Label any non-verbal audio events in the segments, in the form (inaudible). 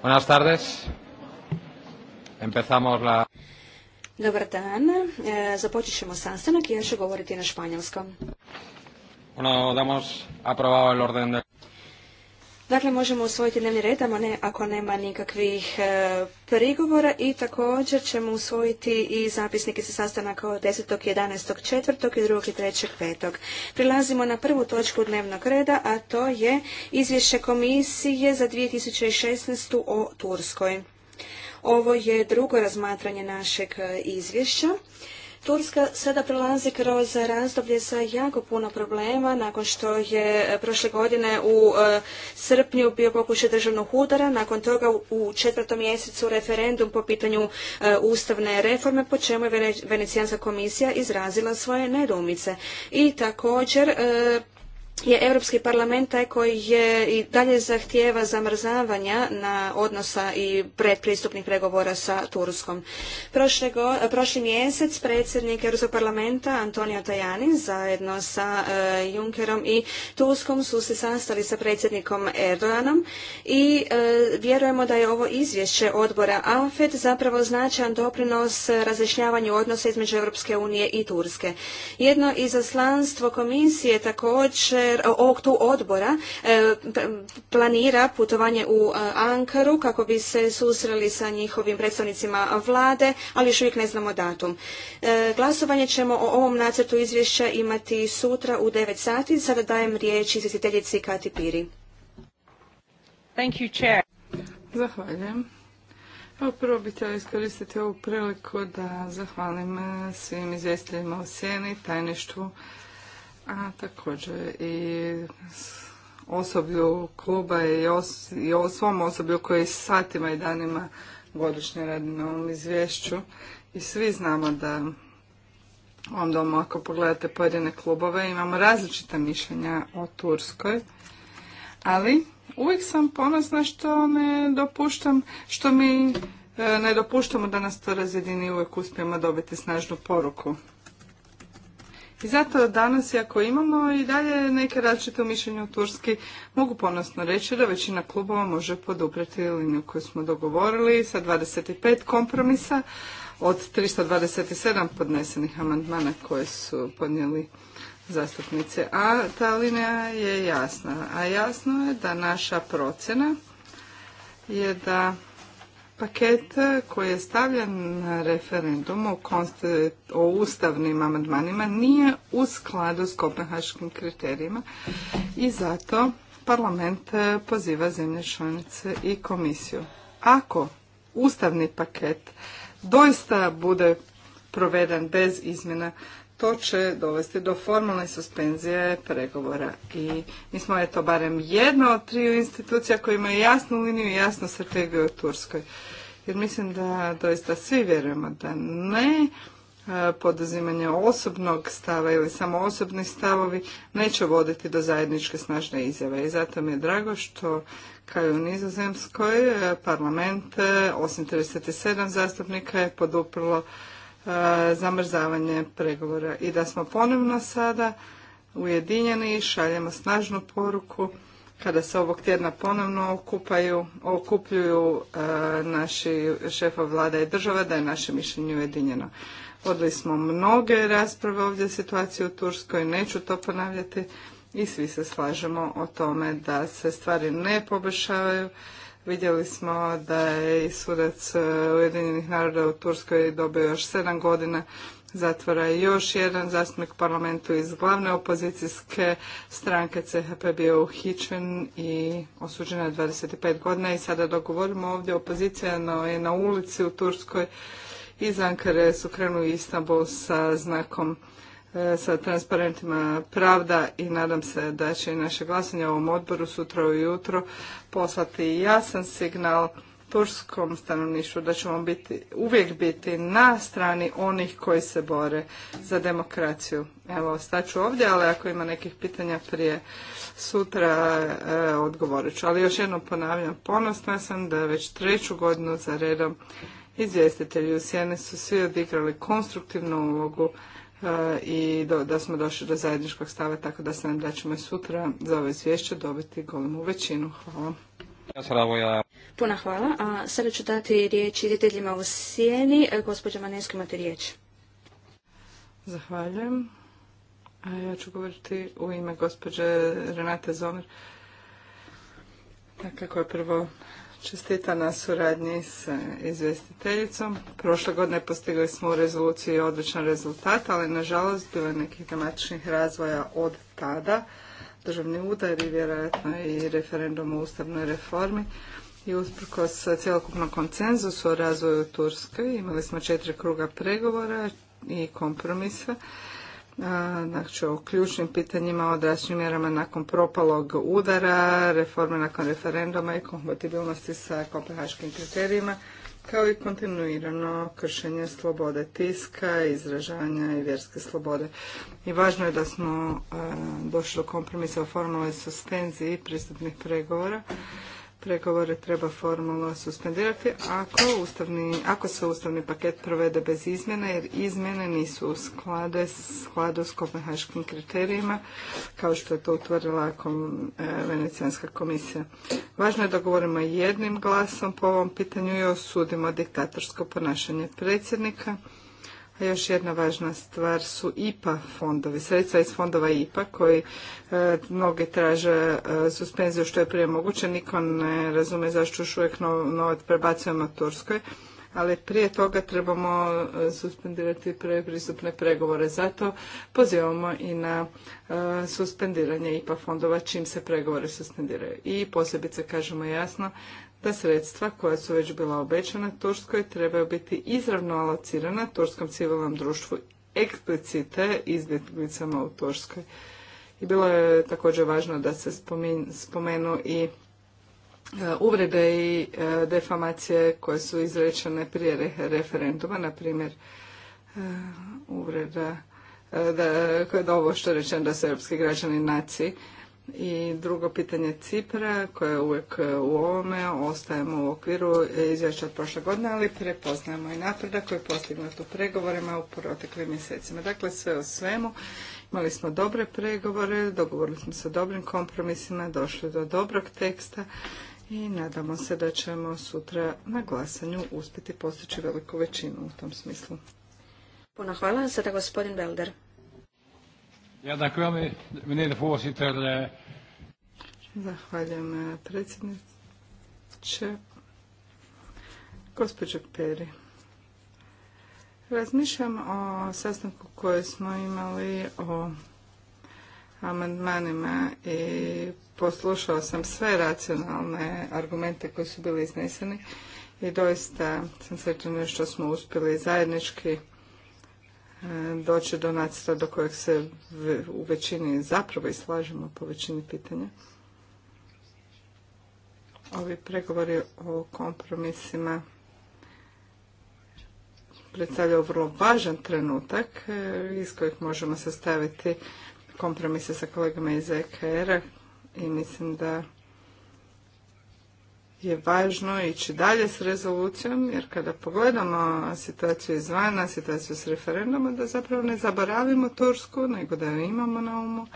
Buenas tardes. Empezamos la... Dobar dan. E, započet ćemo sastanak i ja ću govoriti na španjolskom. Bueno, damos aprobado el orden de... Dakle, možemo usvojiti dnevni red, ne ako nema nikakvih e, prigovora i također ćemo usvojiti i zapisnike sa sastanaka od 10. 11. 4. i 2. i 3. 5. Prilazimo na prvu točku dnevnog reda, a to je izvješće komisije za 2016. o Turskoj. Ovo je drugo razmatranje našeg e, izvješća. Turska sada prolazi kroz razdoblje sa jako puno problema nakon što je e, prošle godine u e, srpnju bio pokušaj državnog udara, nakon toga u četvrtom mjesecu referendum po pitanju e, ustavne reforme po čemu je Venecijanska komisija izrazila svoje nedoumice. I također je Europski parlament taj koji je i dalje zahtijeva zamrzavanja na odnosa i predpristupnih pregovora sa Turskom. prošli mjesec predsjednik Europskog parlamenta Antonio Tajani zajedno sa e, Junckerom i Turskom su se sastali sa predsjednikom Erdoganom i e, vjerujemo da je ovo izvješće odbora AFED zapravo značajan doprinos razjašnjavanju odnosa između Europske unije i Turske. Jedno izaslanstvo komisije također jer ovog tu odbora e, planira putovanje u e, Ankaru kako bi se susreli sa njihovim predstavnicima vlade, ali još uvijek ne znamo datum. E, glasovanje ćemo o ovom nacrtu izvješća imati sutra u 9 sati. Sada dajem riječ izvjestiteljici Kati Piri. Thank you, chair. Zahvaljujem. Evo prvo bih htjela iskoristiti ovu priliku da zahvalim svim izvjestiteljima u sjeni, tajništvu a također i osoblju kluba i, o svom osoblju koji satima i danima godišnje radi na ovom izvješću. I svi znamo da ovom domu, ako pogledate pojedine klubove, imamo različita mišljenja o Turskoj. Ali uvijek sam ponosna što ne dopuštam, što mi e, ne dopuštamo da nas to razjedini i uvijek uspijemo dobiti snažnu poruku. I zato danas, ako imamo i dalje neke različite u Turski, mogu ponosno reći da većina klubova može poduprijeti liniju koju smo dogovorili sa 25 kompromisa od 327 podnesenih amandmana koje su podnijeli zastupnice. A ta linija je jasna. A jasno je da naša procjena je da paket koji je stavljen na referendum o, o ustavnim amandmanima nije u skladu s kopenhaškim kriterijima i zato parlament e, poziva zemlje članice i komisiju. Ako ustavni paket doista bude proveden bez izmjena, to će dovesti do formalne suspenzije pregovora. I mi smo eto barem jedna od triju institucija koji imaju jasnu liniju i jasnu strategiju u Turskoj. Jer mislim da doista svi vjerujemo da ne e, poduzimanje osobnog stava ili samo osobni stavovi neće voditi do zajedničke snažne izjave. I zato mi je drago što kao i u Nizozemskoj e, parlament e, osim 37 zastupnika je poduprlo E, zamrzavanje pregovora i da smo ponovno sada ujedinjeni i šaljemo snažnu poruku kada se ovog tjedna ponovno okupaju, okupljuju e, naši šefa vlada i država da je naše mišljenje ujedinjeno. odli smo mnoge rasprave ovdje situacije u Turskoj, neću to ponavljati i svi se slažemo o tome da se stvari ne poboljšavaju Vidjeli smo da je i sudac e, Ujedinjenih naroda u Turskoj dobio još sedam godina zatvora i još jedan zastupnik parlamentu iz glavne opozicijske stranke CHP bio uhićen i osuđen je 25 godina i sada dogovorimo ovdje opozicija je na ulici u Turskoj iz Ankare su krenuli Istanbul sa znakom E, sa transparentima Pravda i nadam se da će i naše glasanje u ovom odboru sutra ujutro poslati jasan signal turskom stanovništvu da ćemo biti, uvijek biti na strani onih koji se bore za demokraciju. Evo, ostaću ovdje, ali ako ima nekih pitanja prije sutra, e, odgovorit ću. Ali još jednom ponavljam, ponosna sam da već treću godinu za redom izvjestitelji u sjeni su svi odigrali konstruktivnu ulogu i da smo došli do zajedničkog stava, tako da se nam da ćemo i sutra za ovo izvješće dobiti golemu većinu. Hvala. Puna hvala. A sada ću dati riječ iditeljima u sjeni. E, gospođa Manesko, imate riječ. Zahvaljujem. A ja ću govoriti u ime gospođe Renate Zomer. Dakle, koja prvo čestita na suradnji s izvestiteljicom. Prošle godine postigli smo u rezoluciji odličan rezultat, ali nažalost bilo je nekih dramatičnih razvoja od tada. Državni udar i vjerojatno i referendum o ustavnoj reformi. I usprkos cjelokupnom konsenzusu o razvoju Turske imali smo četiri kruga pregovora i kompromisa znači o ključnim pitanjima, o drastičnim mjerama nakon propalog udara, reforme nakon referenduma i kompatibilnosti sa kopenhaškim kriterijima, kao i kontinuirano kršenje slobode tiska, izražavanja i vjerske slobode. I važno je da smo došli do kompromisa o formalnoj suspenziji pristupnih pregovora pregovore treba formalno suspendirati ako, ako se ustavni paket provede bez izmjene jer izmjene nisu u skladu s kopenhaškim kriterijima kao što je to utvrdila kom, e, Venecijanska komisija. Važno je da govorimo jednim glasom po ovom pitanju i osudimo diktatorsko ponašanje predsjednika još jedna važna stvar su IPA fondovi, sredstva iz fondova IPA koji e, mnogi traže e, suspenziju što je prije moguće. Niko ne razume zašto još uvijek novac prebacujemo Turskoj, ali prije toga trebamo e, suspendirati pristupne pregovore. Zato pozivamo i na suspendiranje IPA fondova čim se pregovore suspendiraju. I posebice kažemo jasno da sredstva koja su već bila obećana Turskoj trebaju biti izravno alocirana turskom civilnom društvu eksplicite izbjeglicama u Turskoj. I bilo je također važno da se spomenu i e, uvrede i e, defamacije koje su izrečene prije referenduma, na primjer e, uvreda da, da ovo što je rečeno da su europski građani naci i drugo pitanje Cipra, koje uvijek u ovome ostajemo u okviru izvješća od prošle godine, ali prepoznajemo i napredak koji je postignut u pregovorima u proteklim mjesecima. Dakle, sve o svemu, imali smo dobre pregovore, dogovorili smo se dobrim kompromisima, došli do dobrog teksta i nadamo se da ćemo sutra na glasanju uspjeti postići veliku većinu u tom smislu. Puno hvala, sada gospodin Belder. Ja, dank meneer de eh, Zahvaljujem eh, predsjedniče. Gospođo Peri, razmišljam o sastanku koje smo imali o amandmanima i poslušao sam sve racionalne argumente koji su bili izneseni i doista sam srećena što smo uspjeli zajednički doći do nacrta do kojeg se u većini zapravo i slažemo po većini pitanja. Ovi pregovori o kompromisima predstavljaju vrlo važan trenutak e, iz kojeg možemo sastaviti kompromise sa kolegama iz EKR-a i mislim da je važno ići dalje s rezolucijom, jer kada pogledamo situaciju izvana, situaciju s referendumom, da zapravo ne zaboravimo Tursku, nego da ju imamo na umu.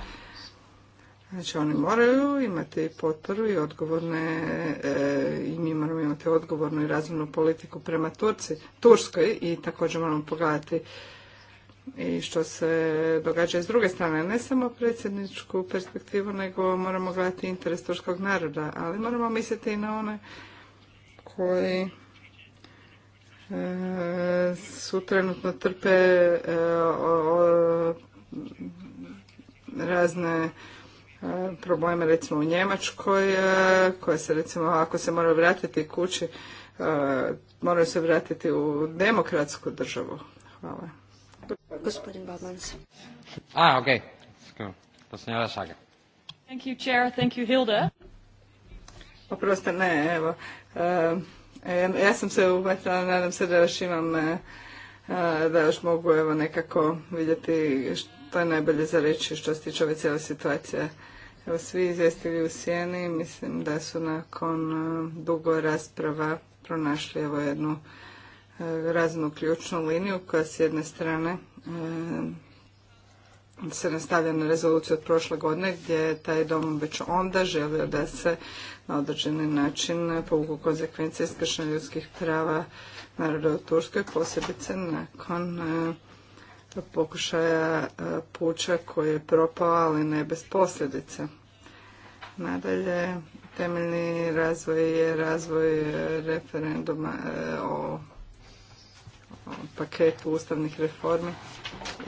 Znači oni moraju imati potporu i odgovorne, e, i mi moramo imati odgovornu i razumnu politiku prema Turci, Turskoj i također moramo pogledati i što se događa s druge strane, ne samo predsjedničku perspektivu, nego moramo gledati interes turskog naroda, ali moramo misliti i na one koji e, su trenutno trpe e, razne e, probleme recimo u Njemačkoj koje se recimo ako se moraju vratiti kući moraju se vratiti u demokratsku državu. Hvala. Gospodin Babans Ah, ok. Šaga. Thank you, Chair. Thank you, ne, evo. ja sam se uvatila, nadam se da još imam, e, e, da još mogu evo nekako vidjeti što je najbolje za reći što se tiče ove cijele situacije. Evo, svi izvjestili u Sijeni, mislim da su nakon e, dugo rasprava pronašli evo jednu raznu ključnu liniju koja s jedne strane e, se nastavlja na rezoluciju od prošle godine gdje je taj dom već onda želio da se na određeni način povuku konsekvencije skršenja ljudskih prava naroda u Turskoj, posebice nakon e, pokušaja e, puča koji je propao, ali ne bez posljedice. Nadalje, temeljni razvoj je razvoj referenduma o paketu ustavnih reformi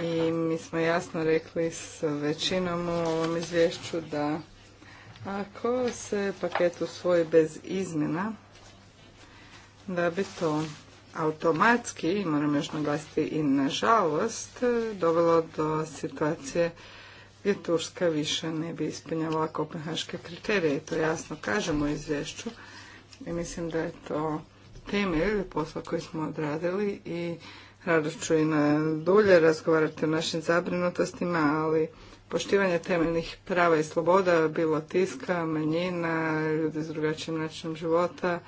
i mi smo jasno rekli s većinom u ovom izvješću da ako se paket usvoji bez izmjena, da bi to automatski, moram još naglasiti i nažalost, dovelo do situacije gdje Turska više ne bi ispunjavala kopenhaške kriterije. I to jasno kažemo u izvješću i mislim da je to temelj posla koji smo odradili i rado ću i na dulje razgovarati o našim zabrinutostima, ali poštivanje temeljnih prava i sloboda, bilo tiska, manjina, ljudi s drugačijim načinom života,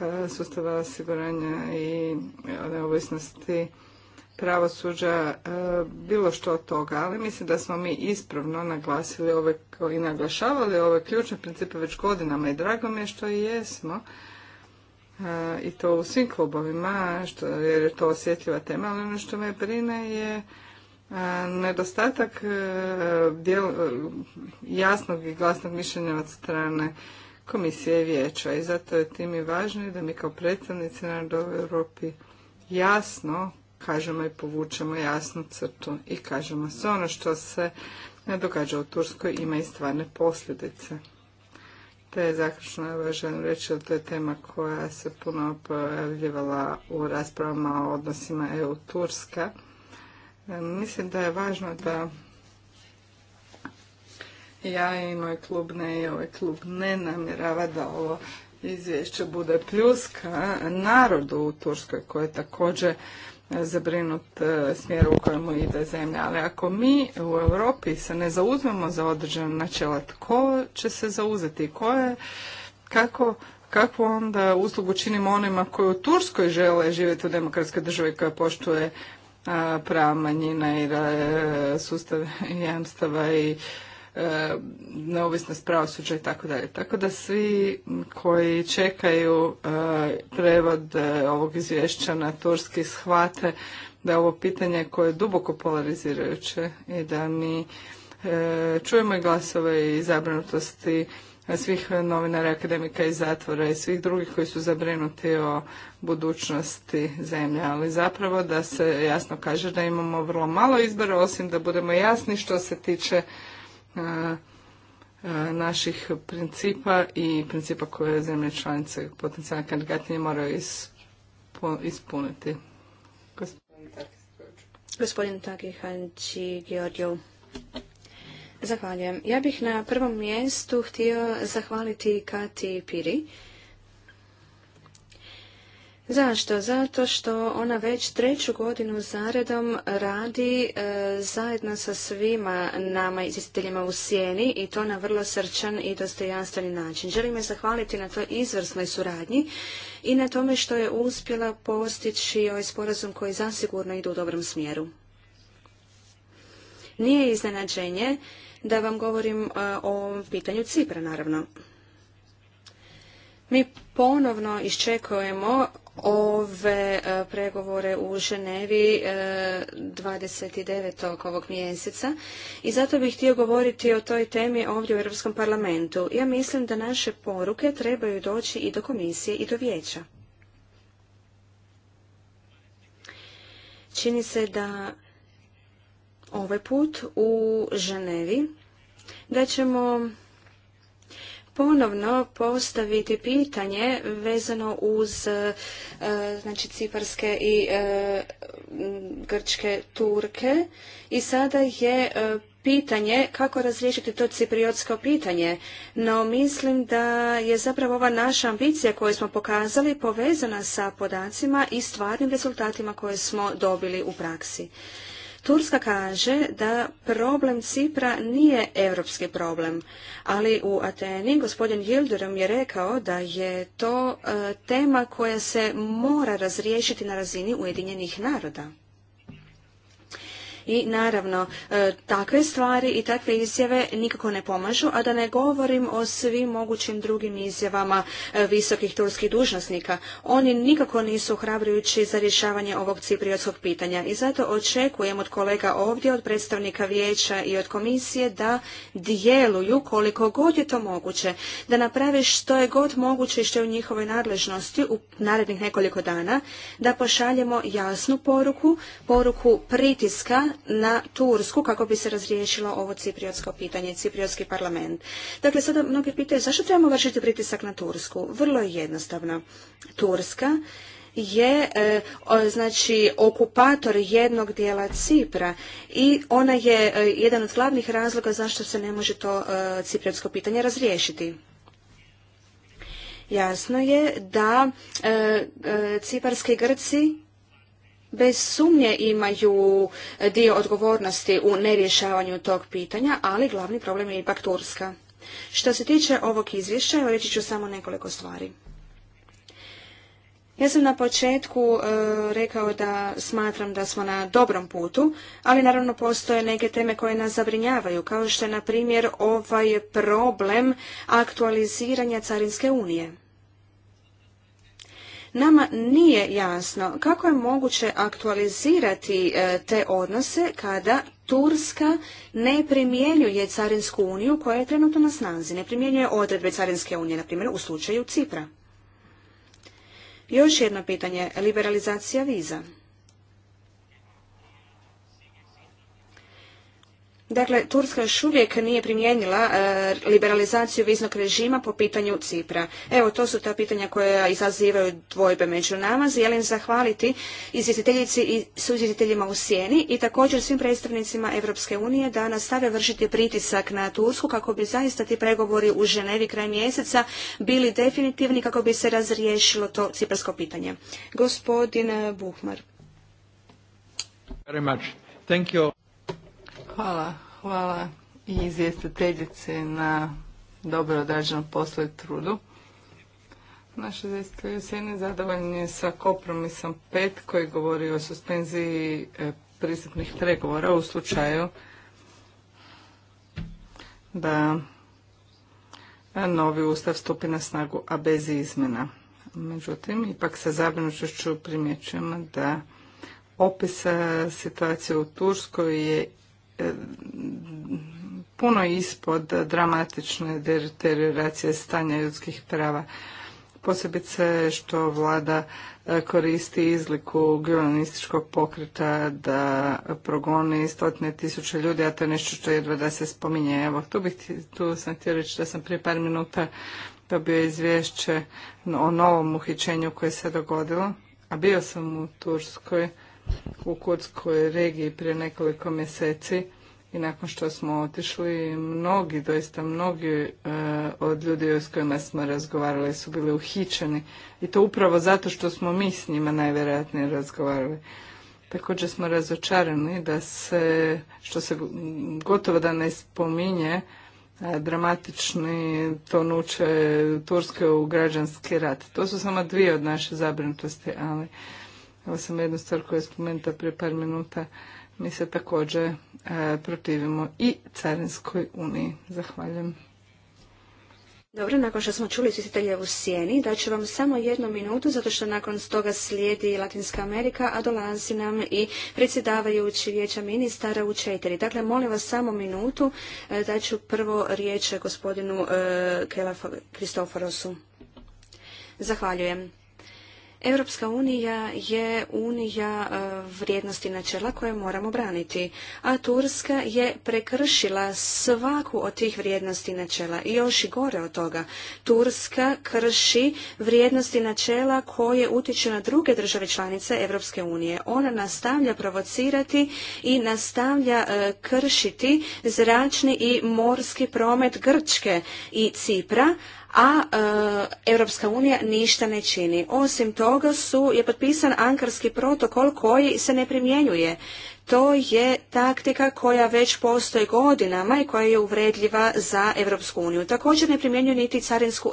e, sustava osiguranja i e, neovisnosti pravosuđa, e, bilo što od toga, ali mislim da smo mi ispravno naglasili ove i naglašavali ove ključne principe već godinama i drago mi je što i jesmo i to u svim klubovima, jer je to osjetljiva tema, ali ono što me brine je nedostatak e, e, jasnog i glasnog mišljenja od strane komisije i vijeća i zato je tim i važno da mi kao predstavnici naroda u Europi jasno kažemo i povučemo jasnu crtu i kažemo sve ono što se ne događa u Turskoj ima i stvarne posljedice. Te zaključno evo želim reći da to je tema koja se puno pojavljivala u raspravama o odnosima EU-Turska. Mislim da je važno da ja i moj klub ne i ovaj klub ne namjerava da ovo izvješće bude pljuska narodu u Turskoj koje također zabrinut e, smjeru u kojemu ide zemlja. Ali ako mi u Europi se ne zauzmemo za određena načela, tko će se zauzeti? Ko je, kako, kakvu onda uslugu činimo onima koji u Turskoj žele živjeti u demokratskoj državi koja poštuje prava manjina i e, sustav jamstava i E, neovisnost pravosuđa i tako dalje. Tako da svi koji čekaju e, prevod e, ovog izvješća na turski shvate da je ovo pitanje koje je duboko polarizirajuće i da mi čujemo i glasove i zabrinutosti svih novinara, akademika i zatvora i svih drugih koji su zabrinuti o budućnosti zemlje, ali zapravo da se jasno kaže da imamo vrlo malo izbora, osim da budemo jasni što se tiče E, e, naših principa i principa koje zemlje članice potencijalne kandidatnije moraju ispuniti. Gospodin Taki Hanči Georgiju. Zahvaljujem. Ja bih na prvom mjestu htio zahvaliti Kati Piri Zašto? Zato što ona već treću godinu zaredom radi e, zajedno sa svima nama izvjestiteljima u sjeni i to na vrlo srčan i dostojanstveni način. Želim je zahvaliti na toj izvrsnoj suradnji i na tome što je uspjela postići ovaj sporazum koji zasigurno ide u dobrom smjeru. Nije iznenađenje da vam govorim e, o pitanju Cipra, naravno. Mi ponovno iščekujemo ove e, pregovore u Ženevi 29. E, ovog mjeseca i zato bih htio govoriti o toj temi ovdje u Europskom parlamentu. Ja mislim da naše poruke trebaju doći i do komisije i do vijeća. Čini se da ovaj put u Ženevi da ćemo ponovno postaviti pitanje vezano uz e, znači ciparske i e, grčke turke i sada je e, pitanje kako razriješiti to cipriotsko pitanje, no mislim da je zapravo ova naša ambicija koju smo pokazali povezana sa podacima i stvarnim rezultatima koje smo dobili u praksi. Turska kaže da problem Cipra nije europski problem, ali u Ateni gospodin Yildirim je rekao da je to e, tema koja se mora razriješiti na razini Ujedinjenih naroda. I naravno, e, takve stvari i takve izjave nikako ne pomažu, a da ne govorim o svim mogućim drugim izjavama e, visokih turskih dužnosnika. Oni nikako nisu hrabrujući za rješavanje ovog ciprijotskog pitanja i zato očekujem od kolega ovdje, od predstavnika vijeća i od komisije da djeluju koliko god je to moguće, da naprave što je god moguće što je u njihovoj nadležnosti u narednih nekoliko dana, da pošaljemo jasnu poruku, poruku pritiska na Tursku kako bi se razriješilo ovo cipriotsko pitanje, cipriotski parlament. Dakle, sada mnogi pitaju zašto trebamo vršiti pritisak na Tursku? Vrlo je jednostavno. Turska je e, znači okupator jednog dijela Cipra i ona je e, jedan od glavnih razloga zašto se ne može to e, pitanje razriješiti. Jasno je da e, ciparski Grci bez sumnje imaju dio odgovornosti u nerješavanju tog pitanja, ali glavni problem je ipak Turska. Što se tiče ovog izvješća, reći ću samo nekoliko stvari. Ja sam na početku e, rekao da smatram da smo na dobrom putu, ali naravno postoje neke teme koje nas zabrinjavaju, kao što je na primjer ovaj problem aktualiziranja Carinske unije. Nama nije jasno kako je moguće aktualizirati e, te odnose kada Turska ne primjenjuje Carinsku uniju koja je trenutno na snazi, ne primjenjuje odredbe Carinske unije, na primjer u slučaju Cipra. Još jedno pitanje, liberalizacija viza. Dakle, Turska još uvijek nije primijenila e, liberalizaciju viznog režima po pitanju Cipra. Evo, to su ta pitanja koja izazivaju dvojbe među nama. Želim zahvaliti izvjetiteljici i suzjetiteljima u Sjeni i također svim predstavnicima Europske unije da nastave vršiti pritisak na Tursku kako bi zaista ti pregovori u Ženevi kraj mjeseca bili definitivni kako bi se razriješilo to ciprsko pitanje. Gospodin Buhmar. Very much. Thank you. Hvala. Hvala i izvjestiteljice na dobro odrađenom poslu i trudu. Naše zvijestite u Sjeni zadovoljan sa kompromisom 5 koji govori o suspenziji e, pristupnih pregovora u slučaju da e, novi ustav stupi na snagu, a bez izmjena. Međutim, ipak sa zabrinutošću primjećujemo da opisa situacije u Turskoj je puno ispod dramatične deterioracije stanja ljudskih prava. Posebice što vlada e, koristi izliku gilanističkog pokreta da progoni stotne tisuće ljudi, a to je nešto što jedva da se spominje. Evo, tu, bih, tu sam htio reći da sam prije par minuta dobio izvješće o novom uhićenju koje se dogodilo, a bio sam u Turskoj u Kurdskoj regiji prije nekoliko mjeseci i nakon što smo otišli, mnogi, doista mnogi e, od ljudi s kojima smo razgovarali su bili uhićeni i to upravo zato što smo mi s njima najvjerojatnije razgovarali. Također smo razočarani da se, što se gotovo da ne spominje, e, dramatični tonuče Turske u građanski rat. To su samo dvije od naše zabrinutosti, ali Evo sam jednu stvar koja je spomenuta prije par minuta. Mi se također e, protivimo i Carinskoj uniji. Zahvaljujem. Dobro, nakon što smo čuli izvjestitelje u sjeni, daću vam samo jednu minutu, zato što nakon toga slijedi Latinska Amerika, a dolazi nam i predsjedavajući vijeća ministara u četiri. Dakle, molim vas samo minutu, e, daću prvo riječ gospodinu Kela Kristoforosu. Zahvaljujem. Europska unija je unija e, vrijednosti načela koje moramo braniti, a Turska je prekršila svaku od tih vrijednosti načela i još i gore od toga. Turska krši vrijednosti načela koje utječu na druge države članice Europske unije. Ona nastavlja provocirati i nastavlja e, kršiti zračni i morski promet Grčke i Cipra, a e, Europska unija ništa ne čini. Osim toga su, je potpisan ankarski protokol koji se ne primjenjuje. To je taktika koja već postoji godinama i koja je uvredljiva za Europsku uniju. Također ne primjenjuju niti carinsku,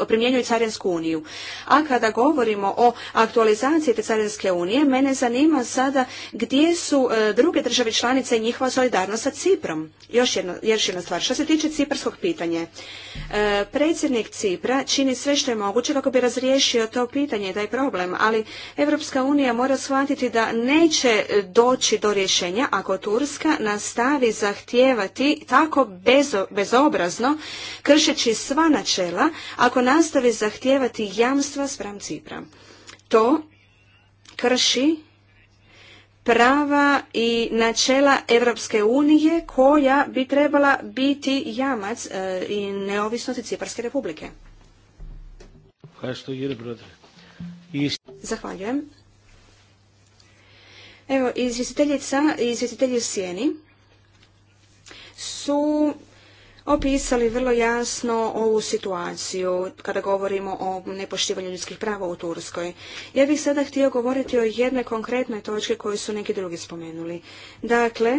uniju. A kada govorimo o aktualizaciji te carinske unije, mene zanima sada gdje su e, druge države članice i njihova solidarnost sa Ciprom. Još jedna, stvar. Što se tiče ciprskog pitanja, e, predsjednik Cipra čini sve što je moguće kako bi razriješio to pitanje, da je problem, ali Europska unija mora shvatiti da neće doći do rješenja ako Turska nastavi zahtijevati tako bezobrazno, kršeći sva načela, ako nastavi zahtijevati jamstva spram Cipra. To krši prava i načela Europske unije koja bi trebala biti jamac e, i neovisnosti Ciparske republike. Zahvaljujem. Evo, izvjestiteljica i izvjestitelji u sjeni su opisali vrlo jasno ovu situaciju kada govorimo o nepoštivanju ljudskih prava u Turskoj. Ja bih sada htio govoriti o jednoj konkretnoj točki koju su neki drugi spomenuli. Dakle,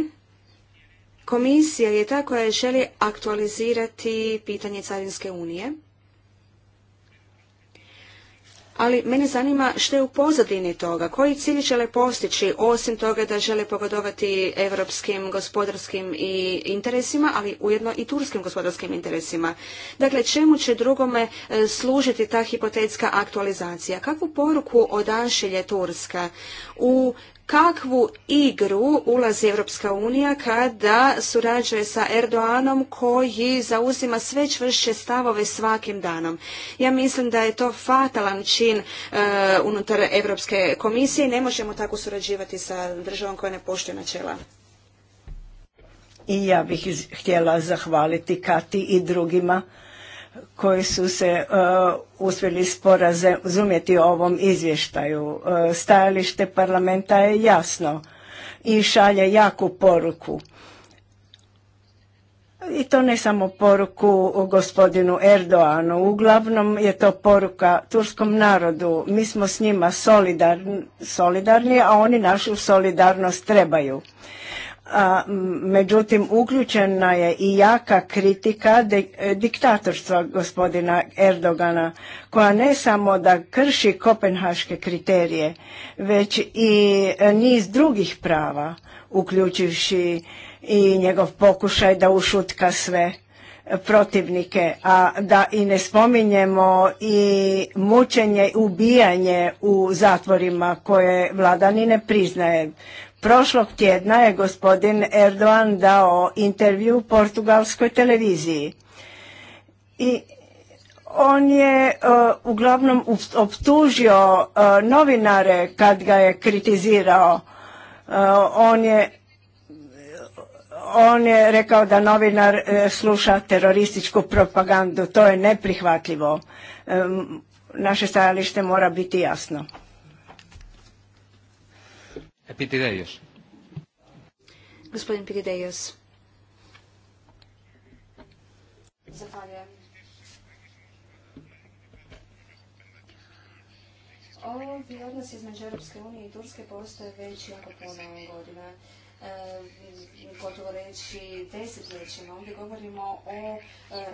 komisija je ta koja želi aktualizirati pitanje Carinske unije – ali mene zanima što je u pozadini toga, koji cilj žele postići, osim toga da žele pogodovati europskim gospodarskim i interesima, ali ujedno i turskim gospodarskim interesima. Dakle, čemu će drugome e, služiti ta hipotetska aktualizacija? Kakvu poruku odašilje Turska u kakvu igru ulazi Evropska unija kada surađuje sa Erdoanom koji zauzima sve čvršće stavove svakim danom. Ja mislim da je to fatalan čin e, unutar Europske komisije i ne možemo tako surađivati sa državom koja ne poštuje načela. I ja bih htjela zahvaliti Kati i drugima koji su se e, uspjeli sporazumjeti o ovom izvještaju. E, stajalište parlamenta je jasno i šalje jaku poruku. I to ne samo poruku gospodinu Erdoanu, uglavnom je to poruka turskom narodu. Mi smo s njima solidarni a oni našu solidarnost trebaju a međutim uključena je i jaka kritika e, diktatorstva gospodina Erdogana koja ne samo da krši kopenhaške kriterije već i e, niz drugih prava uključivši i njegov pokušaj da ušutka sve protivnike a da i ne spominjemo i mučenje ubijanje u zatvorima koje vlada ni ne priznaje Prošlog tjedna je gospodin Erdogan dao intervju portugalskoj televiziji i on je e, uglavnom optužio e, novinare kad ga je kritizirao. E, on je on je rekao da novinar sluša terorističku propagandu. To je neprihvatljivo. naše stajalište mora biti jasno. Epitidejos. Gospodin Epitidejos. Zahvaljujem. Ovi odnosi između Europske unije i Turske postoje već jako puno godina. E, gotovo reći desetljećima. Ovdje govorimo o e,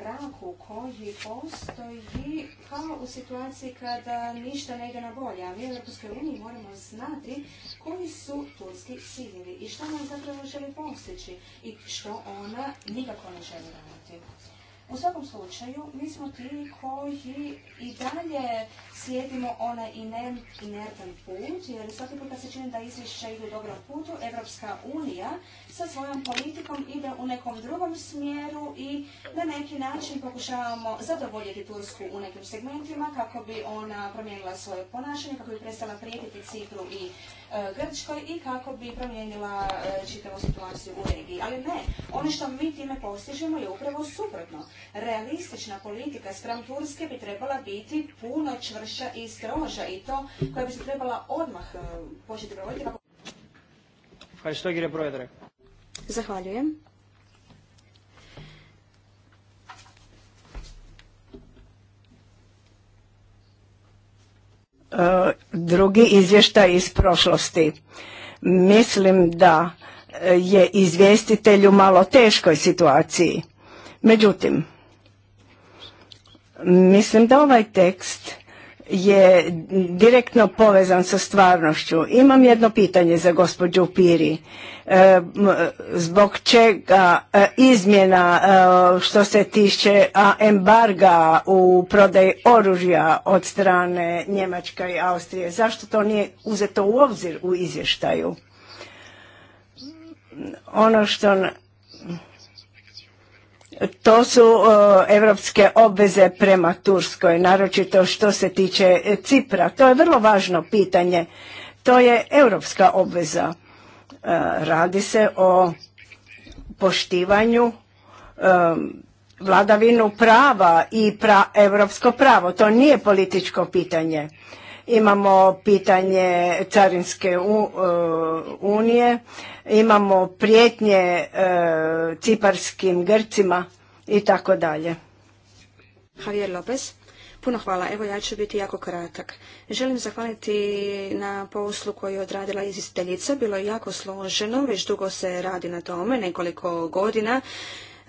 raku koji postoji kao u situaciji kada ništa ne ide na bolje. A mi u Europskoj moramo znati koji su turski ciljevi i što nam zapravo želi postići i što ona nikako ne želi raditi. U svakom slučaju, mi smo ti koji i dalje slijedimo onaj inertan put, jer svaki put kad se čini da izvješće ide u dobrom putu, Evropska unija sa svojom politikom ide u nekom drugom smjeru i na neki način pokušavamo zadovoljiti Tursku u nekim segmentima kako bi ona promijenila svoje ponašanje, kako bi prestala prijetiti Cipru i E, Grčkoj i kako bi promijenila e, čitavu situaciju u regiji. Ali ne, ono što mi time postižemo je upravo suprotno. Realistična politika sprem Turske bi trebala biti puno čvrša i stroža i to koja bi se trebala odmah e, početi provoditi. Zahvaljujem. drugi izvještaj iz prošlosti. Mislim da e, je u malo teškoj situaciji. Međutim, mislim da ovaj tekst je direktno povezan sa stvarnošću. Imam jedno pitanje za gospođu Piri. E, zbog čega e, izmjena e, što se tiče embarga u prodaj oružja od strane Njemačka i Austrije? Zašto to nije uzeto u obzir u izvještaju? Ono što to su e, evropske obveze prema Turskoj, naročito što se tiče e, Cipra. To je vrlo važno pitanje. To je europska obveza. E, radi se o poštivanju vladavinu prava i pra, europsko pravo. To nije političko pitanje. Imamo pitanje Carinske unije, imamo prijetnje e, ciparskim grcima i tako dalje. Javier Lopez. Puno hvala. Evo ja ću biti jako kratak. Želim zahvaliti na poslu koju je odradila izvjestiteljica. Bilo je jako složeno, već dugo se radi na tome, nekoliko godina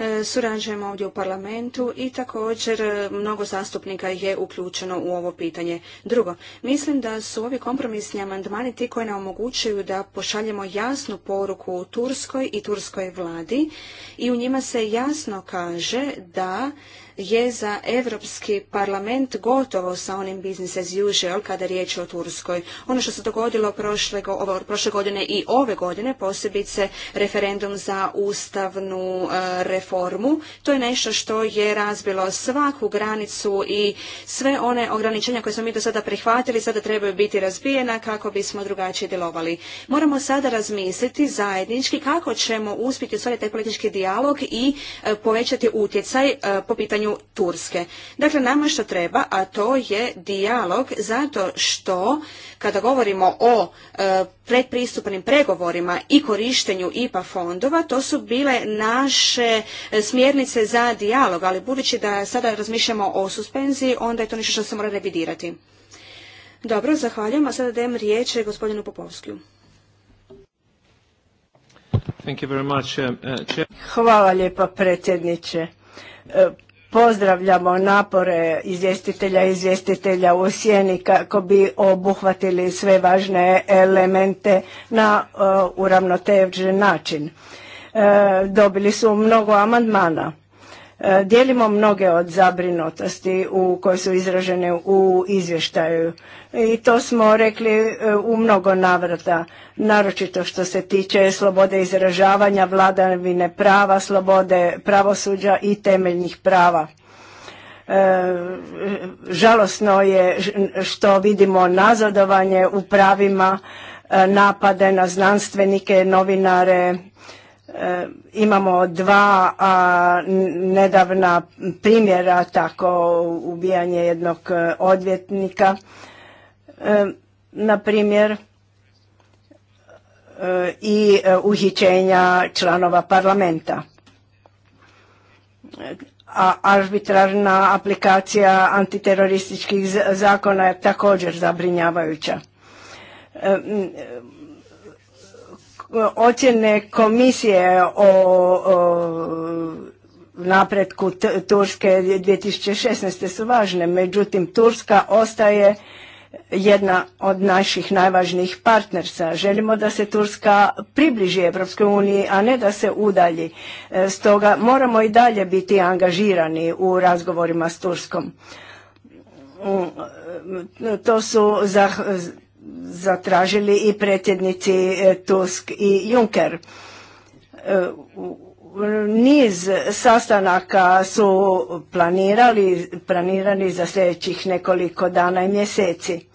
E, surađujemo ovdje u parlamentu i također e, mnogo zastupnika je uključeno u ovo pitanje. Drugo, mislim da su ovi kompromisni amandmani ti koji nam omogućuju da pošaljemo jasnu poruku Turskoj i turskoj vladi i u njima se jasno kaže da je za Europski parlament gotovo sa onim business as usual kada je riječ o Turskoj. Ono što se dogodilo prošle, godine i ove godine, posebice referendum za ustavnu e, reformu, to je nešto što je razbilo svaku granicu i sve one ograničenja koje smo mi do sada prihvatili sada trebaju biti razbijena kako bismo drugačije djelovali. Moramo sada razmisliti zajednički kako ćemo uspjeti ostvariti taj politički dijalog i e, povećati utjecaj e, po pitanju Turske. Dakle, nama što treba, a to je dijalog zato što kada govorimo o e, predpristupnim pregovorima i korištenju IPA fondova, to su bile naše e, smjernice za dijalog, ali budući da sada razmišljamo o suspenziji, onda je to nešto što se mora revidirati. Dobro, zahvaljujem, a sada dajem riječ gospodinu Popovskiju. Uh, uh, Hvala lijepa predsjedniče. E, Pozdravljamo napore izvjestitelja i izvjestitelja u sjeni kako bi obuhvatili sve važne elemente na e, uravnotežen način. E, dobili su mnogo amandmana. E, dijelimo mnoge od zabrinutosti u, koje su izražene u izvještaju i to smo rekli e, u mnogo navrata, naročito što se tiče slobode izražavanja, vladavine prava, slobode pravosuđa i temeljnih prava. E, žalosno je što vidimo nazadovanje u pravima, napade na znanstvenike, novinare, E, imamo dva nedavna primjera, tako ubijanje jednog e, odvjetnika. E, na primjer, i uhićenja članova parlamenta. A arbitrarna aplikacija antiterorističkih zakona je također zabrinjavajuća ocjene komisije o, napretku Turske 2016. su važne, međutim Turska ostaje jedna od naših najvažnijih partnersa. Želimo da se Turska približi Evropskoj uniji, a ne da se udalji. E, stoga moramo i dalje biti angažirani u razgovorima s Turskom. Mm, to su zatražili i predsjednici e, Tusk i Juncker. E, niz sastanaka su planirali, planirani za sljedećih nekoliko dana i mjeseci.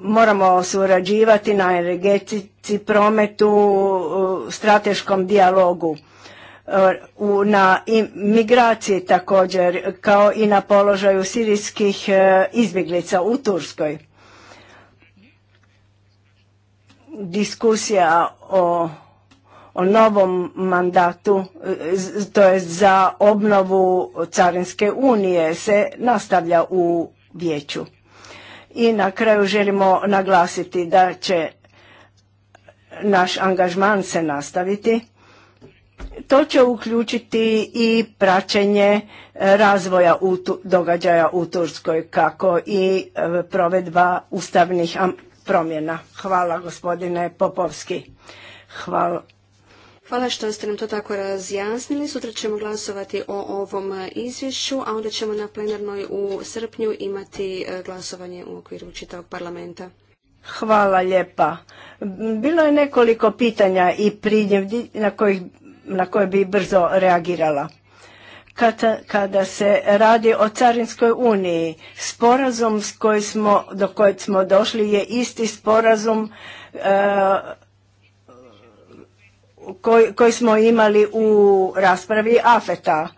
Moramo surađivati na energetici, prometu, strateškom dijalogu e, na migraciji također, kao i na položaju sirijskih izbjeglica u Turskoj diskusija o, o novom mandatu, to je za obnovu Carinske unije se nastavlja u vijeću. I na kraju želimo naglasiti da će naš angažman se nastaviti. To će uključiti i praćenje razvoja događaja u Turskoj kako i e, provedba ustavnih promjena. Hvala gospodine Popovski. Hvala. Hvala što ste nam to tako razjasnili. Sutra ćemo glasovati o ovom izvješću, a onda ćemo na plenarnoj u srpnju imati e, glasovanje u okviru čitavog parlamenta. Hvala lijepa. Bilo je nekoliko pitanja i pridnjev na koje bi brzo reagirala kada, se radi o Carinskoj uniji. Sporazum do kojeg smo došli je isti sporazum eh, koji, smo imali u raspravi AFETA.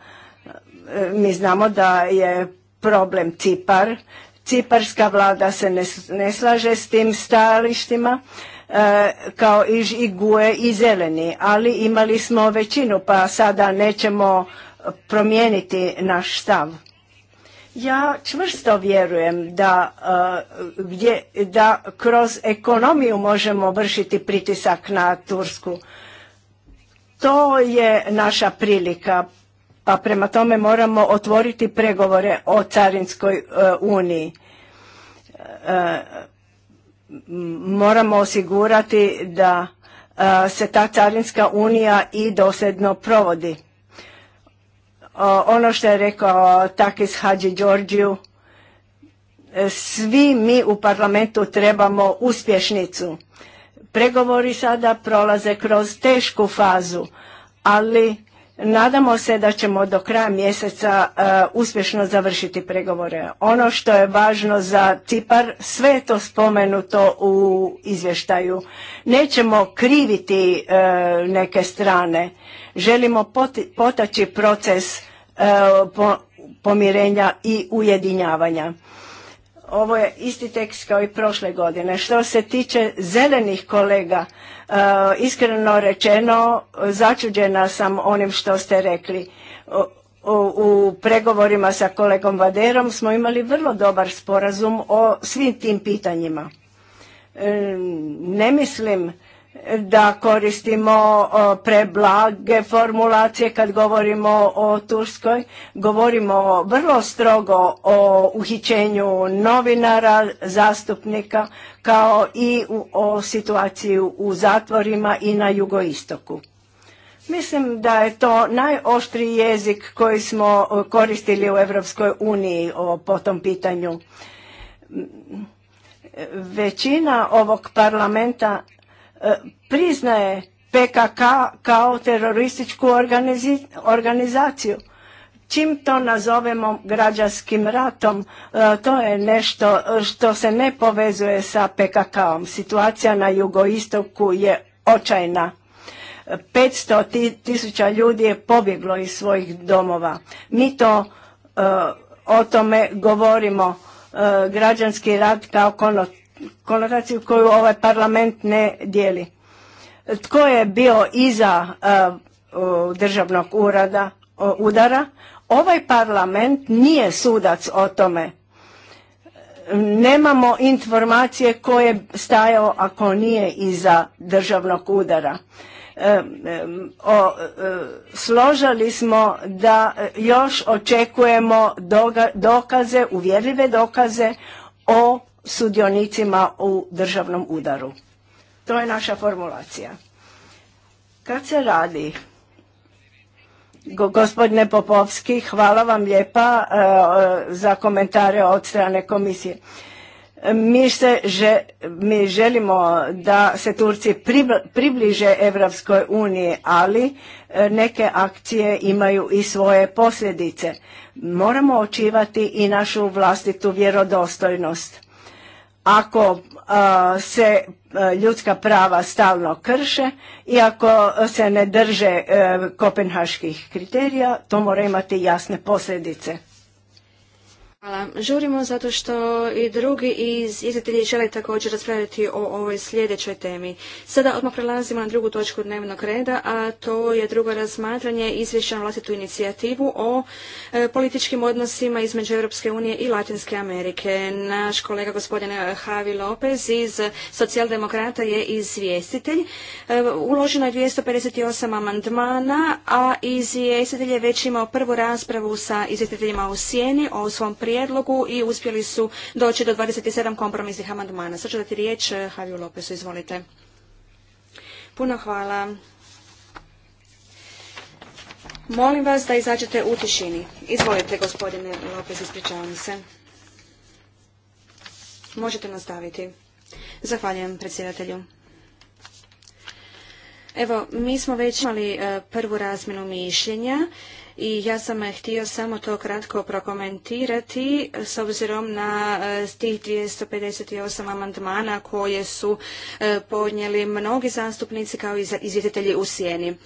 mi znamo da je problem Cipar. Ciparska vlada se ne, slaže s tim stajalištima eh, kao i, Guje i zeleni, ali imali smo većinu pa sada nećemo promijeniti naš stav. Ja čvrsto vjerujem da, e, gdje, da kroz ekonomiju možemo vršiti pritisak na Tursku. To je naša prilika, pa prema tome moramo otvoriti pregovore o Carinskoj e, uniji. E, moramo osigurati da se ta Carinska unija i dosljedno provodi Uh, ono što je rekao Takis Hadži Đorđiju, uh, svi mi u parlamentu trebamo uspješnicu. Pregovori sada prolaze kroz tešku fazu, ali Nadamo se da ćemo do kraja mjeseca e, uspješno završiti pregovore. Ono što je važno za Cipar, sve je to spomenuto u izvještaju. Nećemo kriviti e, neke strane. Želimo potaći proces e, pomirenja i ujedinjavanja. Ovo je isti tekst kao i prošle godine. Što se tiče zelenih kolega, eh, iskreno rečeno, začuđena sam onim što ste rekli. U, pregovorima sa kolegom Vaderom smo imali vrlo dobar sporazum o svim tim pitanjima. Eh, ne mislim da koristimo preblage formulacije kad govorimo o Turskoj. Govorimo vrlo strogo o uhićenju novinara, zastupnika, kao i o situaciji u zatvorima i na jugoistoku. Mislim da je to najoštriji jezik koji smo koristili u Europskoj uniji po tom pitanju. Većina ovog parlamenta E, priznaje PKK kao terorističku organizaciju. Čim to nazovemo građanskim ratom, e, to je nešto e, što se ne povezuje sa PKK-om. Situacija na jugoistoku je očajna. 500 tisuća ljudi je pobjeglo iz svojih domova. Mi to o tome govorimo građanski rat kao konotaciju koju ovaj parlament ne dijeli. Tko je bio iza e, državnog urada, udara? Ovaj parlament nije sudac o tome. Nemamo informacije ko je stajao ako nije iza državnog udara. E, e, složali smo da još očekujemo dokaze, uvjerljive dokaze o sudionicima u državnom udaru. To je naša formulacija. Kad se radi, gospodine Popovski, hvala vam lijepa e, e, za komentare od strane komisije. Mi, se že, mi želimo da se Turci približe Evropskoj uniji, ali e, neke akcije imaju i svoje posljedice. Moramo očivati i našu vlastitu vjerodostojnost ako uh, se uh, ljudska prava stalno krše i ako se ne drže uh, kopenhaških kriterija, to mora imati jasne posljedice. Hvala. Žurimo zato što i drugi izvjestitelji žele također raspravljati o ovoj sljedećoj temi. Sada odmah prelazimo na drugu točku dnevnog reda, a to je drugo razmatranje izvješća na vlastitu inicijativu o e, političkim odnosima između Europske unije i Latinske Amerike. Naš kolega gospodin Javi Lopez iz socijaldemokrata je izvjestitelj. E, uloženo je 258 amandmana, a izvjestitelj je već imao prvu raspravu sa izvjestiteljima u Sijeni o svom prijatelju prijedlogu i uspjeli su doći do 27 kompromisnih amandmana. Sad ću dati riječ eh, Haviju Lopesu, izvolite. Puno hvala. Molim vas da izađete u tišini. Izvolite, gospodine Lopez, ispričavam se. Možete nastaviti. Zahvaljujem predsjedatelju. Evo, mi smo već imali eh, prvu razminu mišljenja i ja sam htio samo to kratko prokomentirati s obzirom na e, tih 258 amandmana koje su e, podnijeli mnogi zastupnici kao i izvjetitelji u sjeni.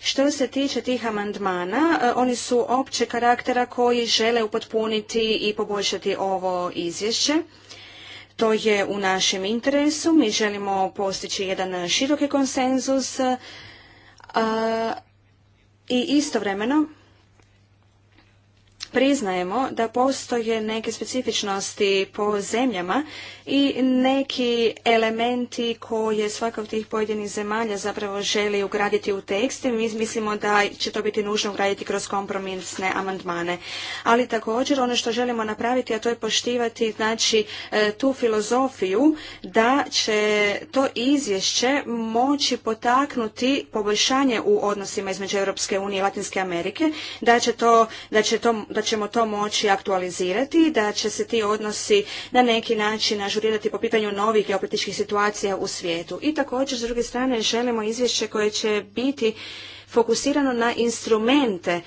Što se tiče tih amandmana, e, oni su opće karaktera koji žele upotpuniti i poboljšati ovo izvješće. To je u našem interesu, mi želimo postići jedan široki konsenzus i istovremeno priznajemo da postoje neke specifičnosti po zemljama i neki elementi koje svaka od tih pojedinih zemalja zapravo želi ugraditi u tekst i mi mislimo da će to biti nužno ugraditi kroz kompromisne amandmane. Ali također ono što želimo napraviti, a to je poštivati znači e, tu filozofiju da će to izvješće moći potaknuti poboljšanje u odnosima između Europske unije i Latinske Amerike, da, da, će to, da ćemo to moći aktualizirati, da će se ti odnosi na neki način ažurirati po pitanju novih geopolitičkih situacija u svijetu. I također, s druge strane, želimo izvješće koje će biti fokusirano na instrumente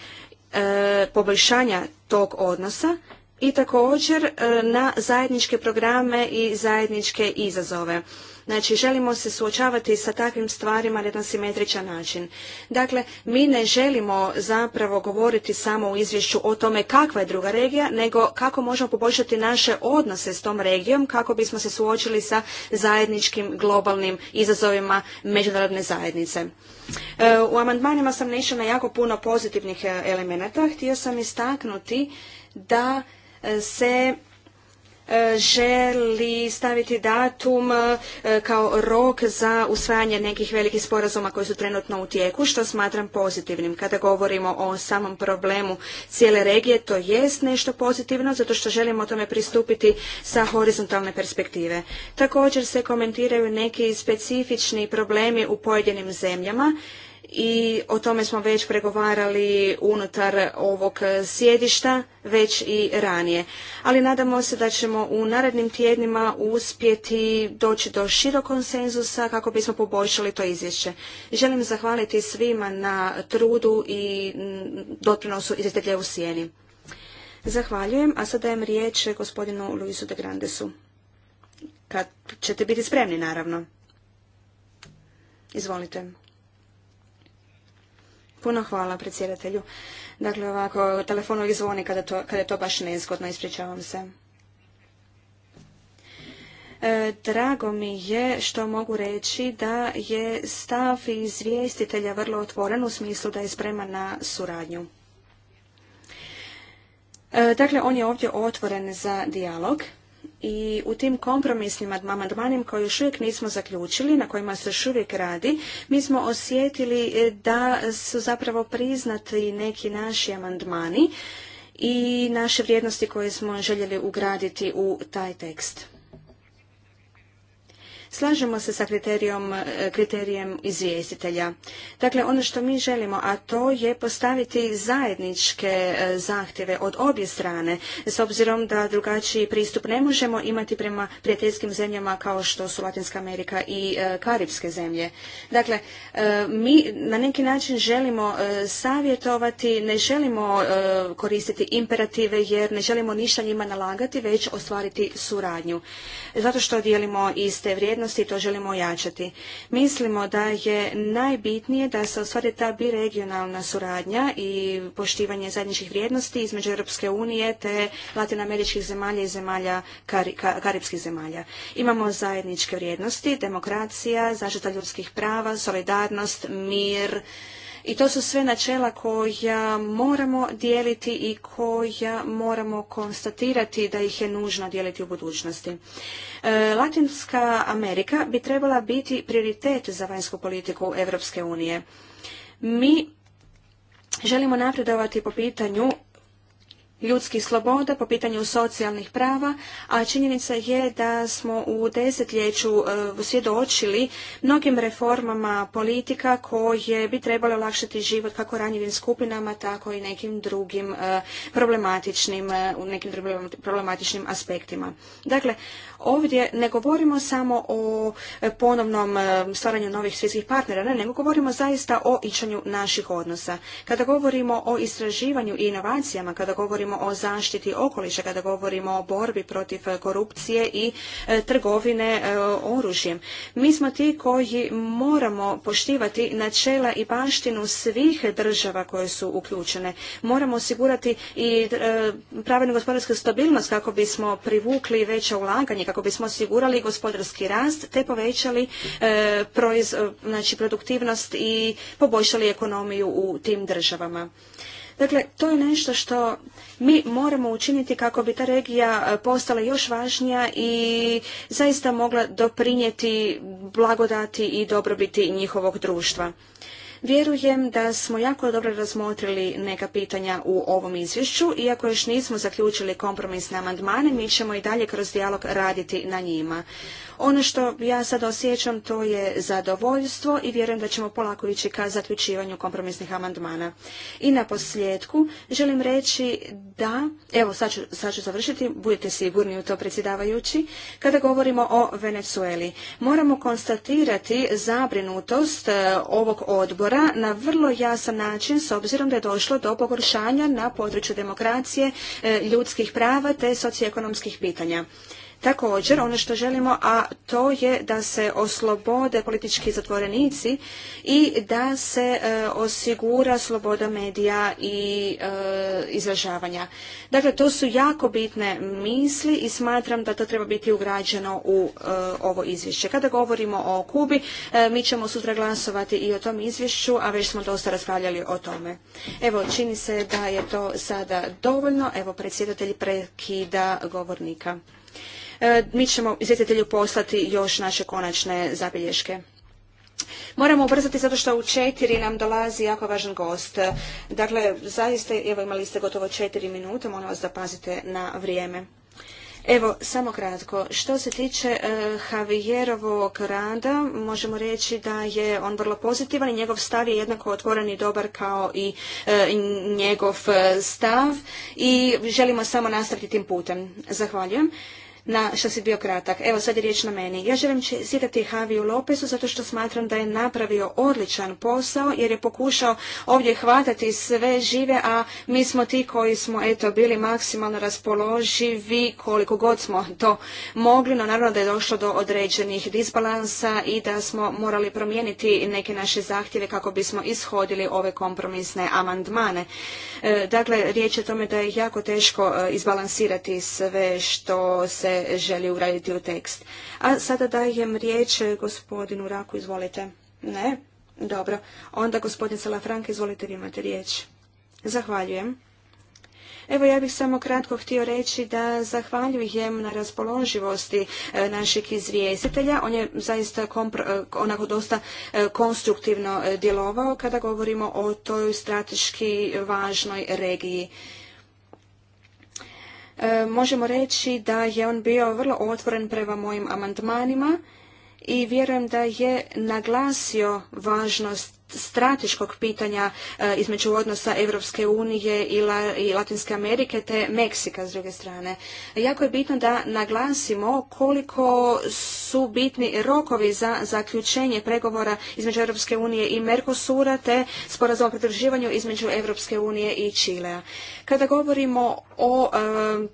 e, poboljšanja tog odnosa i također e, na zajedničke programe i zajedničke izazove. Znači, želimo se suočavati sa takvim stvarima na jedan simetričan način. Dakle, mi ne želimo zapravo govoriti samo u izvješću o tome kakva je druga regija, nego kako možemo poboljšati naše odnose s tom regijom, kako bismo se suočili sa zajedničkim globalnim izazovima međunarodne zajednice. E, u amandmanima sam nešla na jako puno pozitivnih e, elemenata. Htio sam istaknuti da e, se E, želi staviti datum e, kao rok za usvajanje nekih velikih sporazuma koji su trenutno u tijeku, što smatram pozitivnim. Kada govorimo o samom problemu cijele regije, to jest nešto pozitivno, zato što želimo tome pristupiti sa horizontalne perspektive. Također se komentiraju neki specifični problemi u pojedinim zemljama, i o tome smo već pregovarali unutar ovog sjedišta već i ranije. Ali nadamo se da ćemo u narednim tjednima uspjeti doći do širog konsenzusa kako bismo poboljšali to izvješće. Želim zahvaliti svima na trudu i doprinosu izredlje u sjeni. Zahvaljujem, a sada dajem riječ gospodinu Luisu de Grandesu. Kad ćete biti spremni, naravno. Izvolite. Puno hvala predsjedatelju. Dakle, ovako, telefon uvijek zvoni kada, je to baš nezgodno, ispričavam se. E, drago mi je što mogu reći da je stav izvijestitelja vrlo otvoren u smislu da je spreman na suradnju. E, dakle, on je ovdje otvoren za dijalog i u tim kompromisnim amandmanima koje još uvijek nismo zaključili, na kojima se još uvijek radi, mi smo osjetili e, da su zapravo priznati neki naši amandmani i naše vrijednosti koje smo željeli ugraditi u taj tekst. Slažemo se sa kriterijom, e, kriterijem izvjestitelja. Dakle, ono što mi želimo, a to je postaviti zajedničke e, zahtjeve od obje strane, s obzirom da drugačiji pristup ne možemo imati prema prijateljskim zemljama kao što su Latinska Amerika i e, Karibske zemlje. Dakle, mi na neki način želimo savjetovati, ne želimo koristiti imperative jer ne želimo ništa njima nalagati, već ostvariti suradnju. Zato što dijelimo iste vrijednosti sigurnosti i to želimo ojačati. Mislimo da je najbitnije da se ostvari ta biregionalna suradnja i poštivanje zajedničkih vrijednosti između Europske unije te latinoameričkih zemalja i zemalja karibskih karipskih zemalja. Imamo zajedničke vrijednosti, demokracija, zaštita ljudskih prava, solidarnost, mir, i to su sve načela koja moramo dijeliti i koja moramo konstatirati da ih je nužno dijeliti u budućnosti. E, Latinska Amerika bi trebala biti prioritet za vanjsku politiku Europske unije. Mi želimo napredovati po pitanju ljudskih sloboda, po pitanju socijalnih prava, a činjenica je da smo u desetljeću e, svjedočili mnogim reformama politika koje bi trebale olakšati život kako ranjivim skupinama, tako i nekim drugim e, problematičnim, e, u nekim problematičnim aspektima. Dakle, ovdje ne govorimo samo o ponovnom stvaranju novih svjetskih partnera, ne, nego govorimo zaista o ičanju naših odnosa. Kada govorimo o istraživanju i inovacijama, kada govorimo govorimo o zaštiti okoliša, kada govorimo o borbi protiv korupcije i e, trgovine e, oružjem. Mi smo ti koji moramo poštivati načela i baštinu svih država koje su uključene. Moramo osigurati i e, pravilnu gospodarsku stabilnost kako bismo privukli veća ulaganje, kako bismo osigurali gospodarski rast te povećali znači produktivnost i poboljšali ekonomiju u tim državama. Dakle, to je nešto što mi moramo učiniti kako bi ta regija e, postala još važnija i zaista mogla doprinijeti blagodati i dobrobiti njihovog društva. Vjerujem da smo jako dobro razmotrili neka pitanja u ovom izvješću, iako još nismo zaključili kompromisne amandmane, mi ćemo i dalje kroz dijalog raditi na njima. Ono što ja sad osjećam to je zadovoljstvo i vjerujem da ćemo polako ići ka zaključivanju kompromisnih amandmana. I na posljedku želim reći da, evo sad ću, sad ću završiti, budite sigurni u to predsjedavajući, kada govorimo o Venezueli. Moramo konstatirati zabrinutost e, ovog odbora na vrlo jasan način s obzirom da je došlo do pogoršanja na području demokracije, e, ljudskih prava te socioekonomskih pitanja. Također, ono što želimo, a to je da se oslobode politički zatvorenici i da se e, osigura sloboda medija i e, izražavanja. Dakle, to su jako bitne misli i smatram da to treba biti ugrađeno u e, ovo izvješće. Kada govorimo o Kubi, e, mi ćemo sutra glasovati i o tom izvješću, a već smo dosta raspravljali o tome. Evo, čini se da je to sada dovoljno. Evo, predsjedatelj prekida govornika. E, mi ćemo izvjestitelju poslati još naše konačne zabilješke. Moramo ubrzati zato što u četiri nam dolazi jako važan gost. Dakle, zaista, evo imali ste gotovo četiri minute, molim vas da pazite na vrijeme. Evo, samo kratko. Što se tiče Javijerovog Javierovog rada, možemo reći da je on vrlo pozitivan i njegov stav je jednako otvoren i dobar kao i e, njegov e, stav i želimo samo nastaviti tim putem. Zahvaljujem na što si bio kratak. Evo sad je riječ na meni. Ja želim citati Haviju Lopezu zato što smatram da je napravio odličan posao jer je pokušao ovdje hvatati sve žive, a mi smo ti koji smo eto bili maksimalno raspoloživi koliko god smo to mogli, no naravno da je došlo do određenih disbalansa i da smo morali promijeniti neke naše zahtjeve kako bismo ishodili ove kompromisne amandmane. E, dakle, riječ je o tome da je jako teško e, izbalansirati sve što se želi ugraditi u tekst. A sada dajem riječ gospodinu Raku, izvolite. Ne? Dobro. Onda gospodin frank izvolite, vi imate riječ. Zahvaljujem. Evo ja bih samo kratko htio reći da zahvaljujem na raspoloživosti e, našeg izvjestitelja. On je zaista e, onako dosta e, konstruktivno djelovao kada govorimo o toj strateški važnoj regiji. E, možemo reći da je on bio vrlo otvoren prema mojim amandmanima i vjerujem da je naglasio važnost strateškog pitanja e, između odnosa Europske unije i, Latinske Amerike te Meksika s druge strane. Jako je bitno da naglasimo koliko su bitni rokovi za zaključenje pregovora između Europske unije i Mercosura te sporazum o pridruživanju između Europske unije i Čilea. Kada govorimo o e,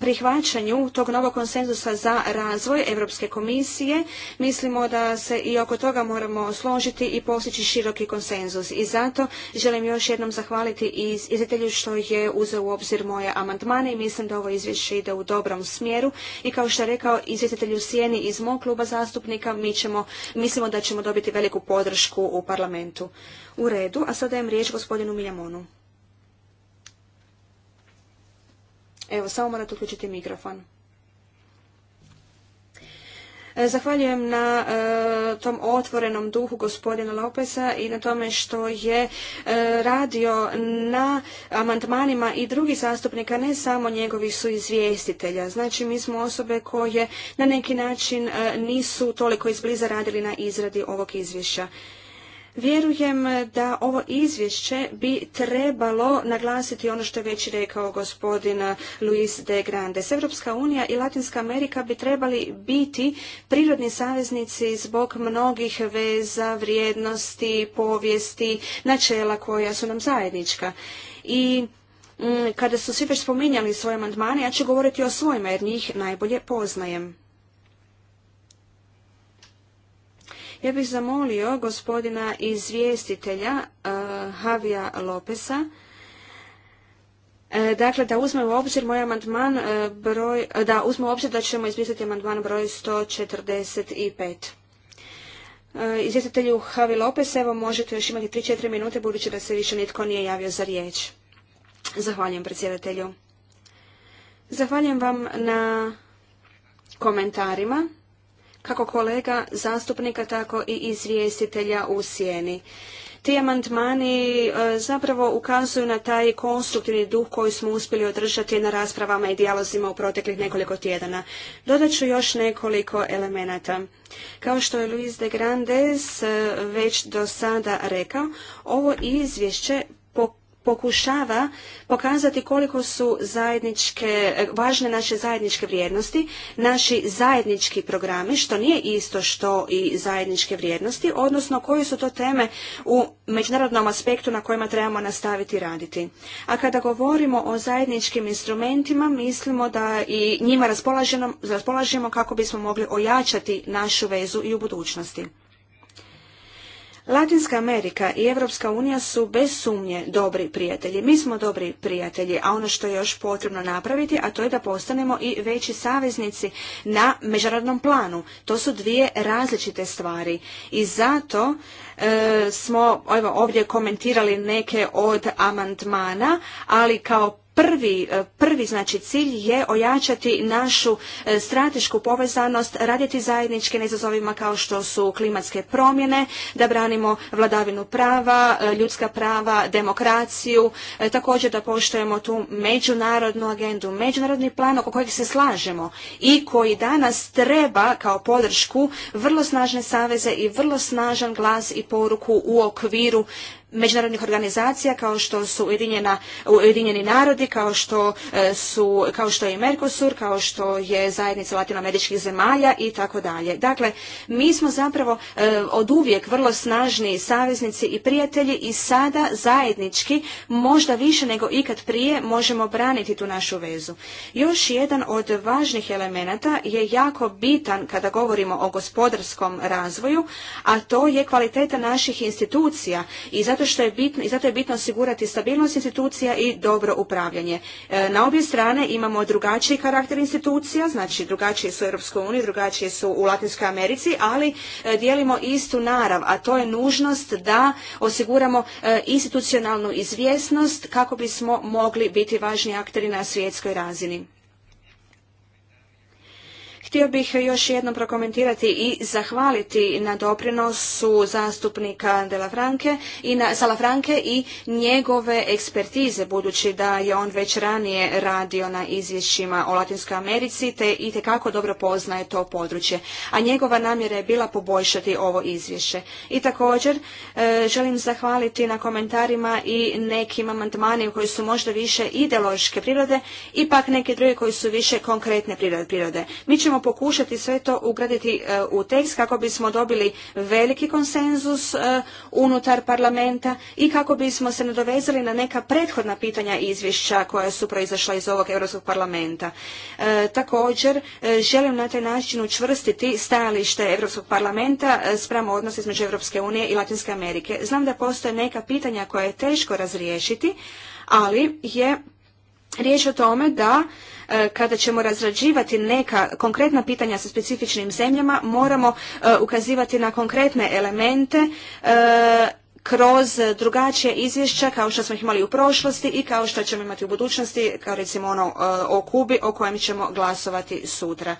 prihvaćanju tog novog konsenzusa za razvoj Europske komisije mislimo da se i oko toga moramo složiti i postići široki konsenzus. I zato želim još jednom zahvaliti i izvjetelju što je uzeo u obzir moje amandmane i mislim da ovo izvješće ide u dobrom smjeru. I kao što je rekao izvjetelju Sijeni iz mog kluba zastupnika, mi ćemo, mislimo da ćemo dobiti veliku podršku u parlamentu. U redu, a sada dajem riječ gospodinu Miljamonu. Evo, samo morate uključiti mikrofon. E, zahvaljujem na e, tom otvorenom duhu gospodina Lopesa i na tome što je e, radio na amandmanima i drugih zastupnika, ne samo njegovi su izvjestitelja. Znači, mi smo osobe koje na neki način nisu toliko izbliza radili na izradi ovog izvješća. Vjerujem da ovo izvješće bi trebalo naglasiti ono što je već rekao gospodin Luis de Grandes. Evropska unija i Latinska Amerika bi trebali biti prirodni saveznici zbog mnogih veza, vrijednosti, povijesti, načela koja su nam zajednička. I mm, kada su svi već spominjali svoje amandmane, ja ću govoriti o svojima jer njih najbolje poznajem. Ja bih zamolio gospodina izvjestitelja Havija e, Lopesa e, Dakle, da uzme u obzir moj amandman e, broj, da uzme u obzir da ćemo izmisliti amandman broj 145. Izvjestitelju Havi Lopes, evo možete još imati 3-4 minute budući da se više nitko nije javio za riječ. Zahvaljujem predsjedatelju. Zahvaljujem vam na komentarima kako kolega zastupnika, tako i izvjestitelja u sjeni. Ti amandmani e, zapravo ukazuju na taj konstruktivni duh koji smo uspjeli održati na raspravama i dijalozima u proteklih nekoliko tjedana. Dodat ću još nekoliko elemenata. Kao što je Luis de Grandes e, već do sada rekao, ovo izvješće po pokušava pokazati koliko su zajedničke, važne naše zajedničke vrijednosti, naši zajednički programi, što nije isto što i zajedničke vrijednosti, odnosno koje su to teme u međunarodnom aspektu na kojima trebamo nastaviti raditi. A kada govorimo o zajedničkim instrumentima, mislimo da i njima raspolažemo kako bismo mogli ojačati našu vezu i u budućnosti. Latinska Amerika i Evropska unija su bez sumnje dobri prijatelji. Mi smo dobri prijatelji, a ono što je još potrebno napraviti, a to je da postanemo i veći saveznici na međunarodnom planu. To su dvije različite stvari i zato e, smo evo, ovdje komentirali neke od amandmana, ali kao prvi, e, prvi znači cilj je ojačati našu e, stratešku povezanost, raditi zajednički na izazovima kao što su klimatske promjene, da branimo vladavinu prava, e, ljudska prava, demokraciju, također da poštujemo tu međunarodnu agendu, međunarodni plan oko kojeg se slažemo i koji danas treba kao podršku vrlo snažne saveze i vrlo snažan glas i poruku u okviru međunarodnih organizacija kao što su Ujedinjeni narodi, kao što, e, su, kao što je i Mercosur, kao što je zajednica latinoameričkih zemalja i tako dalje. Dakle, mi smo zapravo e, od uvijek vrlo snažni saveznici i prijatelji i sada zajednički, možda više nego ikad prije, možemo braniti tu našu vezu. Još jedan od važnih elemenata je jako bitan kada govorimo o gospodarskom razvoju, a to je kvaliteta naših institucija i zato što je bitno, i zato je bitno osigurati stabilnost institucija i dobro upravljanje. E, na obje strane imamo drugačiji karakter institucija, znači drugačije su u Europskoj uniji, drugačije su u Latinskoj Americi, ali e, dijelimo istu narav, a to je nužnost da osiguramo e, institucionalnu izvjesnost kako bismo mogli biti važni akteri na svjetskoj razini. Htio bih još jednom prokomentirati i zahvaliti na doprinosu zastupnika Salafranke i njegove ekspertize, budući da je on već ranije radio na izvješćima o Latinskoj Americi, te i tekako dobro poznaje to područje. A njegova namjera je bila poboljšati ovo izvješće. I također e, želim zahvaliti na komentarima i nekim amandmanima koji su možda više ideološke prirode, ipak neke druge koji su više konkretne prirode. Mi ćemo pokušati sve to ugraditi e, u tekst kako bismo dobili veliki konsenzus e, unutar parlamenta i kako bismo se nadovezali na neka prethodna pitanja izvješća koja su proizašla iz ovog Europskog parlamenta. E, također želim na taj način učvrstiti stajalište Europskog parlamenta spram odnose između Europske unije i Latinske Amerike. Znam da postoje neka pitanja koja je teško razriješiti, ali je riječ o tome da E, kada ćemo razrađivati neka konkretna pitanja sa specifičnim zemljama, moramo e, ukazivati na konkretne elemente e, kroz e, drugačije izvješća kao što smo ih imali u prošlosti i kao što ćemo imati u budućnosti, kao recimo ono e, o Kubi o kojem ćemo glasovati sutra.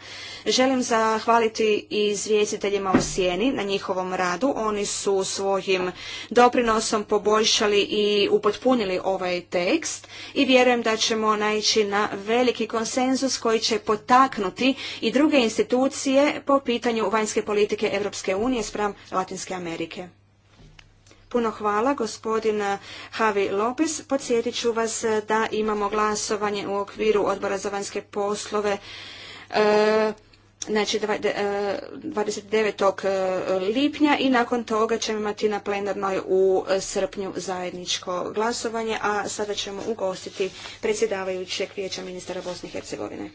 Želim zahvaliti i izvjestiteljima u Sjeni na njihovom radu. Oni su svojim doprinosom poboljšali i upotpunili ovaj tekst i vjerujem da ćemo naići na veliki konsenzus koji će potaknuti i druge institucije po pitanju vanjske politike Europske unije spram Latinske Amerike. Puno hvala gospodin Havi Lopez. Podsjetit ću vas da imamo glasovanje u okviru odbora za vanjske poslove e, znači 29. E, e, lipnja i nakon toga ćemo imati na plenarnoj u srpnju zajedničko glasovanje, a sada ćemo ugostiti predsjedavajućeg vijeća ministara Bosne i Hercegovine.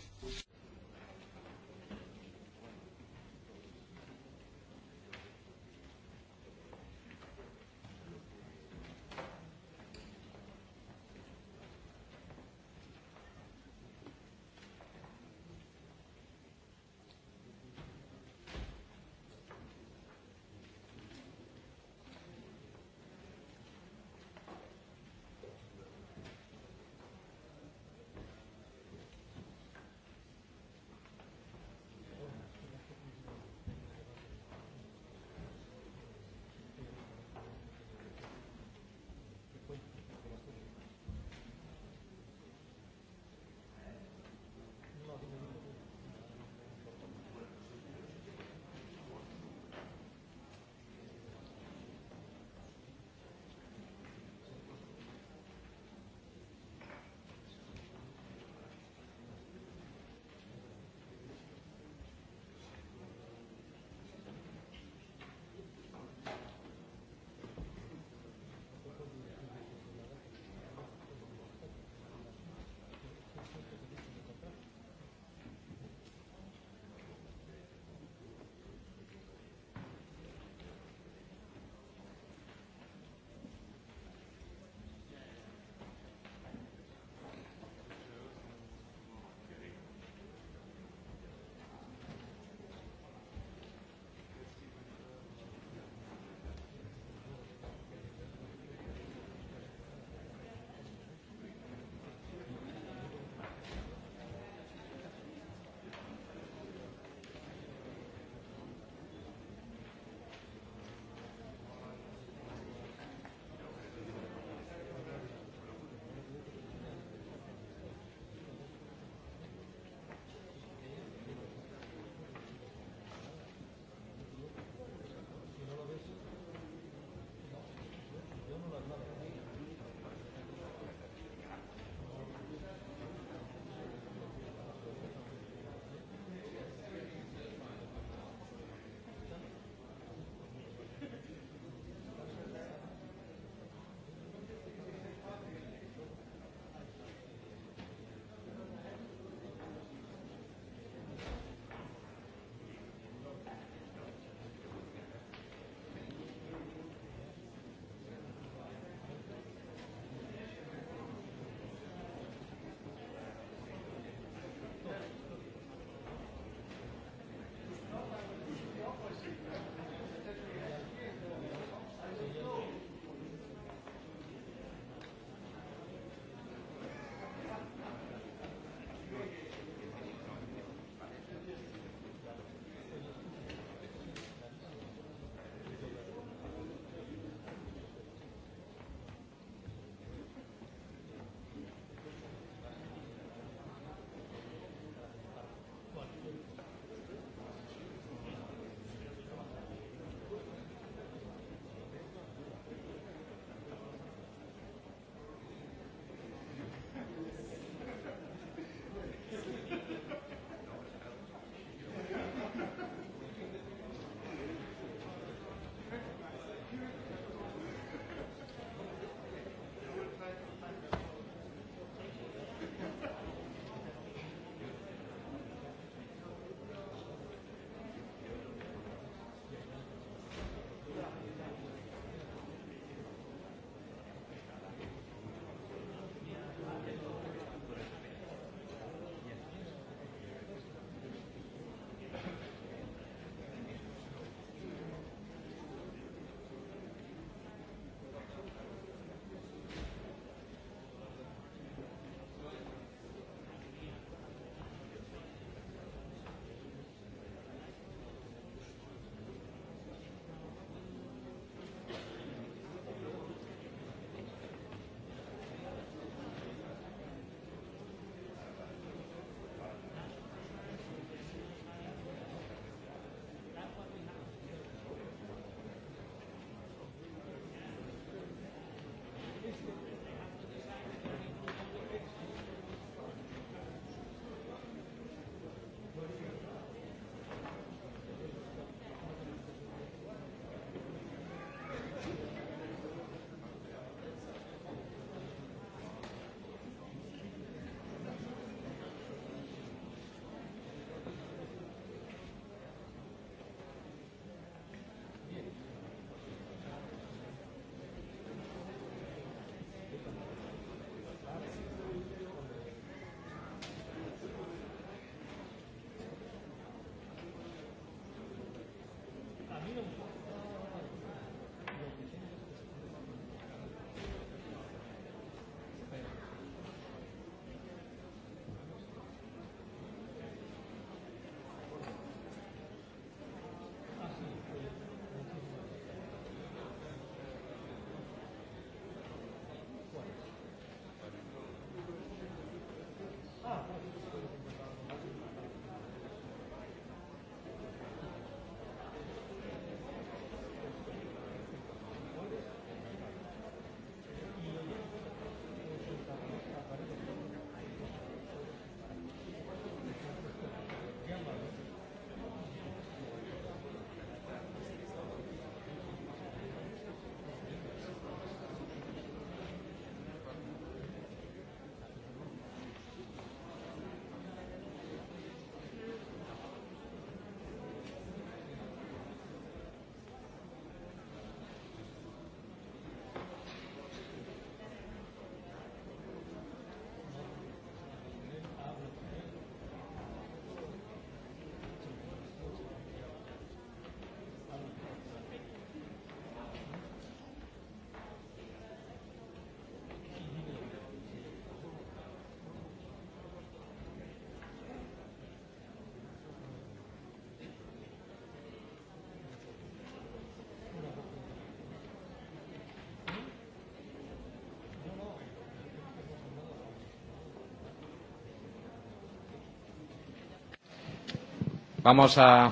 Vamos a...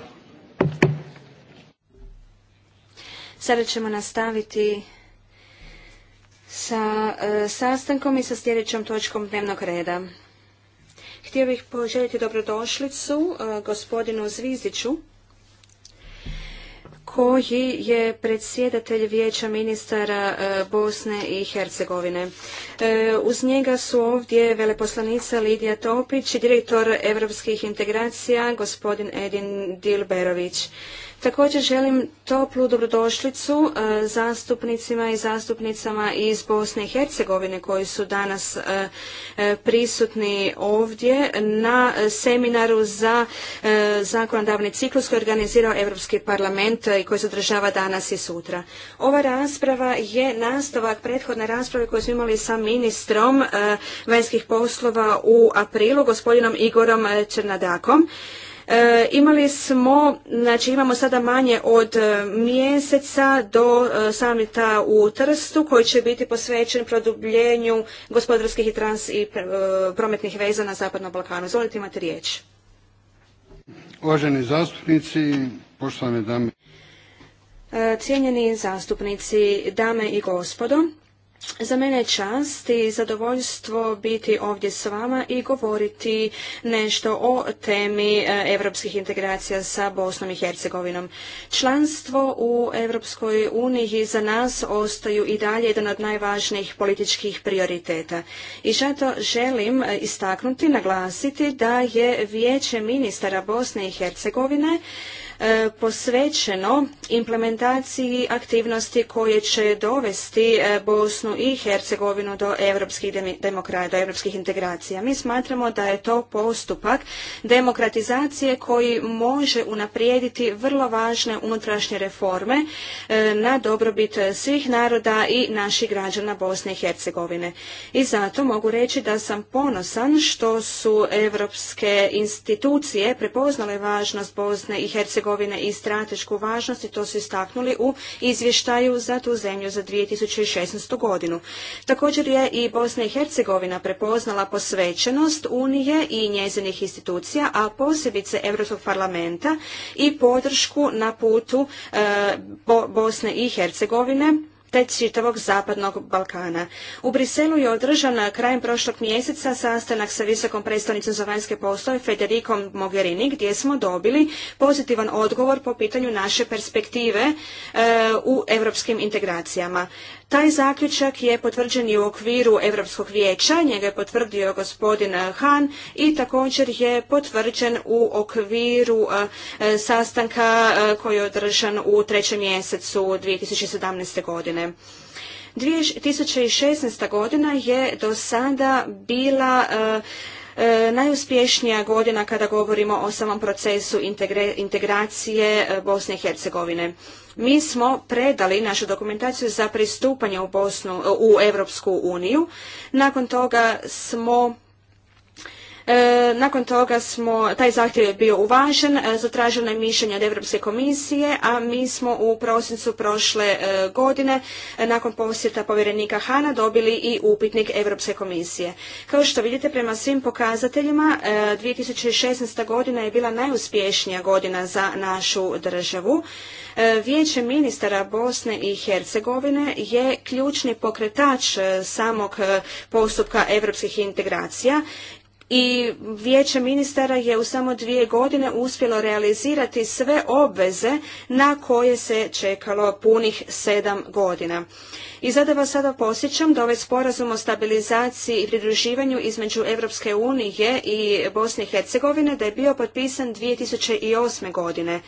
Sada ćemo nastaviti sa e, sastankom i sa sljedećom točkom dnevnog reda. Htio bih poželjeti dobrodošlicu e, gospodinu Zviziću koji je predsjedatelj Vijeća ministara e, Bosne i Hercegovine. E, uz njega su ovdje veleposlanica Lidija Topić i direktor europskih integracija gospodin Edin Dilberović. Također želim toplu dobrodošlicu e, zastupnicima i zastupnicama iz Bosne i Hercegovine koji su danas e, e, prisutni ovdje na seminaru za zakonodavni ciklus koji je organizirao Europski parlament i koji se održava danas i sutra. Ova rasprava je nastavak prethodne rasprave koju smo imali sa ministrom vanjskih poslova u aprilu, gospodinom Igorom Črnadakom. E, imali smo, znači imamo sada manje od e, mjeseca do e, samita u Trstu koji će biti posvećen produbljenju gospodarskih i trans i prometnih veza na Zapadnom Balkanu. Izvolite imate riječ. Uvaženi zastupnici, poštovane dame. Cijenjeni zastupnici, dame i gospodo, za mene je čast i zadovoljstvo biti ovdje s vama i govoriti nešto o temi europskih integracija sa Bosnom i Hercegovinom. Članstvo u Europskoj uniji za nas ostaju i dalje jedan od najvažnijih političkih prioriteta. I zato želim e, istaknuti, naglasiti da je Vijeće ministara Bosne i Hercegovine E, posvećeno implementaciji aktivnosti koje će dovesti e, Bosnu i Hercegovinu do europskih demokrata do europskih integracija. Mi smatramo da je to postupak demokratizacije koji može unaprijediti vrlo važne unutrašnje reforme e, na dobrobit svih naroda i naših građana Bosne i Hercegovine. I zato mogu reći da sam ponosan što su europske institucije prepoznale važnost Bosne i Hercegovine Hercegovine i stratešku važnost i to su istaknuli u izvještaju za tu zemlju za 2016. godinu. Također je i Bosna i Hercegovina prepoznala posvećenost Unije i njezinih institucija, a posebice Europskog parlamenta i podršku na putu e, Bosne i Hercegovine te čitavog zapadnog Balkana. U Briselu je održan krajem prošlog mjeseca sastanak sa visokom predstavnicom za vanjske poslove Federikom Mogherini gdje smo dobili pozitivan odgovor po pitanju naše perspektive e, u europskim integracijama. Taj zaključak je potvrđen i u okviru Europskog vijeća, njega je potvrdio gospodin Han i također je potvrđen u okviru e, sastanka e, koji je održan u trećem mjesecu 2017. godine. 2016. godina je do sada bila e, E, najuspješnija godina kada govorimo o samom procesu integracije e, Bosne i Hercegovine. Mi smo predali našu dokumentaciju za pristupanje u Bosnu u Europsku uniju. Nakon toga smo E, nakon toga smo, taj zahtjev je bio uvažen, e, zatraženo je mišljenje od Europske komisije, a mi smo u prosincu prošle e, godine nakon posjeta povjerenika Hana dobili i upitnik Europske komisije. Kao što vidite prema svim pokazateljima 2016. godina je bila najuspješnija godina za našu državu. Vijeće ministara Bosne i Hercegovine je ključni pokretač samog postupka europskih integracija i vijeće ministara je u samo dvije godine uspjelo realizirati sve obveze na koje se čekalo punih sedam godina. I zato vas sada posjećam da ovaj sporazum o stabilizaciji i pridruživanju između Europske unije i Bosne i Hercegovine da je bio potpisan 2008. godine.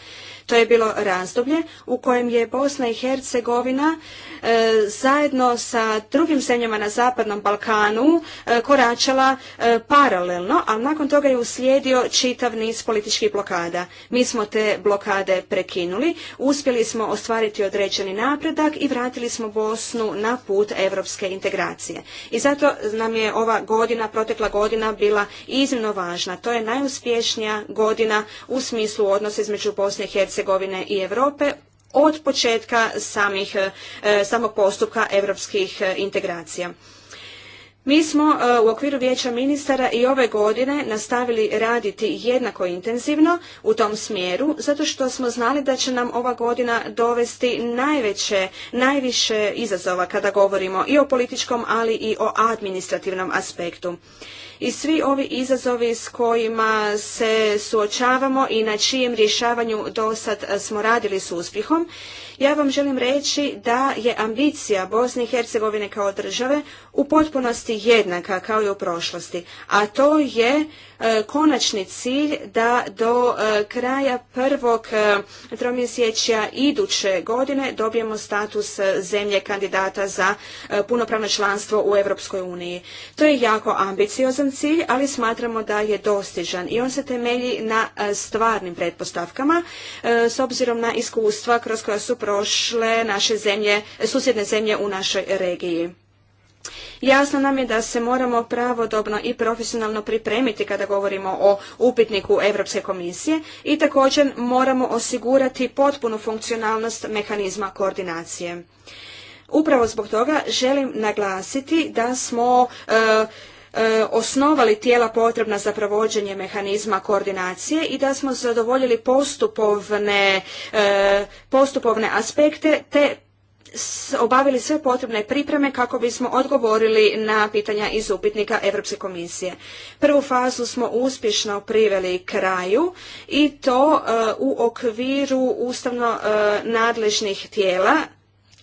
To je bilo razdoblje u kojem je Bosna i Hercegovina e, zajedno sa drugim zemljama na Zapadnom Balkanu e, koračala e, paralelno, ali nakon toga je uslijedio čitav niz političkih blokada. Mi smo te blokade prekinuli, uspjeli smo ostvariti određeni napredak i vratili smo Bosnu na put europske integracije. I zato nam je ova godina, protekla godina bila iznimno važna. To je najuspješnija godina u smislu odnosa između Bosne i Hercegovine i Europe od početka samih, e, samog postupka europskih e, integracija. Mi smo e, u okviru vijeća ministara i ove godine nastavili raditi jednako intenzivno u tom smjeru, zato što smo znali da će nam ova godina dovesti najveće, najviše izazova kada govorimo i o političkom, ali i o administrativnom aspektu i svi ovi izazovi s kojima se suočavamo i na čijem rješavanju do sad smo radili s uspjehom ja vam želim reći da je ambicija Bosne i Hercegovine kao države u potpunosti jednaka kao i u prošlosti, a to je E, konačni cilj da do e, kraja prvog e, tromjesečja iduće godine dobijemo status zemlje kandidata za punopravno članstvo u Europskoj uniji. To je jako ambiciozan cilj, ali smatramo da je dostižan i on se temelji na stvarnim pretpostavkama s obzirom na iskustva kroz koja su prošle naše zemlje, susjedne zemlje u našoj regiji. Jasno nam je da se moramo pravodobno i profesionalno pripremiti kada govorimo o upitniku Europske komisije i također moramo osigurati potpunu funkcionalnost mehanizma koordinacije. Upravo zbog toga želim naglasiti da smo e, e, osnovali tijela potrebna za provođenje mehanizma koordinacije i da smo zadovoljili postupovne, e, postupovne aspekte te obavili sve potrebne pripreme kako bismo odgovorili na pitanja iz upitnika Europske komisije. Prvu fazu smo uspješno priveli kraju i to e, u okviru ustavno e, nadležnih tijela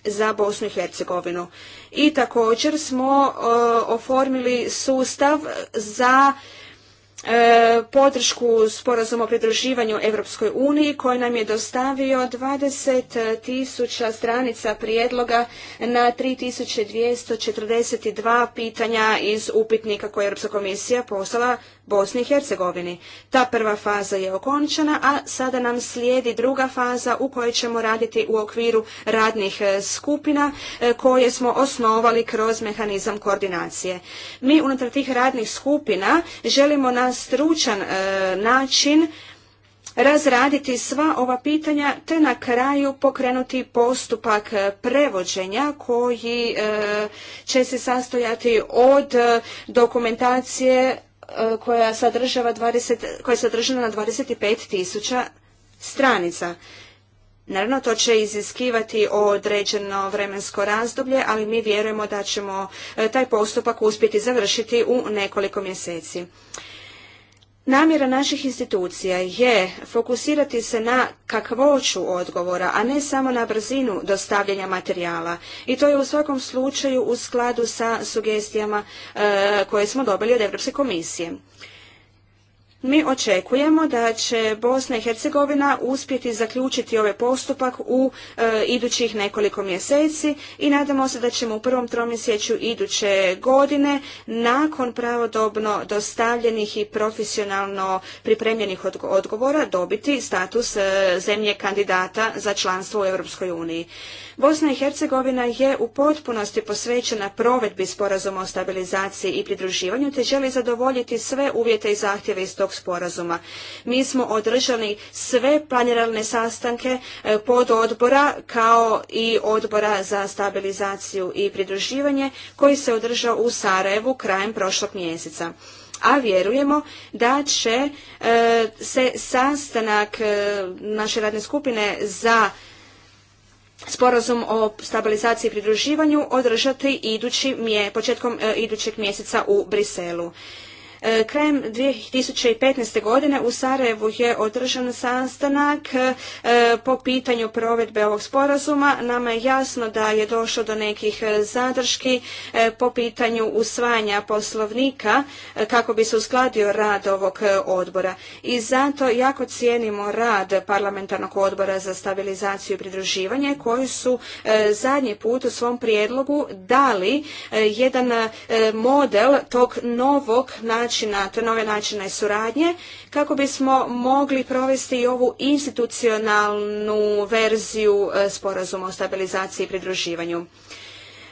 za Bosnu i Hercegovinu. I također smo e, oformili sustav za E, podršku sporazumu o pridruživanju Europskoj uniji koji nam je dostavio 20.000 stranica prijedloga na 3242 pitanja iz upitnika koje je Europska komisija poslala Bosni i Hercegovini. Ta prva faza je okončena, a sada nam slijedi druga faza u kojoj ćemo raditi u okviru radnih e, skupina e, koje smo osnovali kroz mehanizam koordinacije. Mi unutar tih radnih skupina želimo na stručan e, način razraditi sva ova pitanja te na kraju pokrenuti postupak prevođenja koji će se sastojati od dokumentacije E, koja koja je sadržana na 25 tisuća stranica. Naravno, to će iziskivati određeno vremensko razdoblje, ali mi vjerujemo da ćemo e, taj postupak uspjeti završiti u nekoliko mjeseci. Namjera naših institucija je fokusirati se na kakvoću odgovora, a ne samo na brzinu dostavljanja materijala. I to je u svakom slučaju u skladu sa sugestijama e, koje smo dobili od Europske komisije. Mi očekujemo da će Bosna i Hercegovina uspjeti zaključiti ovaj postupak u e, idućih nekoliko mjeseci i nadamo se da ćemo u prvom tromjesečju iduće godine nakon pravodobno dostavljenih i profesionalno pripremljenih odgovora dobiti status e, zemlje kandidata za članstvo u Europskoj uniji. Bosna i Hercegovina je u potpunosti posvećena provedbi sporazuma o stabilizaciji i pridruživanju te želi zadovoljiti sve uvjete i zahtjeve iz tog sporazuma. Mi smo održali sve planirane sastanke e, pod odbora kao i odbora za stabilizaciju i pridruživanje koji se održao u Sarajevu krajem prošlog mjeseca a vjerujemo da će e, se sastanak e, naše radne skupine za sporazum o stabilizaciji i pridruživanju održati idući početkom idućeg mjeseca u Briselu. E, krajem 2015. godine u Sarajevu je održan sastanak e, po pitanju provedbe ovog sporazuma. Nama je jasno da je došlo do nekih e, zadrški po pitanju usvajanja poslovnika kako bi se uskladio rad ovog odbora. I zato jako cijenimo rad parlamentarnog odbora za stabilizaciju i pridruživanje koji su zadnji put u svom prijedlogu dali jedan model tog novog načina, te nove načine suradnje kako bismo mogli provesti i ovu institucionalnu verziju e, sporazuma o stabilizaciji i pridruživanju.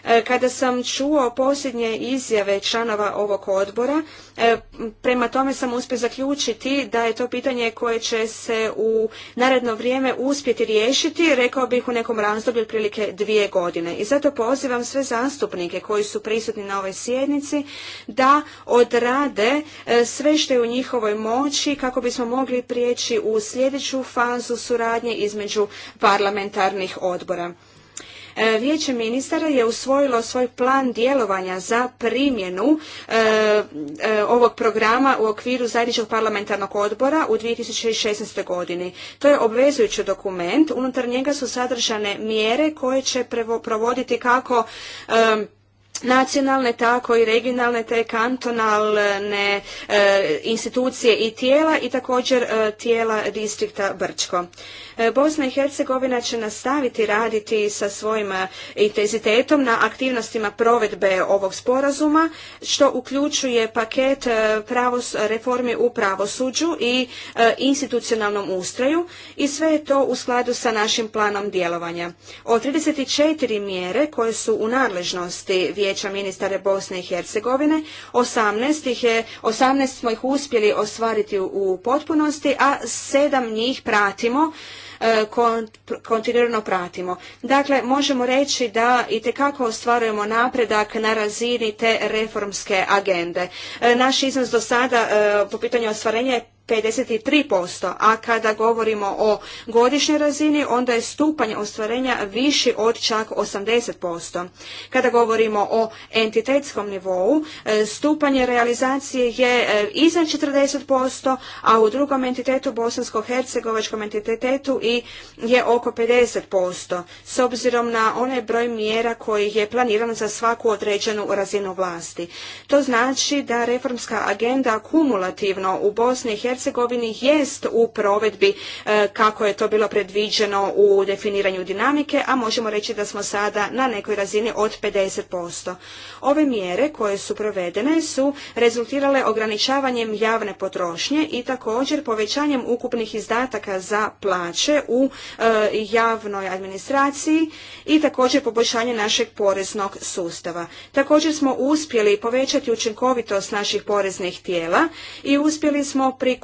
E, kada sam čuo posljednje izjave članova ovog odbora, e, prema tome sam uspio zaključiti da je to pitanje koje će se u naredno vrijeme uspjeti riješiti, rekao bih u nekom razdoblju otprilike dvije godine. I zato pozivam sve zastupnike koji su prisutni na ovoj sjednici da odrade e, sve što je u njihovoj moći kako bismo mogli prijeći u sljedeću fazu suradnje između parlamentarnih odbora. E, vijeće ministara je usvojilo svoj plan djelovanja za primjenu e, e, ovog programa u okviru zajedničkog parlamentarnog odbora u 2016. godini. To je obvezujući dokument, unutar njega su sadržane mjere koje će provoditi kako nacionalne, tako i regionalne, te kantonalne institucije i tijela i također tijela distrikta Brčko. E, Bosna i Hercegovina će nastaviti raditi sa svojim e, intenzitetom na aktivnostima provedbe ovog sporazuma, što uključuje paket e, pravos, reformi u pravosuđu i institucionalnom ustroju i sve je to u skladu sa našim planom djelovanja. Od 34 mjere koje su u nadležnosti Vijeća ministara Bosne i Hercegovine, 18, ih 18 smo ih uspjeli ostvariti u potpunosti, a sedam njih pratimo E, kontinuirano pratimo. Dakle, možemo reći da i tekako ostvarujemo napredak na razini te reformske agende. E, naš iznos do sada e, po pitanju ostvarenja je 53%, a kada govorimo o godišnjoj razini, onda je stupanj ostvarenja viši od čak 80%. Kada govorimo o entitetskom nivou, e, stupanje realizacije je e, iznad 40%, a u drugom entitetu, bosansko-hercegovačkom entitetu, i je oko 50%, s obzirom na onaj broj mjera koji je planiran za svaku određenu razinu vlasti. To znači da reformska agenda kumulativno u Bosni i Hercegovini jest u provedbi e, kako je to bilo predviđeno u definiranju dinamike, a možemo reći da smo sada na nekoj razini od 50%. Ove mjere koje su provedene su rezultirale ograničavanjem javne potrošnje i također povećanjem ukupnih izdataka za plaće u e, javnoj administraciji i također poboljšanje našeg poreznog sustava. Također smo uspjeli povećati učinkovitost naših poreznih tijela i uspjeli smo prikupiti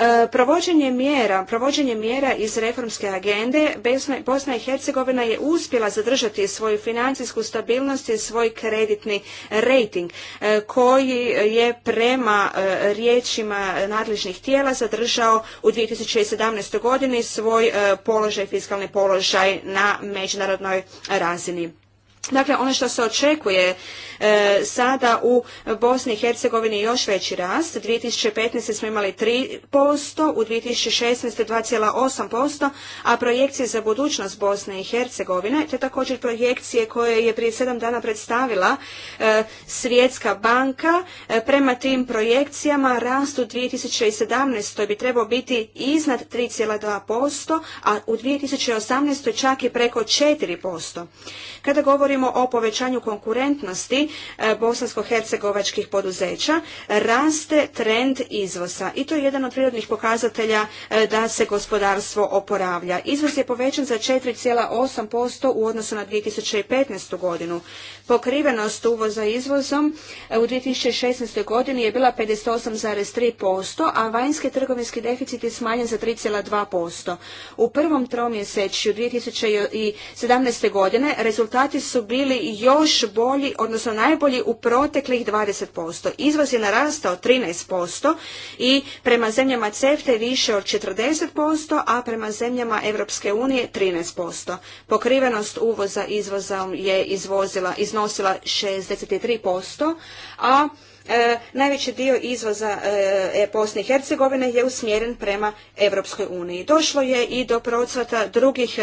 E, provođenje mjera, mjera iz reformske agende, Bosna i Hercegovina je uspjela zadržati svoju financijsku stabilnost i svoj kreditni rating e, koji je prema e, riječima nadležnih tijela zadržao u 2017. godini svoj položaj, fiskalni položaj na međunarodnoj razini. Dakle, ono što se očekuje e, sada u Bosni i Hercegovini još veći rast. 2015. smo imali 3%, u 2016. 2,8%, a projekcije za budućnost Bosne i Hercegovine, te također projekcije koje je prije sedam dana predstavila e, Svjetska banka, e, prema tim projekcijama rast u 2017. bi trebao biti iznad 3,2%, a u 2018. čak i preko 4%. Kada govorimo o povećanju konkurentnosti e, bosansko-hercegovačkih poduzeća, raste trend izvoza i to je jedan od prirodnih pokazatelja e, da se gospodarstvo oporavlja. Izvoz je povećan za 4,8% u odnosu na 2015. godinu. Pokrivenost uvoza izvozom e, u 2016. godini je bila 58,3%, a vanjski trgovinski deficit je smanjen za 3,2%. U prvom tromjesečju 2017. godine rezultati su bili još bolji, odnosno najbolji u proteklih 20%. Izvoz je narastao 13% i prema zemljama CEFTE više od 40%, a prema zemljama Europske unije 13%. Pokrivenost uvoza izvozom je izvozila, iznosila 63%, a E, najveći dio izvoza e, e, Bosne i Hercegovine je usmjeren prema Europskoj uniji. Došlo je i do procvata drugih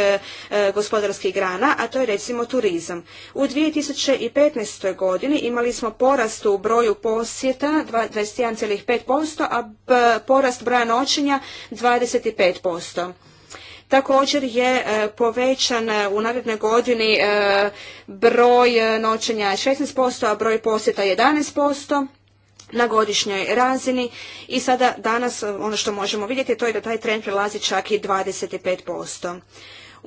gospodarskih grana, a to je recimo turizam. U 2015. godini imali smo porast u broju posjeta 21,5%, a porast broja noćenja 25%. Također je e, povećan e, u narednoj godini e, broj noćenja 16%, a broj posjeta 11% na godišnjoj razini i sada danas ono što možemo vidjeti to je da taj trend prelazi čak i 25%.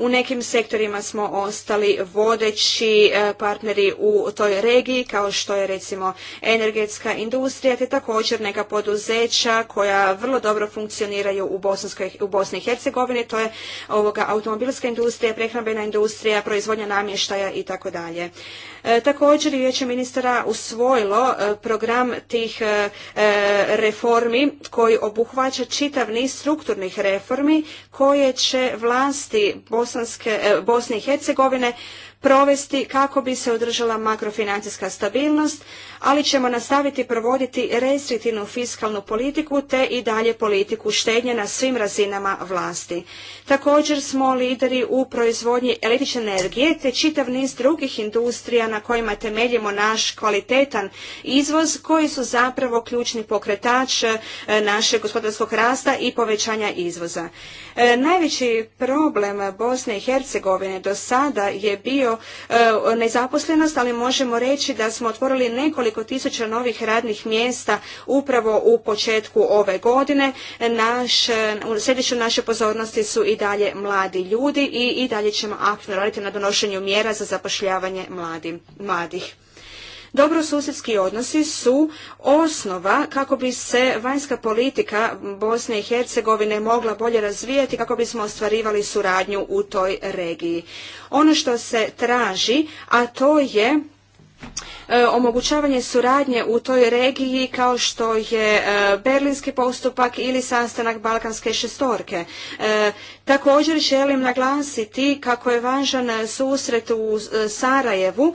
U nekim sektorima smo ostali vodeći e, partneri u toj regiji, kao što je recimo energetska industrija, te također neka poduzeća koja vrlo dobro funkcioniraju u, u Bosni i Hercegovini, to je ovoga automobilska industrija, prehrambena industrija, proizvodnja namještaja i tako dalje. E, također je vijeće ministara usvojilo e, program tih reformi koji obuhvaća čitav niz strukturnih reformi koje će vlasti Bosne Bosanske, e, Bosne i Hercegovine provesti kako bi se održala makrofinancijska stabilnost, ali ćemo nastaviti provoditi restriktivnu fiskalnu politiku te i dalje politiku štednje na svim razinama vlasti. Također smo lideri u proizvodnji električne energije te čitav niz drugih industrija na kojima temeljimo naš kvalitetan izvoz koji su zapravo ključni pokretač e, našeg gospodarskog rasta i povećanja izvoza. E, najveći problem Bosne i Hercegovine do sada je bio smanjio e, nezaposlenost, ali možemo reći da smo otvorili nekoliko tisuća novih radnih mjesta upravo u početku ove godine. Naš, e, u naše pozornosti su i dalje mladi ljudi i i dalje ćemo aktivno raditi na donošenju mjera za zapošljavanje mladi, mladih. Dobrosusjedski odnosi su osnova kako bi se vanjska politika Bosne i Hercegovine mogla bolje razvijati, kako bismo ostvarivali suradnju u toj regiji. Ono što se traži, a to je E, omogućavanje suradnje u toj regiji kao što je e, berlinski postupak ili sastanak balkanske šestorke. E, također želim naglasiti kako je važan susret u Sarajevu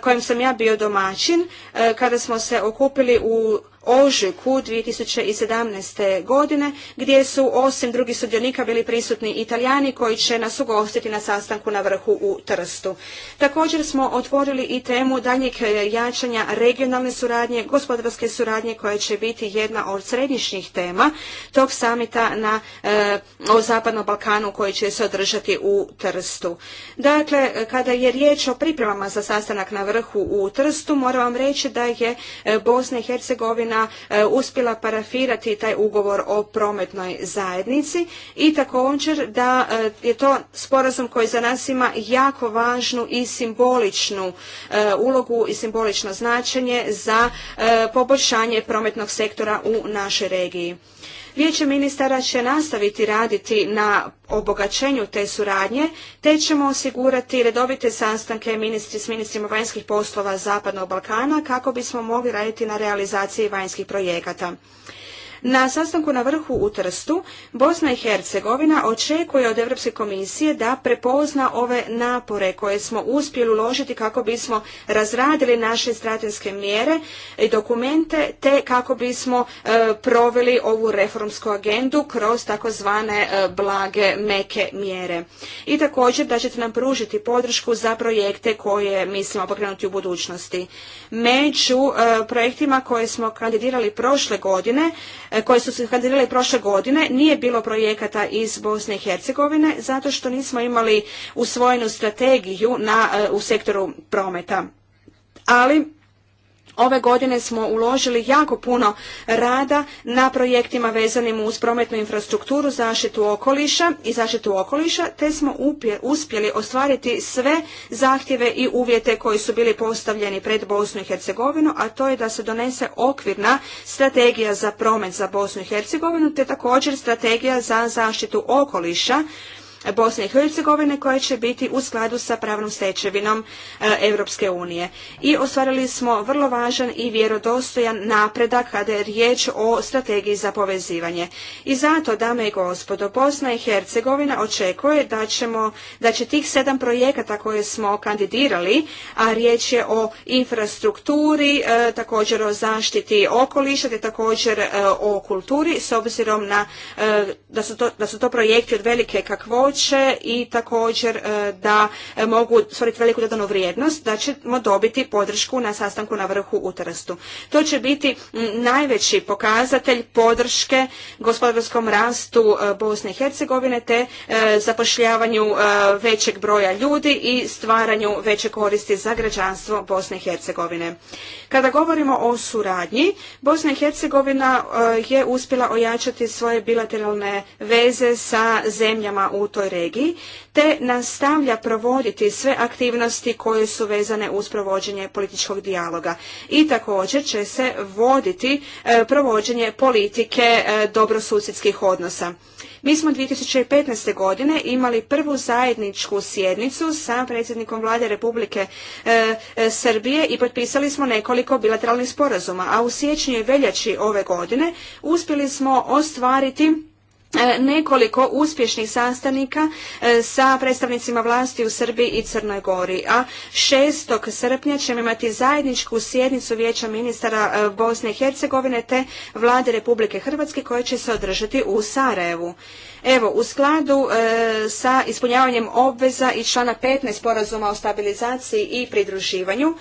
kojem sam ja bio domaćin kada smo se okupili u ožujku 2017. godine gdje su osim drugih sudionika bili prisutni italijani koji će nas ugostiti na sastanku na vrhu u Trstu. Također smo otvorili i temu daljnjeg e, jačanja regionalne suradnje, gospodarske suradnje koja će biti jedna od središnjih tema tog samita na e, o Zapadnom Balkanu koji će se održati u Trstu. Dakle, kada je riječ o pripremama za sastanak na vrhu u Trstu, moram vam reći da je e, Bosna i Hercegovina E, uspjela parafirati taj ugovor o prometnoj zajednici i također da e, je to sporazum koji za nas ima jako važnu i simboličnu e, ulogu i simbolično značenje za poboljšanje prometnog sektora u našoj regiji. Vijeće ministara će nastaviti raditi na obogaćenju te suradnje, te ćemo osigurati redovite sastanke ministri s ministrima vanjskih poslova Zapadnog Balkana kako bismo mogli raditi na realizaciji vanjskih projekata. Na sastanku na vrhu u Trstu Bosna i Hercegovina očekuje od Europske komisije da prepozna ove napore koje smo uspjeli uložiti kako bismo razradili naše strateške mjere i dokumente te kako bismo e, proveli ovu reformsku agendu kroz takozvane e, blage meke mjere. I također da ćete nam pružiti podršku za projekte koje mislimo pokrenuti u budućnosti. Među e, projektima koje smo kandidirali prošle godine E, koje su se kandidirale prošle godine nije bilo projekata iz Bosne i Hercegovine zato što nismo imali usvojenu strategiju e, u sektoru prometa. Ali Ove godine smo uložili jako puno rada na projektima vezanim uz prometnu infrastrukturu, zaštitu okoliša i zaštitu okoliša, te smo uspjeli ostvariti sve zahtjeve i uvjete koji su bili postavljeni pred Bosnu i Hercegovinu, a to je da se donese okvirna strategija za promet za Bosnu i Hercegovinu, te također strategija za zaštitu okoliša Bosne i Hercegovine koje će biti u skladu sa pravnom stečevinom e, Europske unije. I ostvarili smo vrlo važan i vjerodostojan napredak kada je riječ o strategiji za povezivanje. I zato, dame i gospodo, Bosna i Hercegovina očekuje da, ćemo, će tih sedam projekata koje smo kandidirali, a riječ je o infrastrukturi, e, također o zaštiti okoliša, te također e, o kulturi, s obzirom na, da, su to, da su to projekti od velike kakvoće, će i također e, da mogu stvoriti veliku dodanu vrijednost, da ćemo dobiti podršku na sastanku na vrhu u Trstu. To će biti najveći pokazatelj podrške gospodarskom rastu e, Bosne i Hercegovine te e, zapošljavanju većeg broja ljudi i stvaranju veće koristi za građanstvo Bosne i Hercegovine. Kada govorimo o suradnji, Bosna i Hercegovina je uspjela ojačati svoje bilateralne veze sa zemljama u toj regiji, te nastavlja provoditi sve aktivnosti koje su vezane uz provođenje političkog dijaloga. I također će se voditi e, provođenje politike e, dobrosusjedskih odnosa. Mi smo 2015. godine imali prvu zajedničku sjednicu sa predsjednikom vlade Republike e, Srbije i potpisali smo nekoliko bilateralnih sporazuma, a u siječnju i veljači ove godine uspjeli smo ostvariti E, nekoliko uspješnih sastanika e, sa predstavnicima vlasti u Srbiji i Crnoj Gori. A 6. srpnja ćemo imati zajedničku sjednicu Vijeća ministara e, Bosne i Hercegovine te vlade Republike Hrvatske koje će se održati u Sarajevu. Evo, u skladu sa ispunjavanjem obveza i člana 15 sporazuma o stabilizaciji i pridruživanju,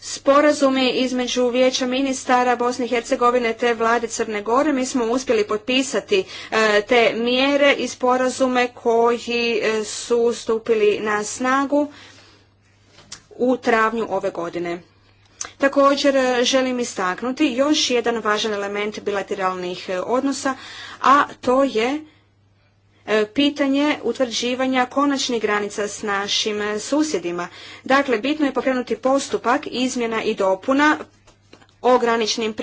sporazumi između Vijeća ministara Bosne i Hercegovine te vlade Crne Gore. Mi smo uspjeli potpisati e, te mjere i sporazume koji e, su stupili na snagu u travnju ove godine. Također e, želim istaknuti još jedan važan element bilateralnih odnosa, a to je E, pitanje utvrđivanja konačnih granica s našim susjedima. Dakle, bitno je pokrenuti postupak izmjena i dopuna o graničnim,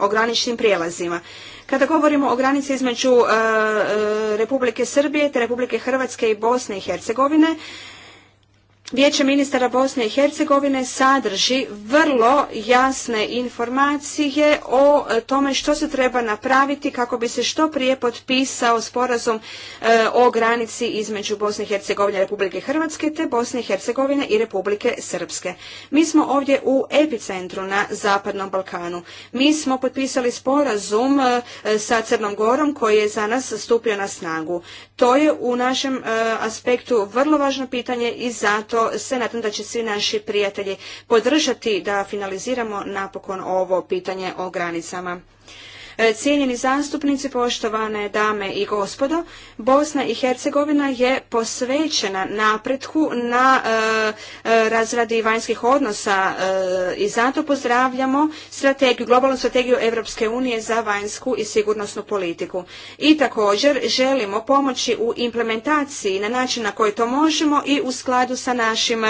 o graničnim prijelazima. Kada govorimo o granici između e, e, Republike Srbije te Republike Hrvatske i Bosne i Hercegovine, Vijeće ministara Bosne i Hercegovine sadrži vrlo jasne informacije o e, tome što se treba napraviti kako bi se što prije potpisao sporazum e, o granici između Bosne i Hercegovine Republike Hrvatske te Bosne i Hercegovine i Republike Srpske. Mi smo ovdje u epicentru na Zapadnom Balkanu. Mi smo potpisali sporazum e, sa Crnom Gorom koji je za nas stupio na snagu. To je u našem aspektu vrlo važno pitanje i zato što se nadam da će svi naši prijatelji podržati da finaliziramo napokon ovo pitanje o granicama. E, cijenjeni zastupnici, poštovane dame i gospodo, Bosna i Hercegovina je posvećena napretku na e, e, razradi vanjskih odnosa i zato pozdravljamo strategiju, globalnu strategiju Europske unije za vanjsku i sigurnosnu politiku. I također želimo pomoći u implementaciji na način na koji to možemo i u skladu sa našim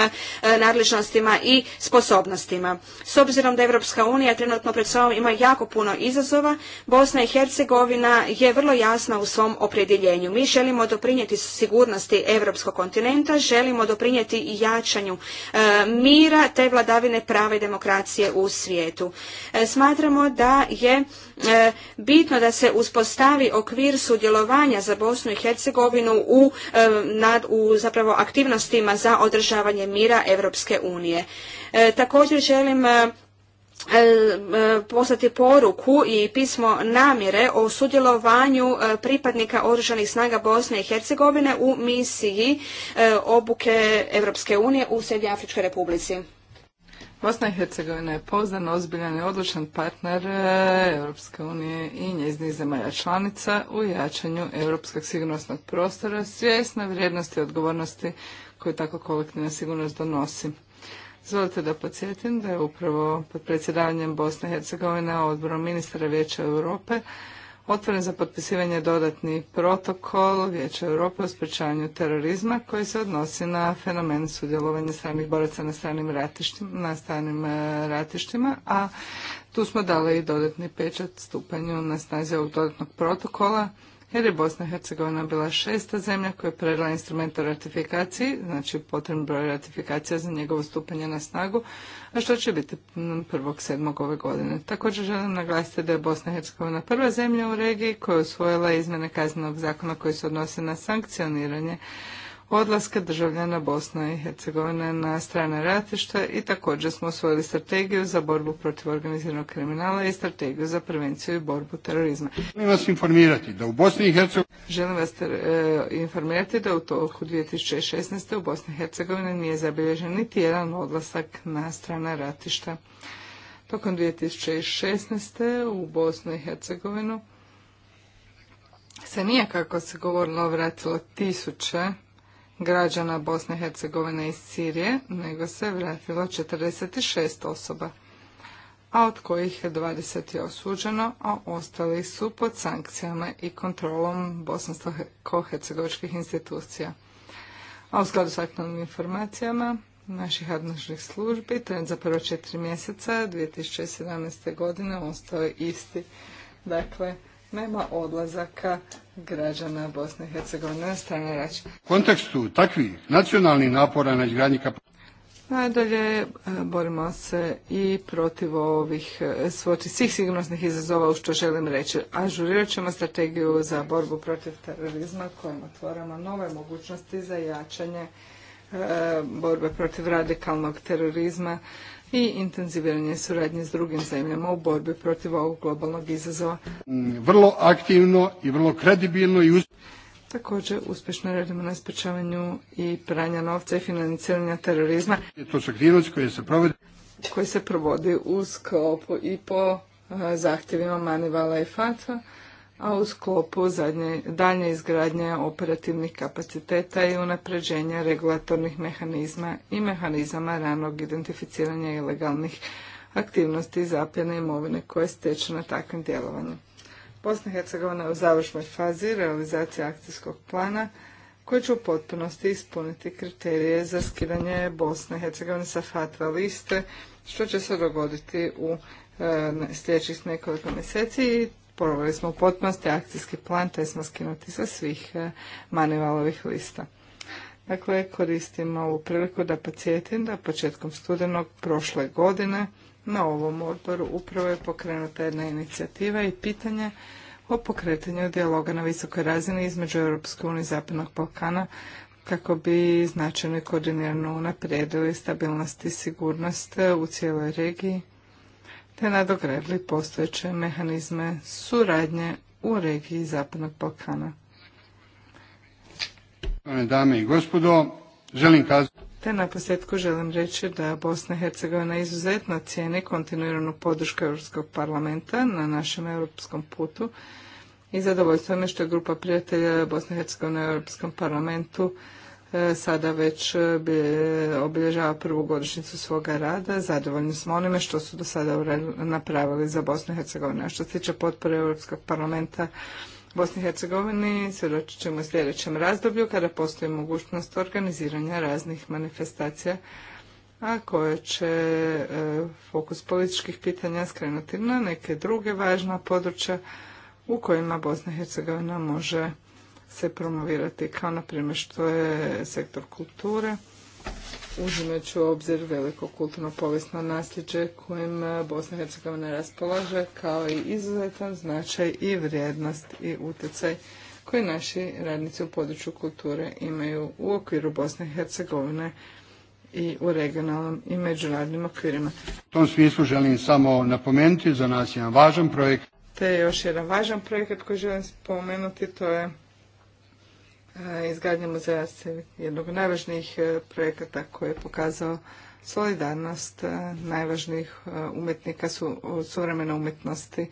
nadležnostima i sposobnostima. S obzirom da Europska unija trenutno pred sobom ima jako puno izazova, Bosna i Hercegovina je vrlo jasna u svom opredjeljenju. Mi želimo doprinijeti sigurnosti europskog kontinenta, želimo doprinijeti i jačanju e, mira te vladavine prava i demokracije u svijetu. E, smatramo da je e, bitno da se uspostavi okvir sudjelovanja za Bosnu i Hercegovinu u, zapravo aktivnostima za održavanje mira Europske unije. Također želim E, e, poslati poruku i pismo namjere o sudjelovanju e, pripadnika Oružanih snaga Bosne i Hercegovine u misiji obuke Europske unije u Srednjoj Afričkoj Republici. Bosna i Hercegovina je poznan ozbiljan i odlučan partner Europske unije i njeznih zemalja članica u jačanju europskog sigurnosnog prostora, svjesna vrijednosti i odgovornosti koju tako kolektivna sigurnost donosi. Zvolite da podsjetim da je upravo pod predsjedavanjem Bosne i Hercegovine odborom ministara Vijeća Europe otvoren za potpisivanje dodatni protokol Vijeća Europe o sprečavanju terorizma koji se odnosi na fenomen sudjelovanja stranih boraca na stranim ratištima, na stranim e, ratištima, a tu smo dali i dodatni pečat stupanju na snazi ovog dodatnog protokola jer je Bosna i Hercegovina bila šesta zemlja koja je predala instrument o ratifikaciji, znači potrebno broj ratifikacija za njegovo stupanje na snagu, a što će biti 1.7. ove godine. Također želim naglasiti da je Bosna i Hercegovina prva zemlja u regiji koja je usvojila izmjene kaznenog zakona koji se odnose na sankcioniranje odlaska državljana Bosne i Hercegovine na strane ratišta i također smo osvojili strategiju za borbu protiv organiziranog kriminala i strategiju za prevenciju i borbu terorizma. Želim vas informirati da u Bosni i Hercegovini... Želim vas e, informirati da u toku 2016. u Bosni i Hercegovini nije zabilježen niti jedan odlasak na strane ratišta. Tokom 2016. u Bosnu i Hercegovinu se nije, kako se govorilo, vratilo tisuće građana Bosne i Hercegovine iz Sirije, nego se vratilo 46 osoba, a od kojih je 20 je osuđeno, a ostali su pod sankcijama i kontrolom bosansko hercegovičkih institucija. A u skladu s aktualnim informacijama naših nadležnih službi, trend za prvo četiri mjeseca 2017. godine ostao je isti. Dakle, nema odlazaka građana Bosne i Hercegovine na strane U kontekstu takvih nacionalnih napora na izgradnji Nadalje e, borimo se i protiv ovih e, svoti svih sigurnosnih izazova u što želim reći. Ažurirat ćemo strategiju za borbu protiv terorizma kojom otvaramo nove mogućnosti za jačanje e, borbe protiv radikalnog terorizma i intenziviranje suradnje s drugim zemljama u borbi protiv ovog globalnog izazova. Mm, vrlo aktivno i vrlo kredibilno i Također uspješno radimo na sprečavanju i pranja novca i financiranja terorizma. To su aktivnosti koje se provodi koji se provodi u sklopu i po zahtjevima Manivala i Fatva a u sklopu zadnje, dalje izgradnje operativnih kapaciteta i unapređenja regulatornih mehanizma i mehanizama ranog identificiranja ilegalnih aktivnosti i zapljene imovine koje steče na takvim djelovanjem. Bosna i Hercegovina je u završnoj fazi realizacije akcijskog plana koji će u potpunosti ispuniti kriterije za skidanje Bosne i Hercegovine sa FATVA liste, što će se dogoditi u e, sljedećih nekoliko mjeseci i proveli smo u potpunosti akcijski plan, te smo skinuti sa svih eh, manivalovih lista. Dakle, koristim ovu priliku da podsjetim da početkom studenog prošle godine na ovom odboru upravo je pokrenuta jedna inicijativa i pitanje o pokretanju dijaloga na visokoj razini između Europske unije i Zapadnog Balkana kako bi značajno i koordinirano unaprijedili stabilnost i sigurnost eh, u cijeloj regiji te nadogradili postojeće mehanizme suradnje u regiji Zapadnog Balkana. Dame i gospodo, želim kazati... Te na posljedku želim reći da Bosna i Hercegovina izuzetno cijeni kontinuiranu podršku Europskog parlamenta na našem europskom putu i zadovoljstvo je što je grupa prijatelja Bosne i Hercegovine u Europskom parlamentu E, sada već e, obilježava prvu godišnjicu svoga rada. Zadovoljni smo onime što su do sada napravili za Bosnu i Hercegovinu. A što se tiče potpore Europskog parlamenta Bosni i Hercegovini, svjedočit ćemo u sljedećem razdoblju kada postoji mogućnost organiziranja raznih manifestacija a koje će e, fokus političkih pitanja skrenuti na neke druge važna područja u kojima Bosna i Hercegovina može se promovirati kao na primjer što je sektor kulture uzimajući u obzir veliko kulturno povijesno nasljeđe kojim Bosna i Hercegovina raspolaže kao i izuzetan značaj i vrijednost i utjecaj koji naši radnici u području kulture imaju u okviru Bosne i Hercegovine i u regionalnom i međunarodnim okvirima. U tom smislu želim samo napomenuti, za nas jedan važan projekt. Te je još jedan važan projekat koji želim spomenuti, to je E, izgradnja muzeja jednog od najvažnijih e, projekata koji je pokazao solidarnost e, najvažnijih umjetnika su suvremene umjetnosti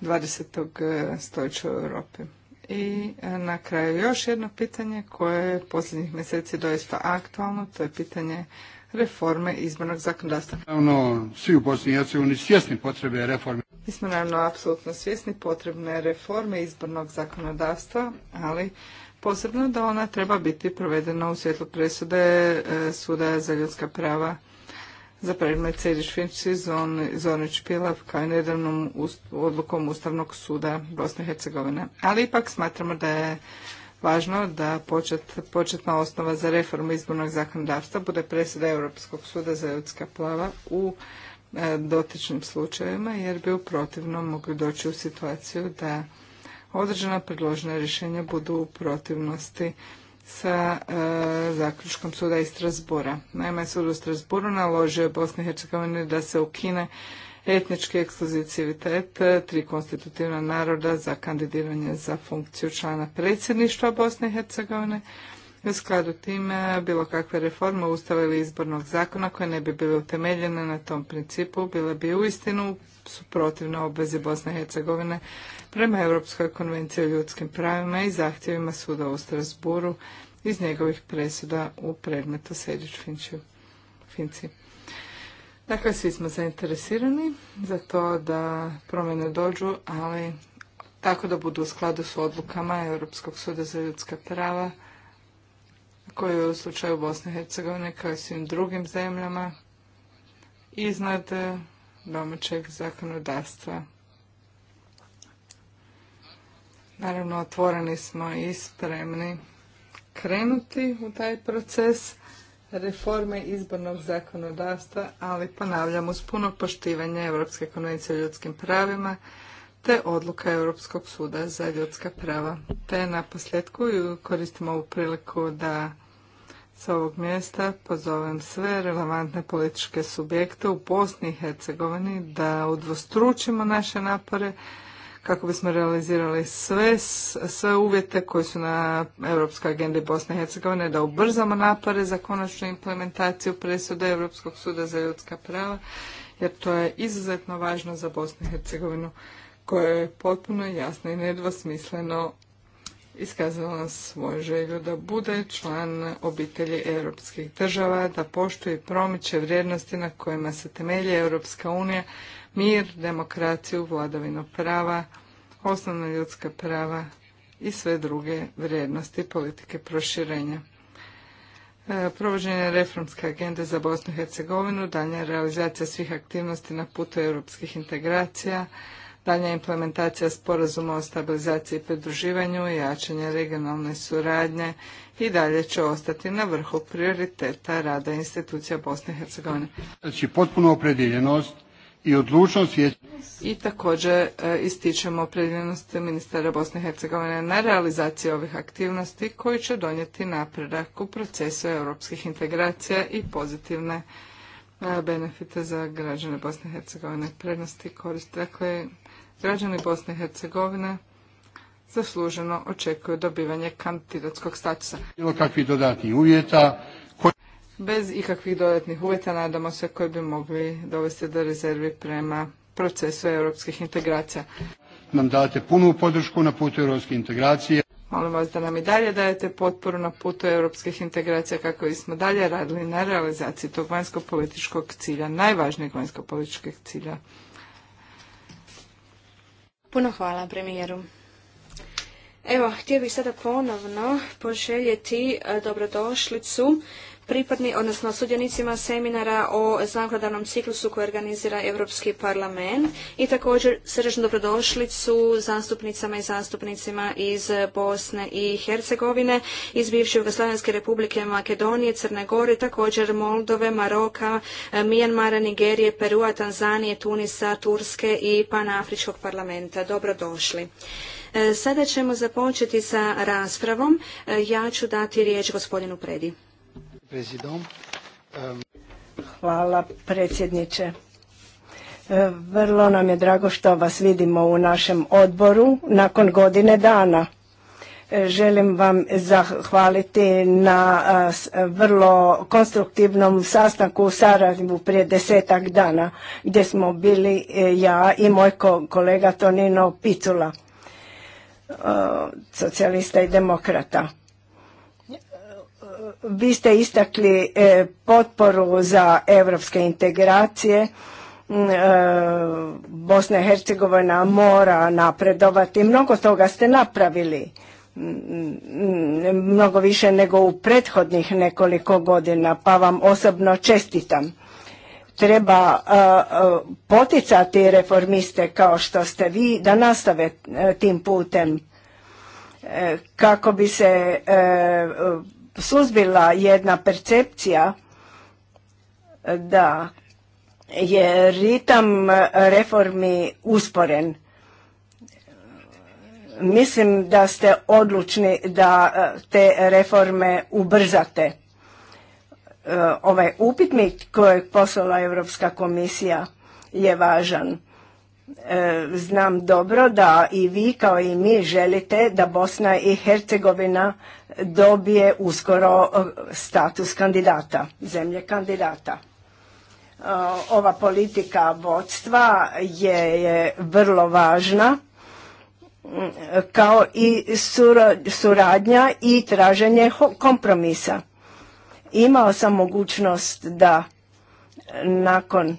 20. stoljeća u Europi. I na kraju još jedno pitanje koje je posljednjih mjeseci doista aktualno, to je pitanje reforme izbornog zakonodavstva. Naravno, svi u Bosni i Hercegovini svjesni potrebe reforme. Mi smo naravno apsolutno svjesni potrebne reforme izbornog zakonodavstva, ali posebno da ona treba biti provedena u svjetlu presude e, Suda za ljudska prava za predmet Sediš Finči, Pilav kao i nedavnom odlukom Ustavnog suda Bosne i Hercegovine. Ali ipak smatramo da je važno da početna osnova za reformu izbornog zakonodavstva bude presuda Europskog suda za ljudska prava u e, dotičnim slučajevima jer bi u protivnom mogli doći u situaciju da određena predložena rješenja budu u protivnosti sa e, zaključkom suda iz Strasbora. Naime, sud u Strasboru naložio Bosni i Hercegovini da se ukine etnički ekskluzivitet e, tri konstitutivna naroda za kandidiranje za funkciju člana predsjedništva Bosne i Hercegovine u skladu time bilo kakve reforme Ustava ili izbornog zakona koje ne bi bile utemeljene na tom principu bile bi uistinu suprotivne obvezi Bosne i Hercegovine prema Europskoj konvenciji o ljudskim pravima i zahtjevima suda u Strasburu iz njegovih presuda u predmetu Sedić Finci. Dakle, svi smo zainteresirani za to da promjene dođu, ali tako da budu u skladu s odlukama Europskog suda za ljudska prava koji je u slučaju Bosne i Hercegovine kao i svim drugim zemljama iznad domaćeg zakonodavstva. Naravno, otvoreni smo i spremni krenuti u taj proces reforme izbornog zakonodavstva, ali ponavljam uz puno poštivanje Europske konvencije o ljudskim pravima te odluka Europskog suda za ljudska prava. Te na posljedku koristimo ovu priliku da sa ovog mjesta pozovem sve relevantne političke subjekte u Bosni i Hercegovini da udvostručimo naše napore kako bismo realizirali sve, sve uvjete koji su na Europskoj agendi Bosne i Hercegovine, da ubrzamo napore za konačnu implementaciju presude Europskog suda za ljudska prava, jer to je izuzetno važno za Bosnu i Hercegovinu koje je potpuno jasno i nedvosmisleno iskazala svoju želju da bude član obitelji europskih država, da poštuje i promiče vrijednosti na kojima se temelji Europska unija, mir, demokraciju, vladavinu prava, osnovna ljudska prava i sve druge vrijednosti politike proširenja. E, provođenje reformske agende za Bosnu i Hercegovinu, daljnja realizacija svih aktivnosti na putu europskih integracija, daljnja implementacija sporazuma o stabilizaciji i pridruživanju i jačanje regionalne suradnje i dalje će ostati na vrhu prioriteta rada institucija Bosne i Hercegovine. Znači potpuno opredjeljenost i odlučnost je... I također e, ističemo opredjeljenost ministara Bosne i Hercegovine na realizaciji ovih aktivnosti koji će donijeti napredak u procesu europskih integracija i pozitivne e, benefite za građane Bosne i Hercegovine, prednosti i Dakle, Građani Bosne i Hercegovine zasluženo očekuju dobivanje kandidatskog statusa. Bilo kakvih uvjeta Bez ikakvih dodatnih uvjeta nadamo se koji bi mogli dovesti do rezervi prema procesu europskih integracija. Nam date punu podršku na putu europskih integracije. Molim vas da nam i dalje dajete potporu na putu europskih integracija kako bismo dalje radili na realizaciji tog vanjsko-političkog cilja, najvažnijeg vanjsko-političkog cilja Puno hvala premijeru. Evo, htio bih sada ponovno poželjeti e, dobrodošlicu pripadni, odnosno sudionicima seminara o zakonodavnom ciklusu koje organizira Europski parlament i također srdečno su zastupnicama i zastupnicima iz Bosne i Hercegovine, iz bivše Jugoslavijske republike Makedonije, Crne Gore, također Moldove, Maroka, eh, Mijanmara, Nigerije, Perua, Tanzanije, Tunisa, Turske i Panafričkog parlamenta. Dobrodošli. Eh, sada ćemo započeti sa raspravom. Eh, ja ću dati riječ gospodinu Predi. Hvala predsjedniče. E, vrlo nam je drago što vas vidimo u našem odboru nakon godine dana. E, želim vam zahvaliti na e, vrlo konstruktivnom sastanku u Sarajevu prije desetak dana gdje smo bili ja i moj kolega Tonino Picula, socijalista i demokrata vi ste istakli e, potporu za evropske integracije. E, Bosna i Hercegovina mora napredovati. Mnogo toga ste napravili. Mm, mm, mnogo više nego u prethodnih nekoliko godina, pa vam osobno čestitam. Treba e, poticati reformiste kao što ste vi da nastave tim putem kako bi se suzbila jedna percepcija e, da je ritam reformi usporen. Mislim da ste odlučni da e, te reforme ubrzate. E, ovaj upitnik kojeg poslala Europska komisija je važan E, znam dobro da i vi kao i mi želite da Bosna i Hercegovina dobije uskoro e, status kandidata, zemlje kandidata. E, ova politika vodstva je, vrlo važna kao i suradnja i traženje kompromisa. Imao sam mogućnost da nakon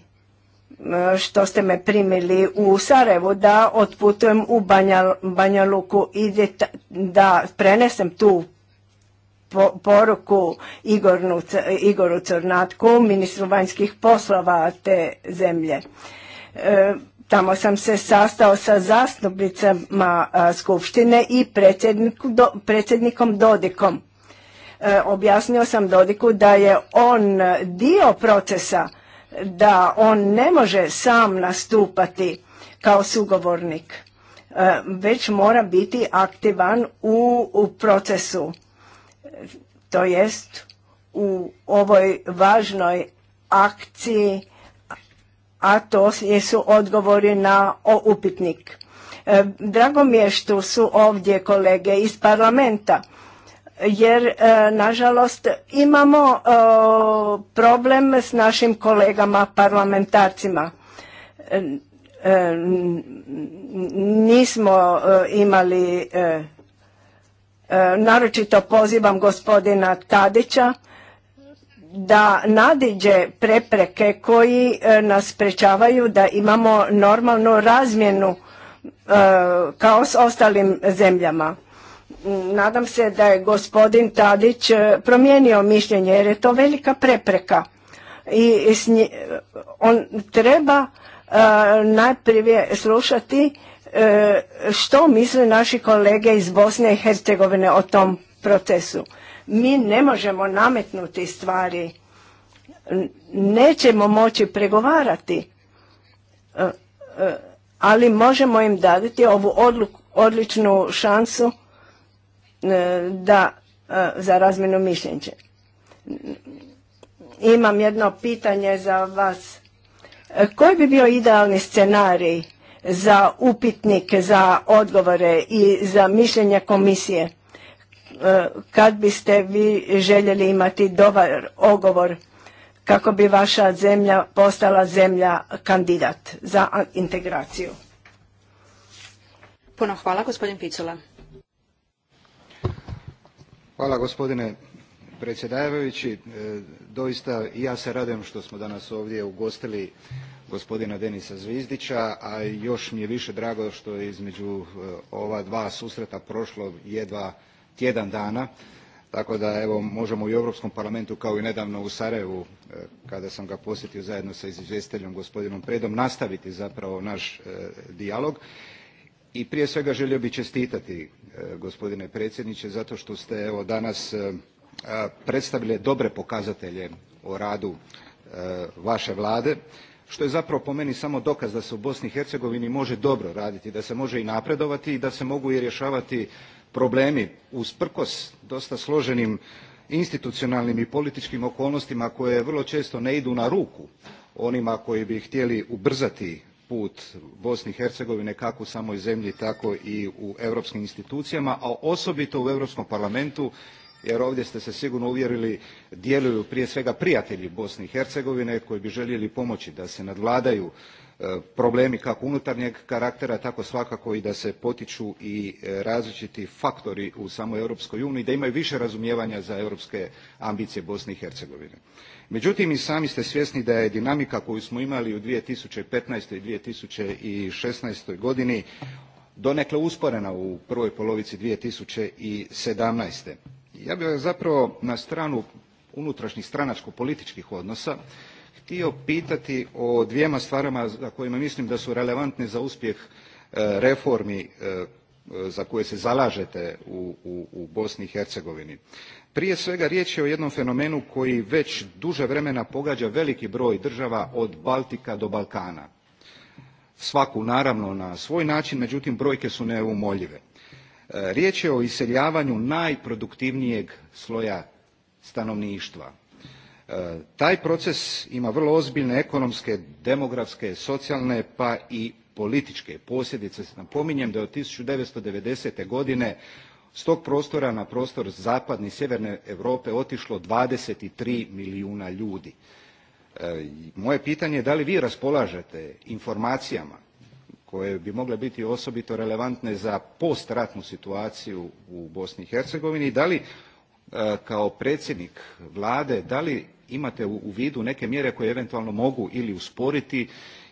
što ste me primili u Sarajevu da otputujem u Banja, Luku i da prenesem tu poruku Igornu, Igoru Cornatku ministru vanjskih poslova te zemlje. E, tamo sam se sastao sa zastupnicama Skupštine i predsjednikom Dodikom. E, objasnio sam Dodiku da je on dio procesa da on ne može sam nastupati kao sugovornik, e, već mora biti aktivan u, procesu, to jest u ovoj važnoj akciji, a to su odgovori na upitnik. E, drago mi je što su ovdje kolege iz parlamenta jer e, nažalost imamo e, problem s našim kolegama parlamentarcima e, nismo imali naročito pozivam gospodina Tadića da nadiđe prepreke koji nas sprečavaju da imamo normalnu razmjenu kao s ostalim zemljama nadam se da je gospodin Tadić e, promijenio mišljenje jer je to velika prepreka i on treba e, najprije slušati e, što misle naši kolege iz Bosne i Hercegovine o tom procesu. Mi ne možemo nametnuti stvari, nećemo moći pregovarati, ali možemo im dati ovu odluku, odličnu šansu E, da e, za razmjenu mišljenja. Imam jedno pitanje za vas. E, koji bi bio idealni scenarij za upitnike, za odgovore i za mišljenje komisije? Kad biste vi željeli imati dobar ogovor kako bi vaša zemlja postala zemlja kandidat za integraciju? Puno hvala, gospodin Picula. Hvala gospodine predsjedavajući. E, doista i ja se radujem što smo danas ovdje ugostili gospodina Denisa Zvizdića, a još mi je više drago što je između e, ova dva susreta prošlo jedva tjedan dana tako da evo možemo i u europskom parlamentu kao i nedavno u sarajevu e, kada sam ga posjetio zajedno sa izvjestiteljem gospodinom predom nastaviti zapravo naš dijalog i prije svega želio bih čestitati gospodine predsjedniče zato što ste evo danas e, predstavili dobre pokazatelje o radu e, vaše vlade što je zapravo po meni samo dokaz da se u bosni i hercegovini može dobro raditi da se može i napredovati i da se mogu i rješavati problemi usprkos dosta složenim institucionalnim i političkim okolnostima koje vrlo često ne idu na ruku onima koji bi htjeli ubrzati put Bosne i Hercegovine kako u samoj zemlji tako i u europskim institucijama, a osobito u Europskom parlamentu jer ovdje ste se sigurno uvjerili djeluju prije svega prijatelji Bosne i Hercegovine koji bi željeli pomoći da se nadvladaju e, problemi kako unutarnjeg karaktera tako svakako i da se potiču i e, različiti faktori u samoj europskoj uniji da imaju više razumijevanja za europske ambicije bosne i hercegovine. međutim i sami ste svjesni da je dinamika koju smo imali u. dvije tisuće petnaest i. dvije tisuće godini donekle usporena u prvoj polovici. dvije tisuće sedamnaest ja bih zapravo na stranu unutrašnjih stranačko političkih odnosa htio pitati o dvjema stvarama za kojima mislim da su relevantne za uspjeh e, reformi e, za koje se zalažete u, u, u bosni i hercegovini. prije svega riječ je o jednom fenomenu koji već duže vremena pogađa veliki broj država od baltika do balkana svaku naravno na svoj način međutim brojke su neumoljive. E, riječ je o iseljavanju najproduktivnijeg sloja stanovništva e, taj proces ima vrlo ozbiljne ekonomske demografske socijalne pa i političke posljedice napominjem da je od one thousand nine hundred godine s tog prostora na prostor zapadne i sjeverne europe otišlo twenty three milijuna ljudi e, moje pitanje je da li vi raspolažete informacijama koje bi mogle biti osobito relevantne za postratnu situaciju u Bosni i Hercegovini. Da li e, kao predsjednik vlade da li imate u vidu neke mjere koje eventualno mogu ili usporiti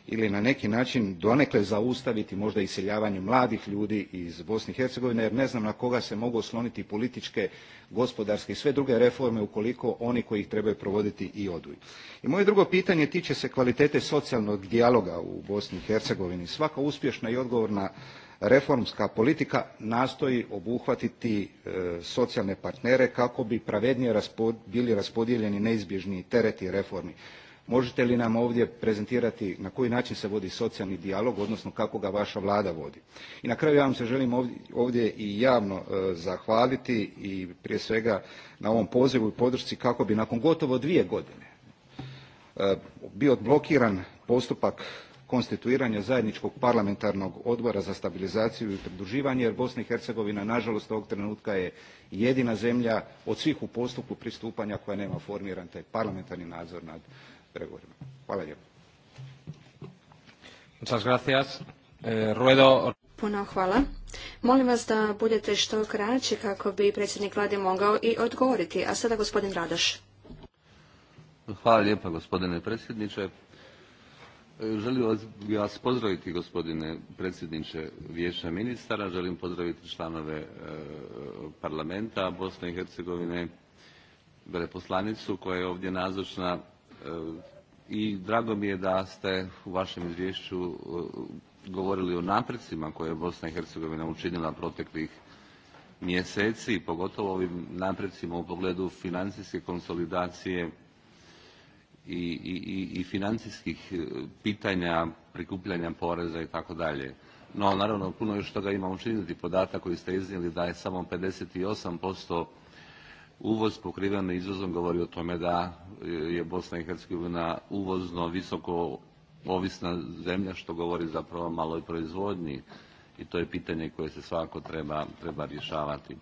ili na neki način donekle zaustaviti možda iseljavanje mladih ljudi iz Bosne i Hercegovine jer ne znam na koga se mogu osloniti političke, gospodarske i sve druge reforme ukoliko oni koji ih trebaju provoditi i odu. I moje drugo pitanje tiče se kvalitete socijalnog dijaloga u Bosni i Hercegovini. Svaka uspješna i odgovorna reformska politika nastoji obuhvatiti e, socijalne partnere kako bi pravednije bili raspodijeljeni neizbježni tereti reformi možete li nam ovdje prezentirati na koji način se vodi socijalni dijalog odnosno kako ga vaša vlada vodi i na kraju ja vam se želim ovdje i javno e, zahvaliti i prije svega na ovom pozivu i podršci kako bi nakon gotovo dvije godine e, bio blokiran postupak konstituiranja zajedničkog parlamentarnog odbora za stabilizaciju i pridruživanje jer bosna i hercegovina nažalost ovog trenutka je jedina zemlja od svih u postupku pristupanja koja nema formiran taj parlamentarni nadzor nad pregovorima. Hvala lijepo. gracias. Eh, ruedo... Puno hvala. Molim vas da budete što kraći kako bi predsjednik vlade mogao i odgovoriti. A sada gospodin Radoš. Hvala lijepa gospodine predsjedniče. E, želim vas, vas pozdraviti gospodine predsjedniče Vijeća ministara, želim pozdraviti članove e, parlamenta Bosne i Hercegovine, veleposlanicu koja je ovdje nazočna E, i drago mi je da ste u vašem izvješću e, govorili o napredcima koje je Bosna i Hercegovina učinila proteklih mjeseci, pogotovo ovim naprecima u pogledu financijske konsolidacije i, i, i financijskih e, pitanja, prikupljanja poreza i tako dalje. No, naravno, puno još toga ima učiniti. Podatak koji ste iznijeli da je samo 58% uvoz pokriven izvozom govori o tome da je Bosna i Hercegovina uvozno visoko ovisna zemlja što govori zapravo o maloj proizvodnji i to je pitanje koje se svako treba, treba rješavati.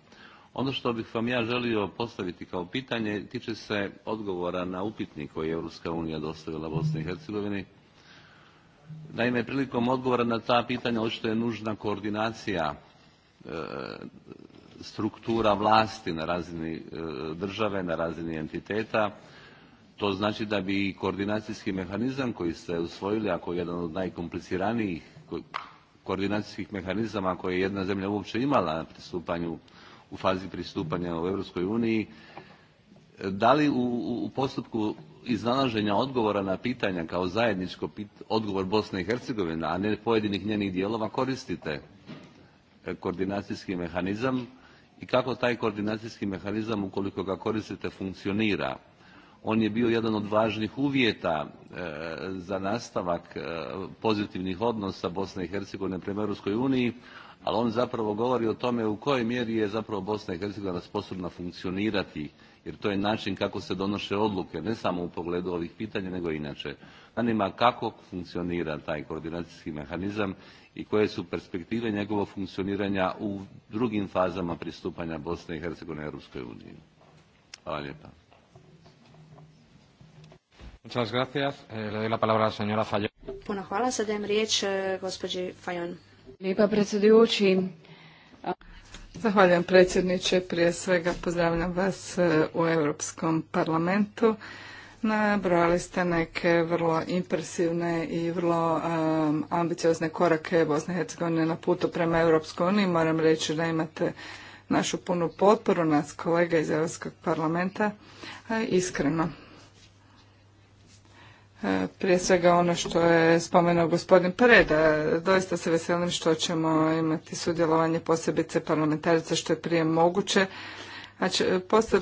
Ono što bih vam ja želio postaviti kao pitanje tiče se odgovora na upitnik koji je Europska unija dostavila Bosni i Hercegovini. Naime, prilikom odgovora na ta pitanja očito je nužna koordinacija e, struktura vlasti na razini e, države, na razini entiteta. To znači da bi i koordinacijski mehanizam koji ste usvojili, ako je jedan od najkompliciranijih koordinacijskih mehanizama koje je jedna zemlja uopće imala na pristupanju, u fazi pristupanja u Europskoj uniji, da li u, postupku iznalaženja odgovora na pitanja kao zajedničko odgovor Bosne i Hercegovine, a ne pojedinih njenih dijelova koristite e, koordinacijski mehanizam i kako taj koordinacijski mehanizam ukoliko ga koristite funkcionira. On je bio jedan od važnih uvjeta e, za nastavak e, pozitivnih odnosa Bosne i Hercegovine prema Europskoj uniji, ali on zapravo govori o tome u kojoj mjeri je zapravo Bosna i Hercegovina sposobna funkcionirati jer to je način kako se donoše odluke, ne samo u pogledu ovih pitanja, nego i inače. Zanima kako funkcionira taj koordinacijski mehanizam i koje su perspektive njegovog funkcioniranja u drugim fazama pristupanja Bosne i Hercegovine Europskoj uniji. Hvala lijepa. Eh, hvala, eh, gospođi Fajon. Lijepa predsjedujući, Zahvaljujem predsjedniče. Prije svega pozdravljam vas e, u Europskom parlamentu. Nabrojali ste neke vrlo impresivne i vrlo e, ambiciozne korake Bosne i Hercegovine na putu prema Europskoj uniji. Moram reći da imate našu punu potporu, nas kolega iz Europskog parlamenta, e, iskreno. E, prije svega ono što je spomenuo gospodin Preda. Doista se veselim što ćemo imati sudjelovanje posebice parlamentarica što je prije moguće. Znači,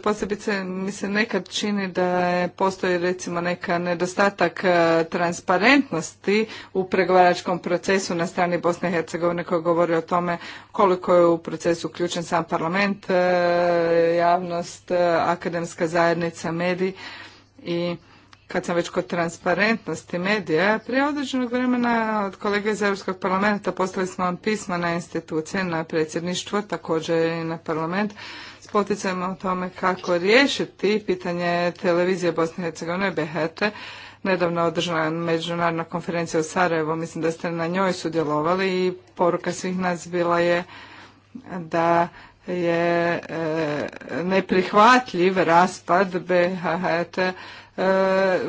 posebice mi se nekad čini da postoji recimo neka nedostatak e, transparentnosti u pregovaračkom procesu na strani Bosne i Hercegovine koji govori o tome koliko je u procesu uključen sam parlament, e, javnost, akademska zajednica, mediji i kad sam već kod transparentnosti medija, prije određenog vremena od kolega iz Europskog parlamenta poslali smo vam pisma na institucije, na predsjedništvo, također i na parlament, s poticajem o tome kako riješiti pitanje televizije Bosne i Hercegovine, BHT, nedavno održana međunarodna konferencija u Sarajevu, mislim da ste na njoj sudjelovali i poruka svih nas bila je da je e, neprihvatljiv raspad BHT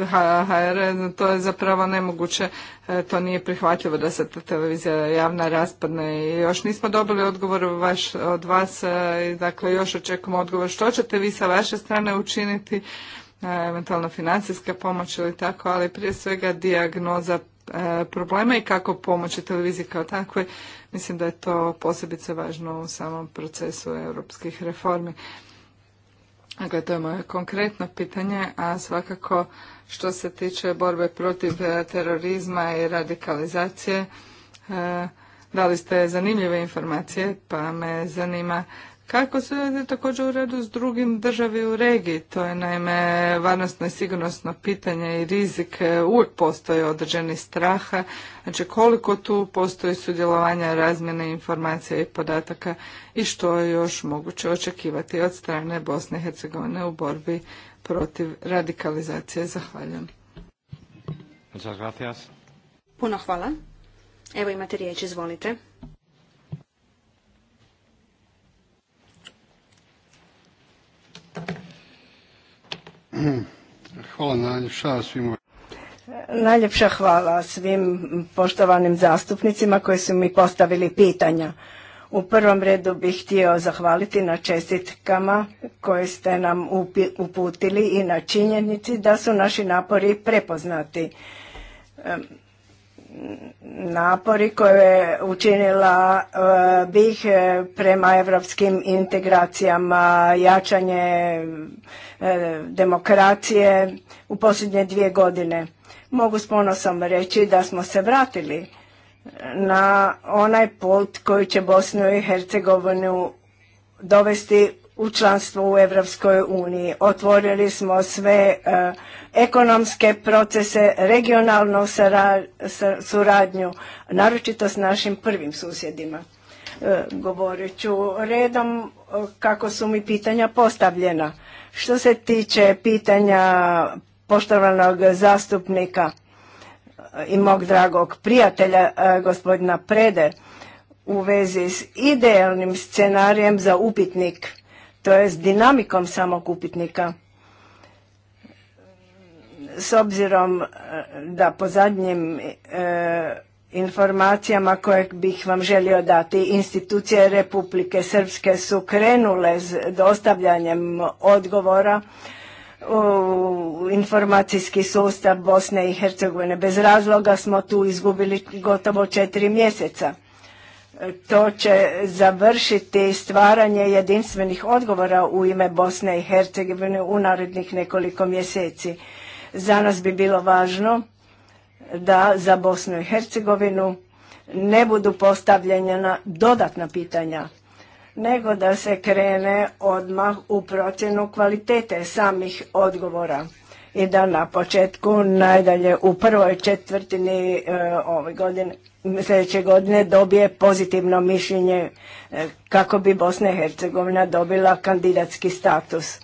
HR, to je zapravo nemoguće, e, to nije prihvatljivo da se ta televizija javna raspadne i još nismo dobili odgovor vaš, od vas e, dakle još očekujemo odgovor što ćete vi sa vaše strane učiniti, e, eventualno financijska pomoć ili tako, ali prije svega dijagnoza problema i kako pomoći televiziji kao takve, Mislim da je to posebice važno u samom procesu europskih reformi. Dakle, to je moje konkretno pitanje, a svakako što se tiče borbe protiv e, terorizma i radikalizacije, e, dali ste zanimljive informacije, pa me zanima kako se radi također u redu s drugim državi u regiji? To je naime varnostno i sigurnosno pitanje i rizik. E, uvijek postoje određeni straha. Znači koliko tu postoji sudjelovanja razmjene informacija i podataka i što je još moguće očekivati od strane Bosne i Hercegovine u borbi protiv radikalizacije. Zahvaljujem. Puno hvala. Evo imate riječ, izvolite. Hvala najljepša svima. Najljepša hvala svim poštovanim zastupnicima koji su mi postavili pitanja. U prvom redu bih htio zahvaliti na čestitkama koje ste nam uputili i na činjenici da su naši napori prepoznati napori koje je učinila eh, bih eh, prema evropskim integracijama, jačanje eh, demokracije u posljednje dvije godine. Mogu s ponosom reći da smo se vratili na onaj put koji će Bosnu i Hercegovinu dovesti u članstvu u Europskoj uniji. Otvorili smo sve e, ekonomske procese, regionalnu suradnju, naročito s našim prvim susjedima. E, govorit ću redom e, kako su mi pitanja postavljena. Što se tiče pitanja poštovanog zastupnika i mog dragog prijatelja gospodina Prede u vezi s idealnim scenarijem za upitnik to je s dinamikom samog upitnika. S obzirom e, da po zadnjim e, informacijama koje bih vam želio dati, institucije Republike Srpske su krenule s dostavljanjem odgovora u informacijski sustav Bosne i Hercegovine. Bez razloga smo tu izgubili gotovo četiri mjeseca. To će završiti stvaranje jedinstvenih odgovora u ime Bosne i Hercegovine u narednih nekoliko mjeseci. Za nas bi bilo važno da za Bosnu i Hercegovinu ne budu postavljena dodatna pitanja, nego da se krene odmah u procjenu kvalitete samih odgovora i da na početku najdalje u prvoj četvrtini e, ove godine sljedeće godine dobije pozitivno mišljenje e, kako bi Bosna i Hercegovina dobila kandidatski status.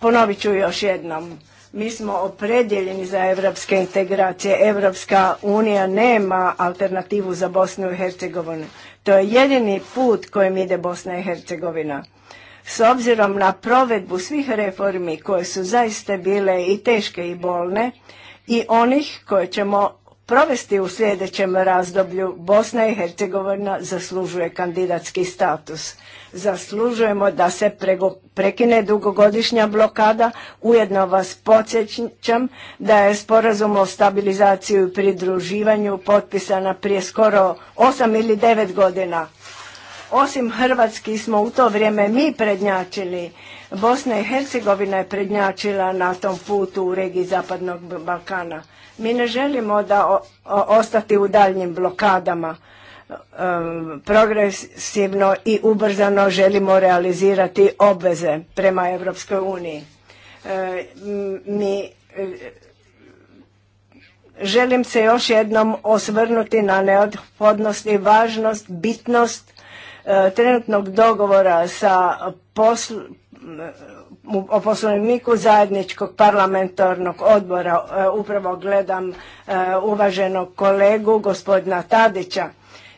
Ponovit ću još jednom. Mi smo opredjeljeni za evropske integracije. Evropska unija nema alternativu za Bosnu i Hercegovinu. To je jedini put kojim ide Bosna i Hercegovina. S obzirom na provedbu svih reformi koje su zaista bile i teške i bolne i onih koje ćemo provesti u sljedećem razdoblju, Bosna i Hercegovina zaslužuje kandidatski status. Zaslužujemo da se prekine dugogodišnja blokada. Ujedno vas podsjećam da je sporazum o stabilizaciji i pridruživanju potpisana prije skoro 8 ili 9 godina. Osim Hrvatski smo u to vrijeme mi prednjačili Bosna i Hercegovina je prednjačila na tom putu u regiji Zapadnog Balkana. Mi ne želimo da ostati u daljnjim blokadama. E, progresivno i ubrzano želimo realizirati obveze prema Europskoj uniji. E, mi e, želim se još jednom osvrnuti na neodhodnost i važnost, bitnost trenutnog dogovora sa posl o poslovniku zajedničkog parlamentarnog odbora e, upravo gledam e, uvaženog kolegu gospodina Tadića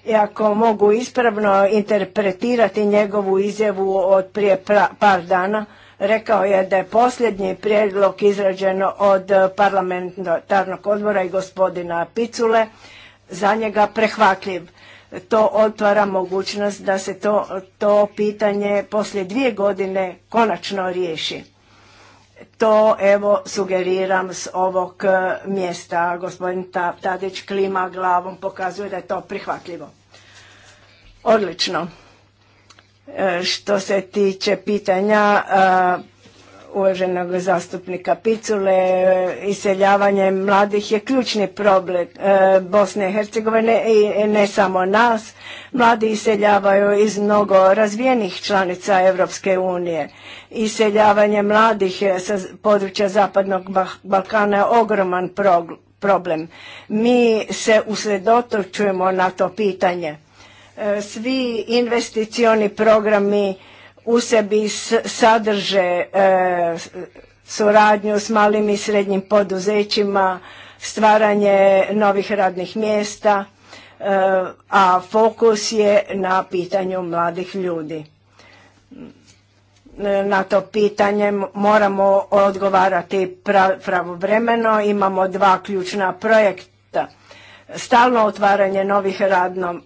i ako mogu ispravno interpretirati njegovu izjavu od prije par dana rekao je da je posljednji prijedlog izrađen od parlamentarnog odbora i gospodina Picule za njega prehvatljiv to otvara mogućnost da se to, to pitanje poslije dvije godine konačno riješi. To evo sugeriram s ovog e, mjesta. Gospodin Tadić klima glavom, pokazuje da je to prihvatljivo. Odlično. E, što se tiče pitanja e, uvaženog zastupnika Picule, iseljavanje mladih je ključni problem e, Bosne i Hercegovine i ne samo nas. Mladi iseljavaju iz mnogo razvijenih članica Europske unije. Iseljavanje mladih sa područja Zapadnog Balkana je ogroman problem. Mi se usredotočujemo na to pitanje. E, svi investicioni programi u sebi sadrže e, suradnju s malim i srednjim poduzećima, stvaranje novih radnih mjesta, e, a fokus je na pitanju mladih ljudi. E, na to pitanje moramo odgovarati pravovremeno. Imamo dva ključna projekta stalno otvaranje novih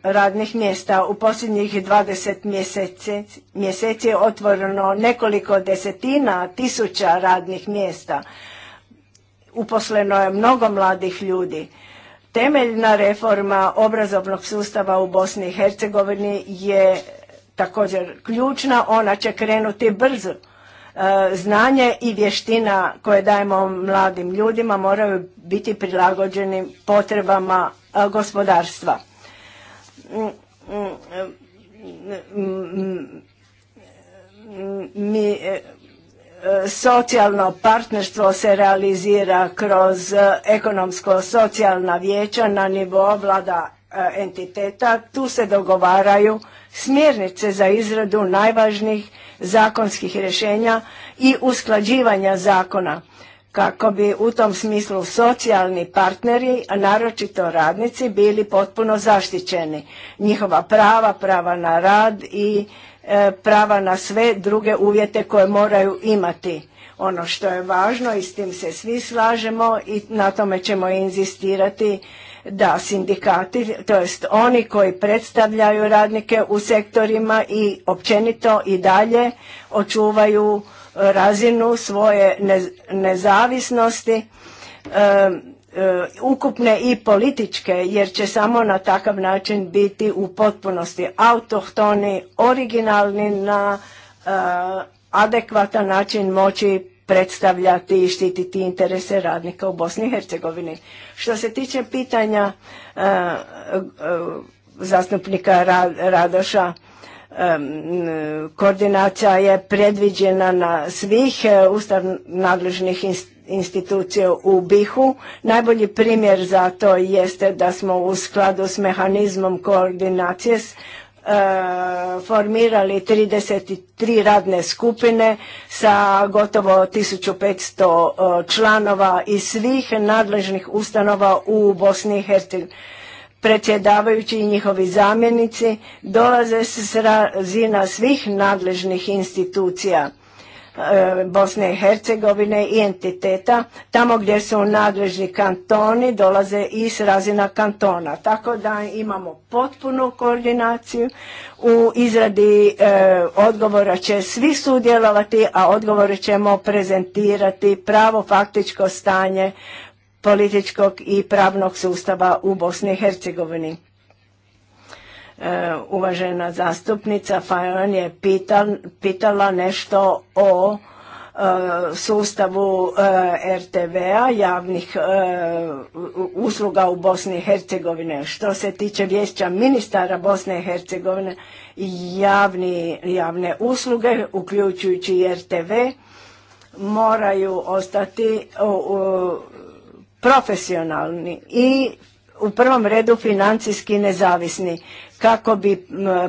radnih mjesta. U posljednjih 20 mjeseci, mjeseci je otvoreno nekoliko desetina tisuća radnih mjesta. Uposleno je mnogo mladih ljudi. Temeljna reforma obrazovnog sustava u Bosni i Hercegovini je također ključna, ona će krenuti brzo E, znanje i vještina koje dajemo mladim ljudima moraju biti prilagođeni potrebama e, gospodarstva. Mm, mm, mm, mi e, socijalno partnerstvo se realizira kroz ekonomsko-socijalna vijeća na nivou vlada entiteta. Tu se dogovaraju smjernice za izradu najvažnijih zakonskih rješenja i usklađivanja zakona kako bi u tom smislu socijalni partneri, a naročito radnici, bili potpuno zaštićeni. Njihova prava, prava na rad i e, prava na sve druge uvjete koje moraju imati. Ono što je važno i s tim se svi slažemo i na tome ćemo inzistirati da sindikati, to jest oni koji predstavljaju radnike u sektorima i općenito i dalje očuvaju e, razinu svoje nezavisnosti e, e, ukupne i političke jer će samo na takav način biti u potpunosti autohtoni, originalni na adekvatan način moći predstavljati i štititi interese radnika u Bosni i Hercegovini. Što se tiče pitanja e, e, zastupnika Radoša, e, koordinacija je predviđena na svih ustav nadležnih institucija u Bihu. Najbolji primjer za to jeste da smo u skladu s mehanizmom koordinacije E, formirali 33 radne skupine sa gotovo 1500 e, članova iz svih nadležnih ustanova u Bosni i Hercegovini. Predsjedavajući i njihovi zamjenici dolaze s razina svih nadležnih institucija E, Bosne i Hercegovine i entiteta, tamo gdje su nadležni kantoni dolaze i s razina kantona. Tako da imamo potpunu koordinaciju u izradi e, odgovora će svi sudjelovati, a odgovore ćemo prezentirati pravo faktičko stanje političkog i pravnog sustava u Bosni i Hercegovini. E, uvažena zastupnica Fajon je pitala nešto o e, sustavu e, RTV-a, javnih usluga u Bosni i Hercegovine. Što se tiče vješća ministara Bosne i Hercegovine, javne usluge, uključujući i RTV, moraju ostati profesionalni i u prvom redu financijski nezavisni kako bi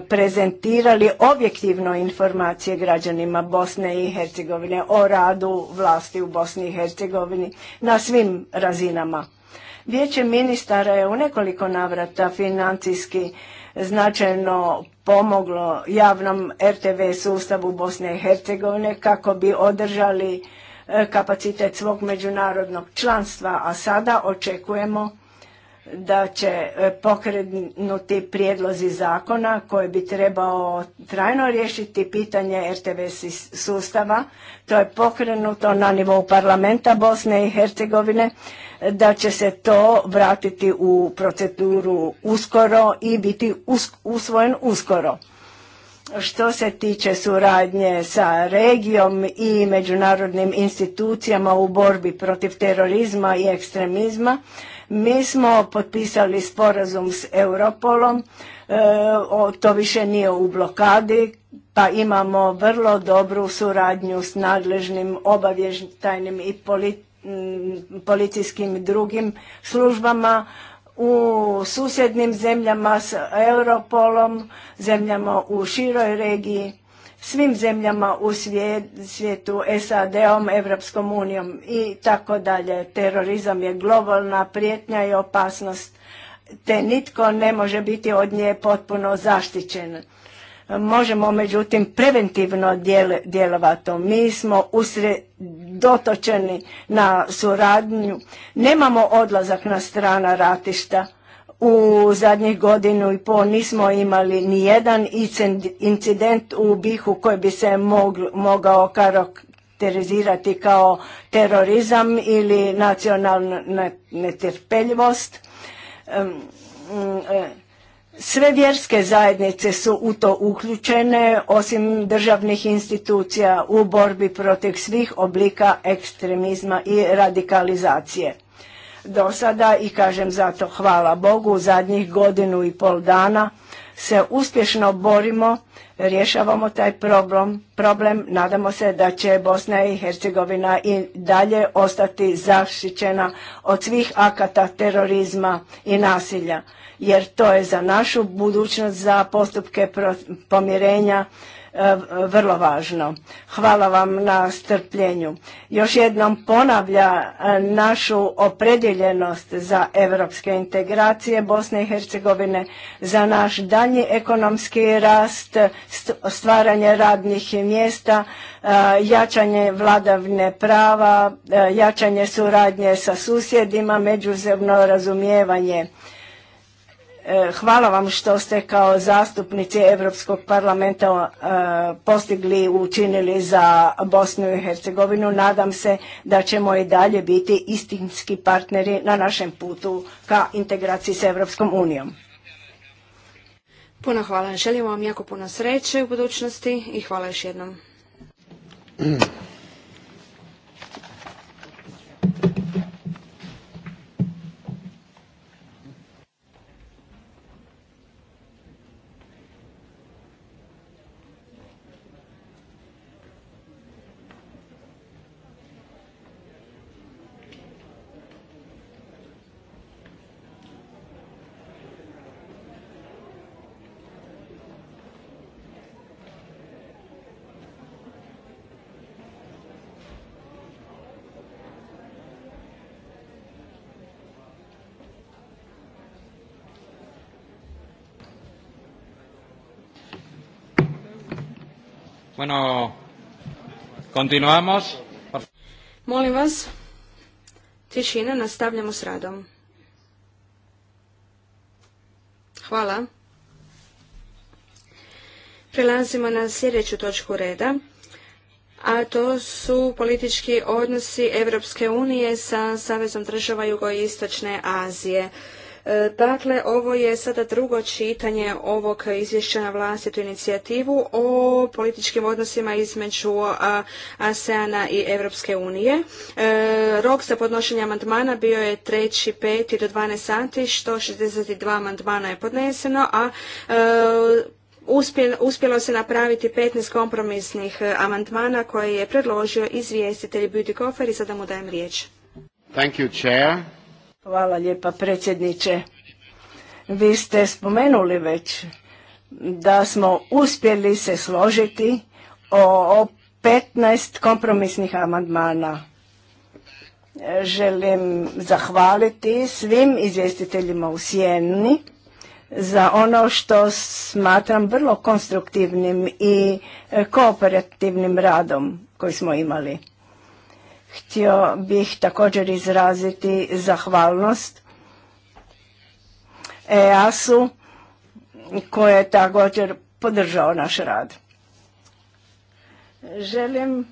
prezentirali objektivno informacije građanima Bosne i Hercegovine o radu vlasti u Bosni i Hercegovini na svim razinama. Vijeće ministara je u nekoliko navrata financijski značajno pomoglo javnom RTV sustavu Bosne i Hercegovine kako bi održali e, kapacitet svog međunarodnog članstva, a sada očekujemo da će e, pokrenuti prijedlozi zakona koji bi trebao trajno riješiti pitanje RTV sustava. To je pokrenuto na nivou parlamenta Bosne i Hercegovine, da će se to vratiti u proceduru uskoro i biti usvojen uskoro. Što se tiče suradnje sa regijom i međunarodnim institucijama u borbi protiv terorizma i ekstremizma, mi smo potpisali sporazum s Europolom, e, to više nije u blokadi, pa imamo vrlo dobru suradnju s nadležnim obavještajnim i poli, m, policijskim drugim službama u susjednim zemljama s Europolom, zemljama u široj regiji svim zemljama u svijetu, SAD-om, Evropskom unijom i tako dalje. Terorizam je globalna prijetnja i opasnost, te nitko ne može biti od nje potpuno zaštićen. Možemo međutim preventivno djelovati. Mi smo usredotočeni na suradnju, nemamo odlazak na strana ratišta u zadnjih godinu i pol nismo imali ni jedan incident u Bihu koji bi se mogao karakterizirati kao terorizam ili nacionalna netrpeljivost. Mm, e, sve vjerske zajednice su u to uključene, osim državnih institucija, u borbi protiv svih oblika ekstremizma i radikalizacije do sada i kažem zato hvala Bogu, u zadnjih godinu i pol dana se uspješno borimo, rješavamo taj problem, problem. Nadamo se da će Bosna i Hercegovina i dalje ostati zaštićena od svih akata terorizma i nasilja, jer to je za našu budućnost, za postupke pomirenja E, vrlo važno. Hvala vam na strpljenju. Još jednom ponavlja e, našu opredjeljenost za evropske integracije Bosne i Hercegovine, za naš danji ekonomski rast, stvaranje radnih mjesta, e, jačanje vladavne prava, jačanje suradnje sa susjedima, međuzemno razumijevanje Hvala vam što ste kao zastupnici Europskog parlamenta e, postigli i učinili za Bosnu i Hercegovinu. Nadam se da ćemo i dalje biti istinski partneri na našem putu ka integraciji s Europskom unijom. Puno hvala. želim vam jako puno sreće u budućnosti i hvala još jednom. (clears throat) Bueno, continuamos. Molim vas, tišina, nastavljamo s radom. Hvala. Prelazimo na sljedeću točku reda, a to su politički odnosi Evropske unije sa Savezom država Jugoistočne Azije. Dakle, ovo je sada drugo čitanje ovog izvješća na vlastitu inicijativu o političkim odnosima između ASEAN-a i Europske unije. E, rok za podnošenje amandmana bio je 3.5. do 12 sati, 62 amandmana je podneseno, a e, uspjelo se napraviti 15 kompromisnih e, amandmana koje je predložio izvjestitelj Beauty Koffer i sada mu dajem riječ. Thank you, Hvala lijepa predsjedniče. Vi ste spomenuli već da smo uspjeli se složiti o 15 kompromisnih amandmana. Želim zahvaliti svim izvjestiteljima u Sjeni za ono što smatram vrlo konstruktivnim i kooperativnim radom koji smo imali. Htio bih također izraziti zahvalnost EAS-u koji je također podržao naš rad. Želim e,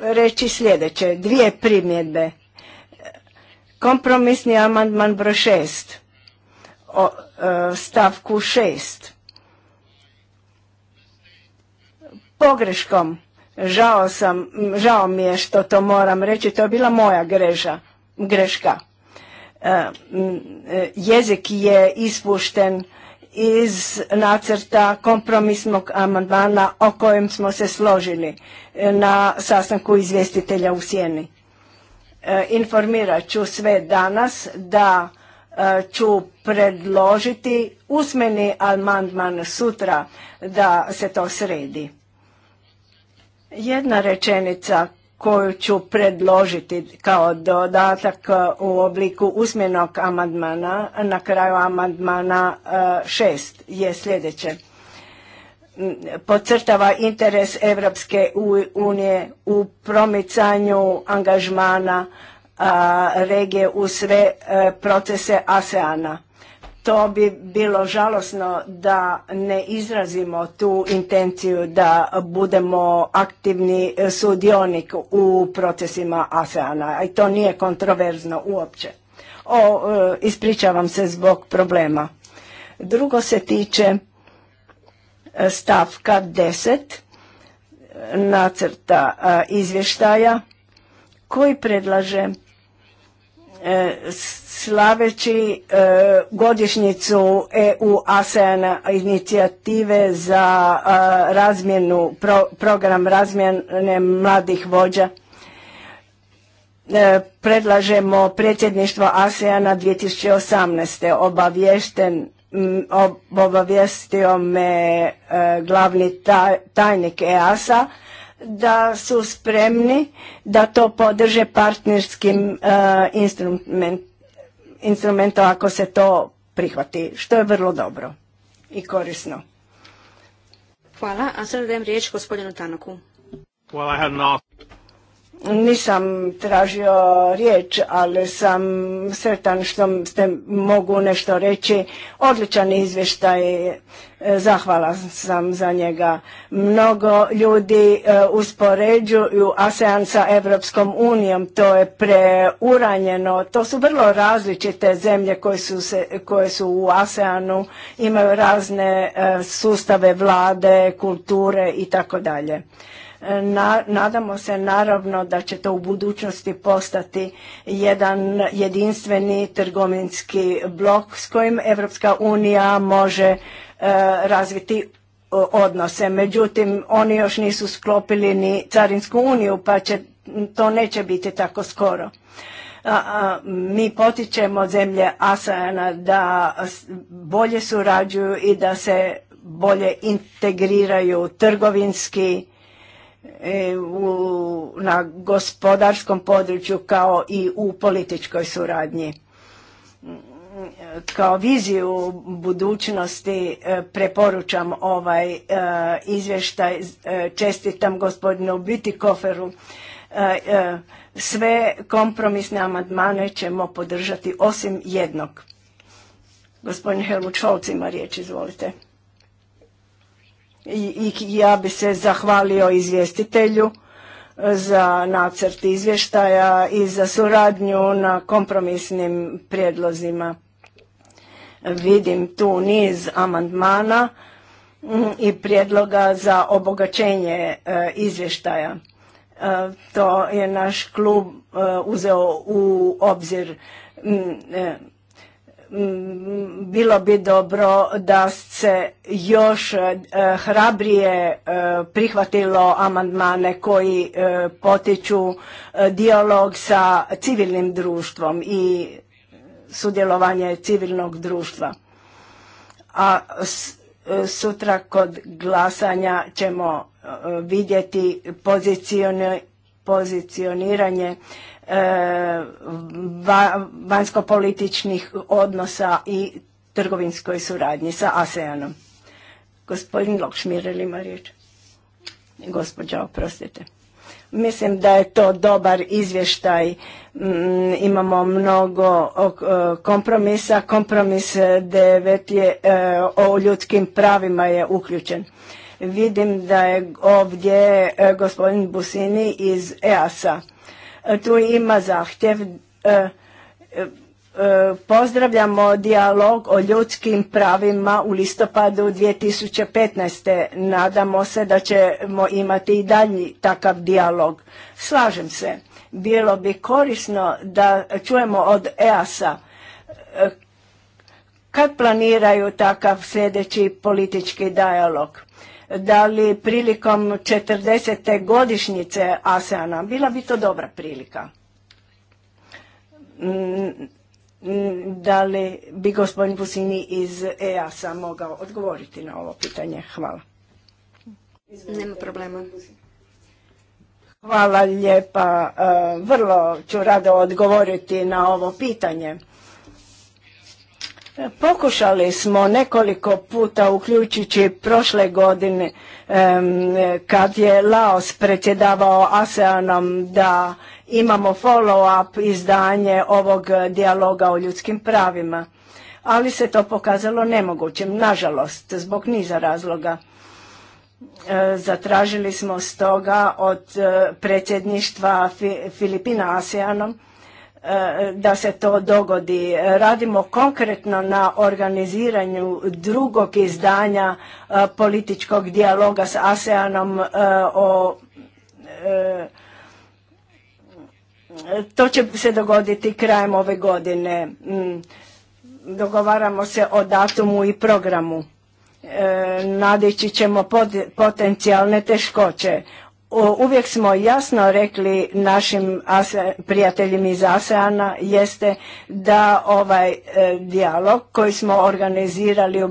reći sljedeće, dvije primjedbe. Kompromisni amandman broj šest, e, stavku šest, Pogreškom Žao, sam, žao mi je što to moram reći, to je bila moja greža, greška. E, e, jezik je ispušten iz nacrta kompromisnog amandmana o kojem smo se složili e, na sastanku izvjestitelja u Sjeni. informirat ću sve danas da ću predložiti usmeni amandman sutra da se to sredi jedna rečenica koju ću predložiti kao dodatak e, u obliku usmjenog amandmana na kraju amandmana e, šest, je sljedeće. Podcrtava interes Evropske unije u promicanju angažmana regije u sve e, procese ASEANA to bi bilo žalosno da ne izrazimo tu intenciju da budemo aktivni sudionik u procesima ASEANA. I to nije kontroverzno uopće. O, e, ispričavam se zbog problema. Drugo se tiče e, stavka 10 e, nacrta izvještaja koji predlaže slaveći e, godišnjicu EU ASEAN inicijative za e, razmjenu, program razmjene mladih vođa. E, predlažemo predsjedništvo ASEANA 2018. Obavješten, obavijestio me glavni tajnik EASA da su spremni da to podrže partnerskim uh, instrumenta ako se to prihvati, što je vrlo dobro i korisno. Hvala, a sada dajem riječ gospodinu Tanoku. Nisam tražio riječ, ali sam sretan što ste mogu nešto reći. Odličan izvještaj, e, zahvala sam za njega. Mnogo ljudi e, uspoređuju ASEAN sa Evropskom unijom, to je preuranjeno. To su vrlo različite zemlje koje su, se, koje su u ASEANu, imaju razne e, sustave vlade, kulture i tako dalje nadamo se naravno da će to u budućnosti postati jedan jedinstveni trgovinski blok s kojim Evropska unija može e, razviti odnose. Međutim, oni još nisu sklopili ni Carinsku uniju pa će, to neće biti tako skoro. mi potičemo zemlje Asajana da bolje surađuju i da se bolje integriraju trgovinski E, na gospodarskom području kao i u političkoj suradnji. Kao viziju budućnosti e, preporučam ovaj e, izvještaj, čestitam gospodinu Bitikoferu. Sve kompromisne amandmane ćemo podržati osim jednog. Gospodin Helmut Šolc ima riječ, izvolite. I, ja bi se zahvalio izvjestitelju e, za nacrt izvještaja i za suradnju na kompromisnim prijedlozima. Vidim tu niz amandmana mm, i prijedloga za obogaćenje e, izvještaja. E, to je naš klub uzeo u obzir mm, bilo bi dobro da se još e, hrabrije e, prihvatilo amandmane koji e, potiču dijalog sa civilnim društvom i sudjelovanje civilnog društva. A sutra kod glasanja ćemo vidjeti pozicioniranje E, vanjskopolitičnih odnosa i trgovinskoj suradnji sa ASEANom. Gospodin Lokšmir, ili ima riječ? oprostite. Mislim da je to dobar izvještaj. Mm, imamo mnogo kompromisa. Kompromis devet je e, o ljudskim pravima je uključen. Vidim da je ovdje e, gospodin Busini iz EAS-a. Tu ima zahtjev e, e, e, pozdravljamo dijalog o ljudskim pravima u listopadu 2015. Nadamo se da ćemo imati i dalji takav dijalog. Slažem se, bilo bi korisno da čujemo od EAS-a kad planiraju takav sljedeći politički dijalog da li prilikom 40. godišnjice ASEANA. Bila bi to dobra prilika. Mm, mm, da li bi gospodin Pusini iz EAS-a mogao odgovoriti na ovo pitanje? Hvala. Nema problema. Hvala lijepa. E, vrlo ću rado odgovoriti na ovo pitanje. Pokušali smo nekoliko puta, uključujući prošle godine, kad je Laos predsjedavao ASEANom, da imamo follow-up izdanje ovog dijaloga o ljudskim pravima. Ali se to pokazalo nemogućim, nažalost, zbog niza razloga. E, zatražili smo stoga od e, predsjedništva Filipina ASEANom E, da se to dogodi. Radimo konkretno na organiziranju drugog izdanja e, političkog dijaloga s ASEANom e, o to će se dogoditi krajem ove godine. Mm, dogovaramo se o datumu i programu. Nadeći ćemo potencijalne teškoće uvijek smo jasno rekli našim prijateljima iz ASEANA jeste da ovaj e, dijalog koji smo organizirali u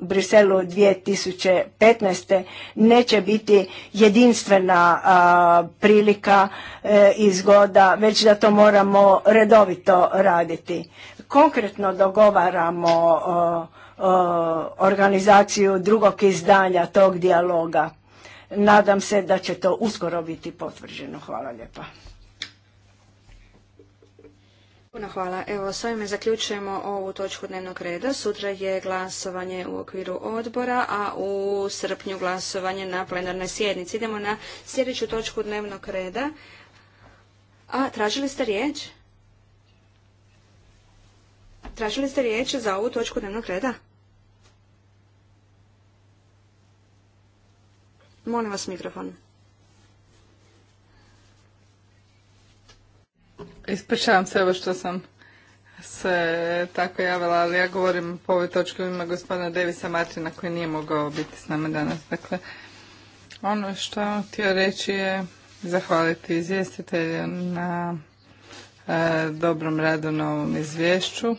Briselu 2015. neće biti jedinstvena prilika e, izgoda, već da to moramo redovito raditi. Konkretno dogovaramo organizaciju drugog izdanja tog dijaloga Nadam se da će to uskoro biti potvrđeno. Hvala lijepa. Puno hvala. Evo, s ovime zaključujemo ovu točku dnevnog reda. Sutra je glasovanje u okviru odbora, a u srpnju glasovanje na plenarnoj sjednici. Idemo na sljedeću točku dnevnog reda. A, tražili ste riječ? Tražili ste riječ za ovu točku dnevnog reda? Molim vas mikrofon. Ispričavam se evo što sam se tako javila, ali ja govorim po ovoj točki u ime gospodina Devisa Martina koji nije mogao biti s nama danas. Dakle, ono što htio reći je zahvaliti izvjestitelju na e, dobrom radu na ovom izvješću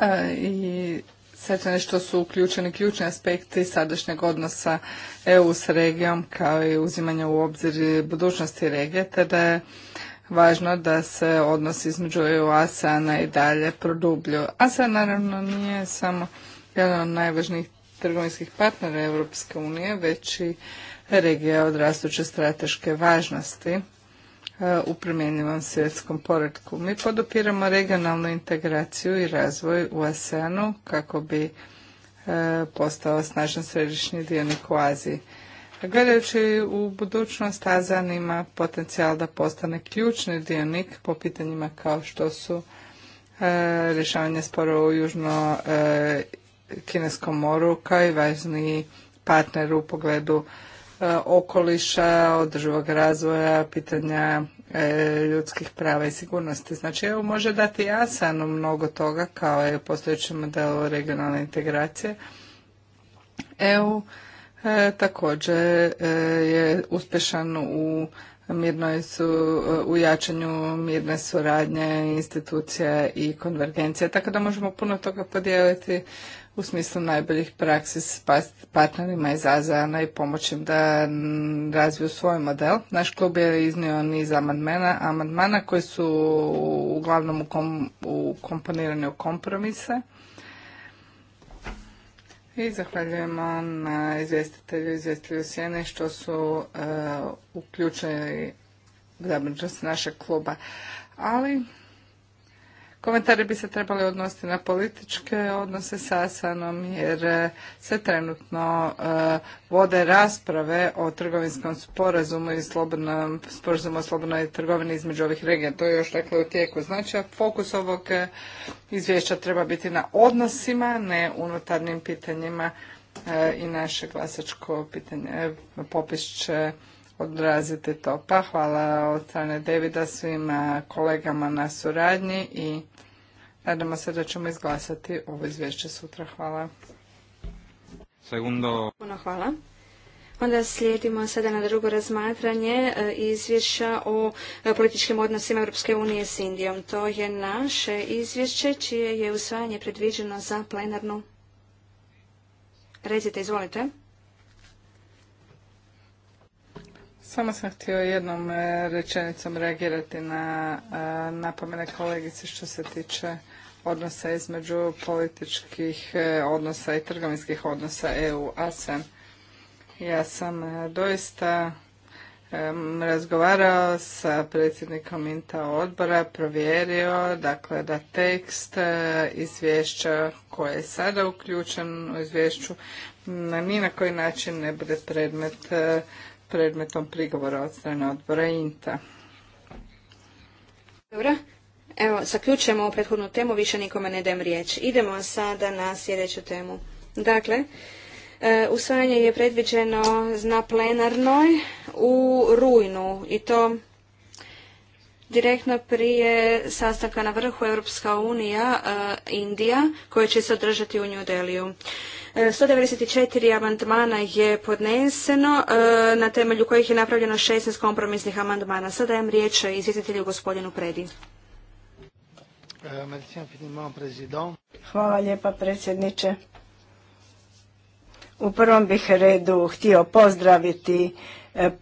e, i srećani nešto su uključeni ključni aspekti sadašnjeg odnosa EU s regijom kao i uzimanje u obzir budućnosti regije, te da je važno da se odnos između EU ASEANA i dalje produblju. ASEAN naravno nije samo jedan od najvažnijih trgovinskih partnera Europske unije, već i regija od rastuće strateške važnosti u promjenjivom svjetskom poredku. Mi podupiramo regionalnu integraciju i razvoj u ASEANu kako bi e, postao snažan središnji dionik u Aziji. Gledajući u budućnost, ASEAN ima potencijal da postane ključni dionik po pitanjima kao što su e, rješavanje sporova u Južno e, Kineskom moru kao i važniji partner u pogledu E, okoliša, održivog razvoja, pitanja e, ljudskih prava i sigurnosti. Znači EU može dati jasan mnogo toga kao je postojeći model regionalne integracije. EU e, također je uspješan u mirnoj su, u jačanju mirne suradnje institucija i konvergencije, tako da možemo puno toga podijeliti u smislu najboljih praksi s partnerima iz Azana i pomoći da razviju svoj model. Naš klub je iznio niz amandmana, koji su uglavnom ukomponirani u kompromise. I zahvaljujemo na izvjestitelju i izvjestitelju Sjene što su uključeni uključeni zabrinutost našeg kluba. Ali Komentari bi se trebali odnositi na političke odnose sa Asanom jer e, se trenutno e, vode rasprave o trgovinskom sporazumu i slobodnom, sporazumu o slobodnoj trgovini između ovih regija. To je još dakle u tijeku. Znači, fokus ovog e, izvješća treba biti na odnosima, ne unutarnjim pitanjima i naše glasačko pitanje popis će Odrazite to. Pa hvala od strane Davida svim kolegama na suradnji i nadamo se da ćemo izglasati ovo izvješće sutra. Hvala. Segundo. Puno hvala. Onda slijedimo sada na drugo razmatranje e, izvješća o e, političkim odnosima Europske unije s Indijom. To je naše izvješće čije je usvajanje predviđeno za plenarnu. Recite, izvolite. Samo sam htio jednom e, rečenicom reagirati na e, napomene kolegice što se tiče odnosa između političkih e, odnosa i trgovinskih odnosa EU-ASEAN. Ja sam doista razgovarao sa predsjednikom INTA odbora, provjerio dakle, da tekst izvješća koje je sada uključen u izvješću ni na koji način ne bude predmet predmetom prigovora od strane odbora INTA. Dobro, evo, zaključujemo ovu prethodnu temu, više nikome ne dajem riječ. Idemo sada na sljedeću temu. Dakle, e, usvajanje je predviđeno na plenarnoj u rujnu i to direktno prije sastanka na vrhu Europska unija, e, Indija, koje će se održati u New Deliju. 194 e, amandmana je podneseno, e, na temelju kojih je napravljeno 16 kompromisnih amandmana. Sada dajem riječ izvjetitelju gospodinu Predi. E, Hvala lijepa predsjedniče. U prvom bih redu htio pozdraviti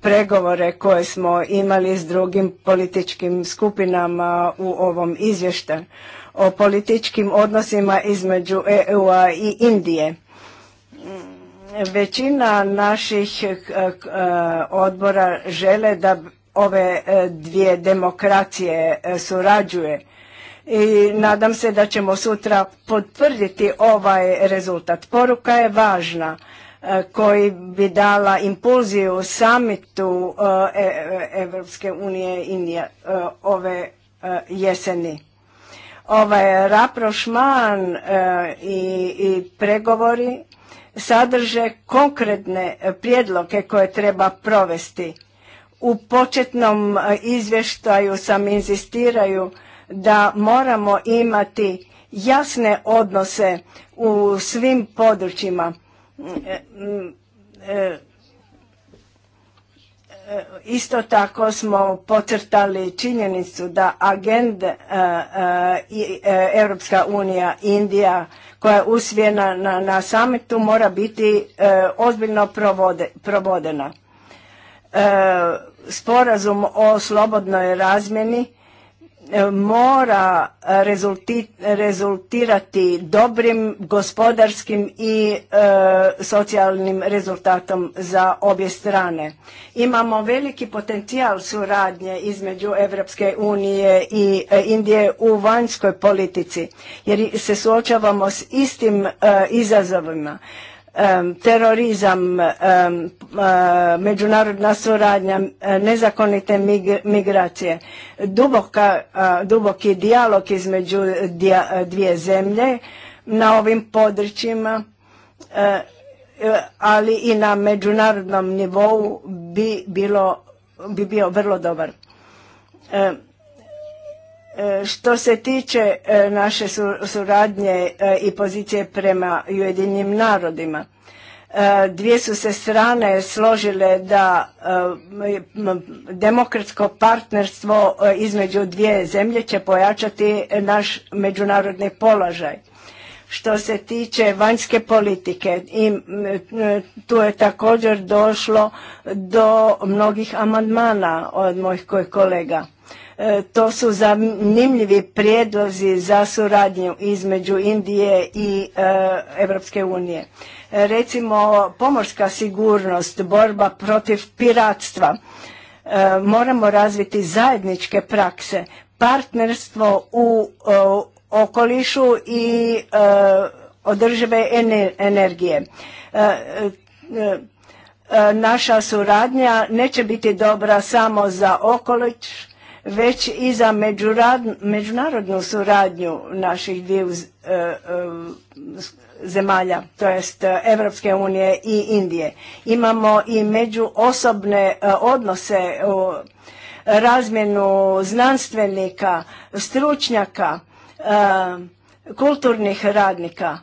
pregovore koje smo imali s drugim političkim skupinama u ovom izvještaju o političkim odnosima između EU-a i Indije. Većina naših e, e, odbora žele da ove e, dvije demokracije surađuje i nadam se da ćemo sutra potvrditi ovaj rezultat. Poruka je važna koji bi dala impulziju samitu Evropske unije ove jeseni. Ovaj raprošman i pregovori sadrže konkretne e, prijedloge koje treba provesti. U početnom e, izvještaju sam inzistiraju da moramo imati jasne odnose u svim područjima. E, mm, isto tako smo pocrtali činjenicu da agenda Europska unija, Indija, koja je usvijena na, na samitu mora biti e, ozbiljno provodena. E, sporazum o slobodnoj razmjeni E, mora rezultirati dobrim gospodarskim i e, socijalnim rezultatom za obje strane. Imamo veliki potencijal suradnje između Europske unije i e, Indije u vanjskoj politici jer se suočavamo s istim izazovima terorizam, e, međunarodna suradnja, nezakonite migracije, e, duboki dijalog između dvije zemlje na ovim područjima, e, ali i na međunarodnom nivou bi, bi bio vrlo dobar. E, što se tiče e, naše suradnje e, i pozicije prema Ujedinjim narodima, dvije su se strane složile da demokratsko partnerstvo između dvije zemlje će pojačati naš međunarodni položaj. Što se tiče vanjske politike, i tu je također došlo do mnogih amandmana od mojih kolega. E, to su zanimljivi prijedlozi za suradnju između Indije i Europske unije. E, recimo pomorska sigurnost, borba protiv piratstva. E, moramo razviti zajedničke prakse, partnerstvo u okolišu i održive energije. Naša suradnja neće biti dobra samo za okoliš, već i za međunarodnu suradnju naših dviju e, e, zemalja, to jest e, Evropske unije i Indije. Imamo i međuosobne odnose, razmjenu znanstvenika, stručnjaka, kulturnih radnika.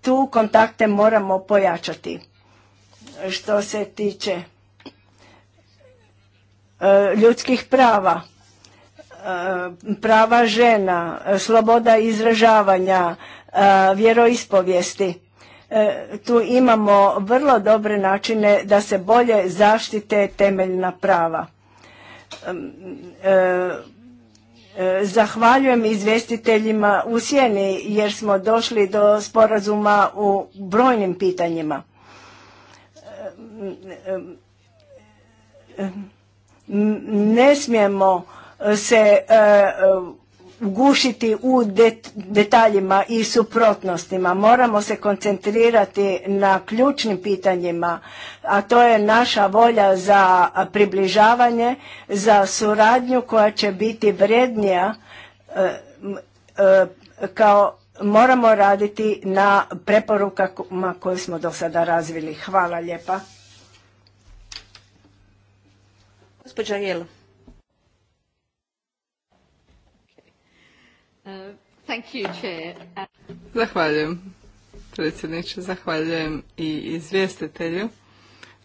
Tu kontakte moramo pojačati. Što se tiče E, ljudskih prava, e, prava žena, e, sloboda izražavanja, vjeroispovijesti. Tu imamo vrlo dobre načine da se bolje zaštite temeljna prava. Zahvaljujem izvjestiteljima u Sjeni jer smo došli do sporazuma u brojnim pitanjima. Ne smijemo e, se e, e, ugušiti u detaljima i suprotnostima. Moramo se koncentrirati na ključnim pitanjima, a to je naša volja za približavanje, za suradnju koja će biti vrednija kao moramo raditi na preporukama koje smo do sada razvili. Hvala lijepa. Gospođa Zahvaljujem predsjedniče, zahvaljujem i izvjestitelju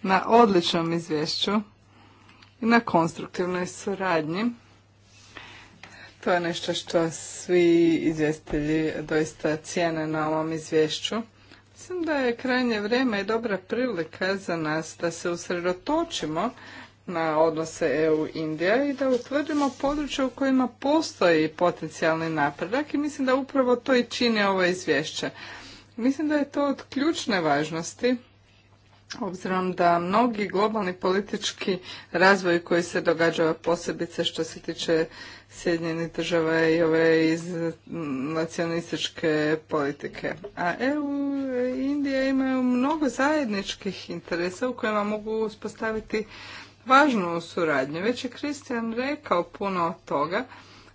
na odličnom izvješću i na konstruktivnoj suradnji. To je nešto što svi izvjestitelji doista cijene na ovom izvješću. Mislim da je krajnje vrijeme i dobra prilika za nas da se usredotočimo na odnose EU-Indija i da utvrdimo područje u kojima postoji potencijalni napredak i mislim da upravo to i čini ovo izvješće. Mislim da je to od ključne važnosti obzirom da mnogi globalni politički razvoj koji se događa posebice što se tiče Sjedinjenih država i ove iz nacionalističke politike. A EU i Indija imaju mnogo zajedničkih interesa u kojima mogu uspostaviti važnu suradnju. Već je Kristijan rekao puno toga,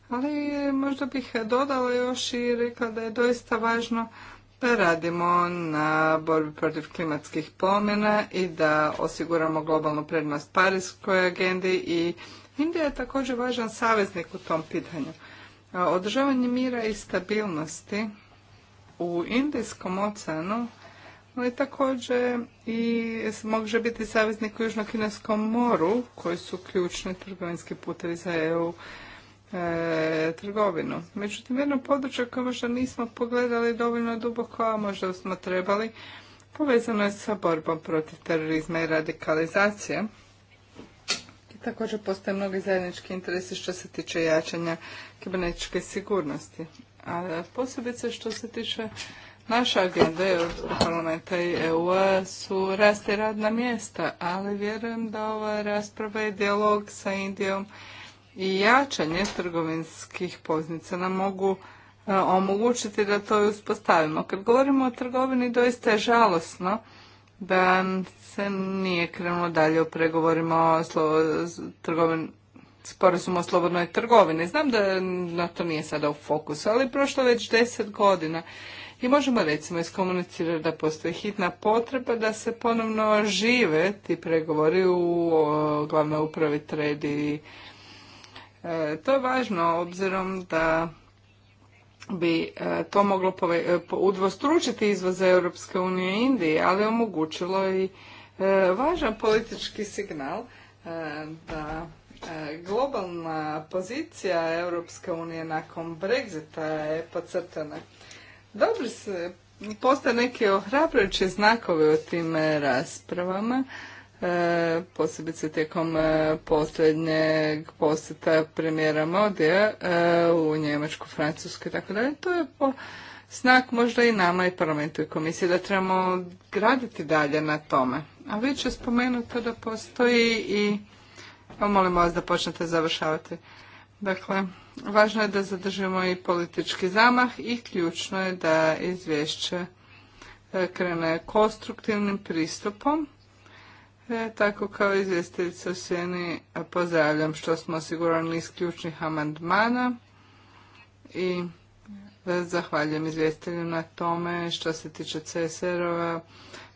ali možda bih dodala još i rekla da je doista važno da radimo na borbi protiv klimatskih promjena i da osiguramo globalnu prednost Parijskoj agendi i Indija je također važan saveznik u tom pitanju. Održavanje mira i stabilnosti u Indijskom oceanu ali također i može biti saveznik u Južno-Kineskom moru, koji su ključni trgovinski putevi za EU e, trgovinu. Međutim, jedno područje koje možda nismo pogledali dovoljno duboko, a možda smo trebali, povezano je sa borbom protiv terorizma i radikalizacije. I također postoje mnogi zajednički interesi što se tiče jačanja kibernetičke sigurnosti. A posebice što se tiče Naša agenda Europskog parlamenta i EU-a su raste radna mjesta, ali vjerujem da ova rasprava i dijalog sa Indijom i jačanje trgovinskih poznica nam mogu e, omogućiti da to uspostavimo. Kad govorimo o trgovini, doista je žalosno da se nije krenulo dalje u pregovorima o trgovini o slobodnoj trgovini. Znam da na to nije sada u fokusu, ali prošlo već deset godina i možemo recimo iskomunicirati da postoji hitna potreba da se ponovno žive ti pregovori u glavnoj upravi tredi. E, to je važno obzirom da bi e, to moglo e, udvostručiti izvoze Europske unije i Indije, ali omogućilo i važan politički signal da globalna pozicija Europske unije nakon Brexita je podcrtana dobro se, postoje neke ohrabrujuće znakove u tim e, raspravama, e, posebice tijekom e, posljednjeg posjeta premijera Modija e, u Njemačku, Francusku i tako dalje. To je po znak možda i nama i parlamentu i komisiji da trebamo graditi dalje na tome. A već je spomenuto da postoji i, pa molim vas da počnete završavati, Dakle, važno je da zadržimo i politički zamah i ključno je da izvješće e, krene konstruktivnim pristupom. E, tako kao izvjestiteljica u Sjeni pozdravljam što smo osigurali isključnih ključnih amandmana i e, zahvaljujem izvjestitelju na tome što se tiče CSR-ova,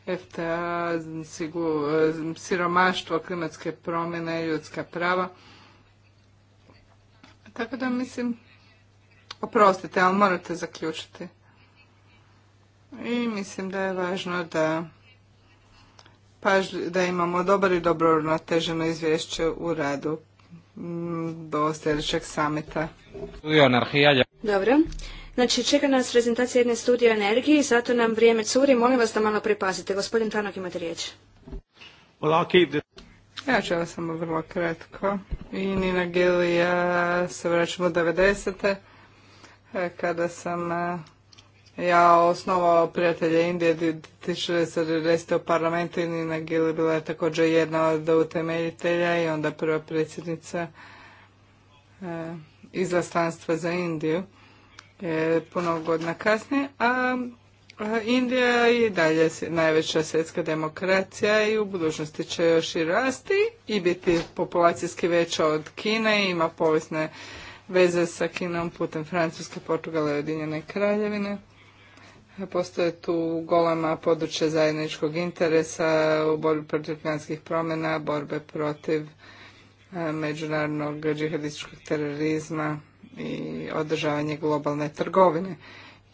FTA, e, siromaštvo, klimatske promjene i ljudska prava. Tako da mislim, oprostite, ali morate zaključiti. I mislim da je važno da da imamo dobar i dobro uravnoteženo izvješće u radu mm, do sljedećeg samita. Dobro. Znači, čeka nas prezentacija jedne studije i zato nam vrijeme curi. Molim vas da malo pripazite. Gospodin Tanok, imate riječ. Ja ću ovo samo vrlo kratko. I Nina i ja se vraćamo u 90. E, kada sam e, ja osnovao prijatelje Indije 1990. u parlamentu i Nina Gili bila je također jedna od utemeljitelja i onda prva predsjednica e, izlastanstva za Indiju puno godina kasnije, a Indija je i dalje najveća svjetska demokracija i u budućnosti će još i rasti i biti populacijski veća od Kine, ima povijesne veze sa Kinom putem Francuske, Portugala i Ujedinjene kraljevine. Postoje tu golema područja zajedničkog interesa u borbi protiv klimatskih promjena, borbe protiv e, međunarodnog džihadističkog terorizma i održavanje globalne trgovine.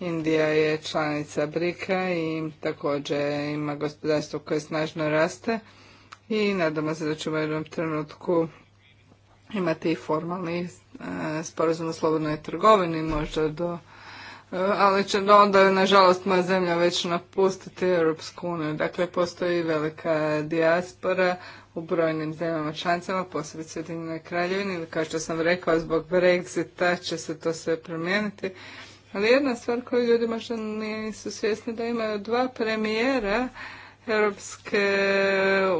Indija je članica Brika i također ima gospodarstvo koje snažno raste i nadamo se da ćemo u jednom trenutku imati i formalni e, sporazum o slobodnoj trgovini možda do e, ali će onda nažalost moja zemlja već napustiti Europsku uniju. Dakle, postoji velika dijaspora u brojnim zemljama članicama, posebice Ujedinjenoj kraljevini kao što sam rekao, zbog Brexita će se to sve promijeniti. Ali jedna stvar koju ljudi možda nisu svjesni da imaju dva premijera Europske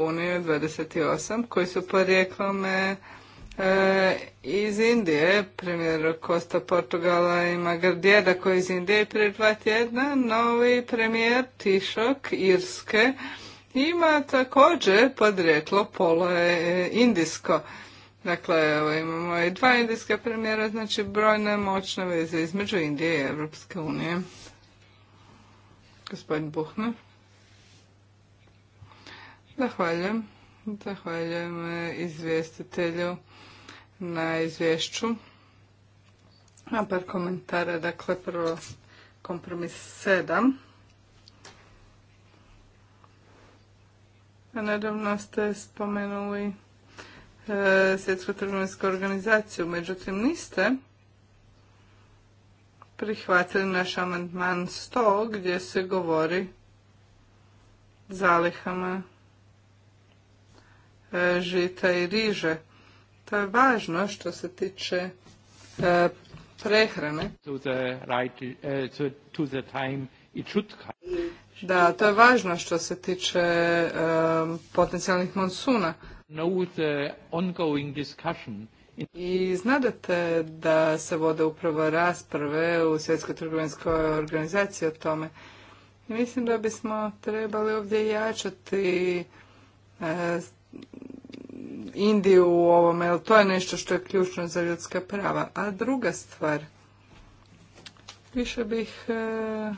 unije 28 koji su porijeklom e, iz Indije. Premijer Kosta Portugala i Gardijeda koji je iz Indije prije dva tjedna. Novi premijer Tišok Irske ima također podrijetlo polo e, indijsko. Dakle, evo, imamo i dva indijska premijera, znači brojne moćne veze između Indije i Europske unije. Gospodin Buhner. Zahvaljujem. Zahvaljujem e, izvjestitelju na izvješću. A par komentara, dakle prvo kompromis sedam. A nedavno ste spomenuli E, svjetsku trgovinsku organizaciju. Međutim, niste prihvatili naš amandman 100 gdje se govori zalihama e, žita i riže. To je važno što se tiče prehrane. Da, to je važno što se tiče e, potencijalnih monsuna i znadete da se vode upravo rasprave u Svjetskoj trgovinskoj organizaciji o tome. mislim da bismo trebali ovdje jačati e, Indiju u ovome, jer to je nešto što je ključno za ljudska prava. A druga stvar, više bih e, e,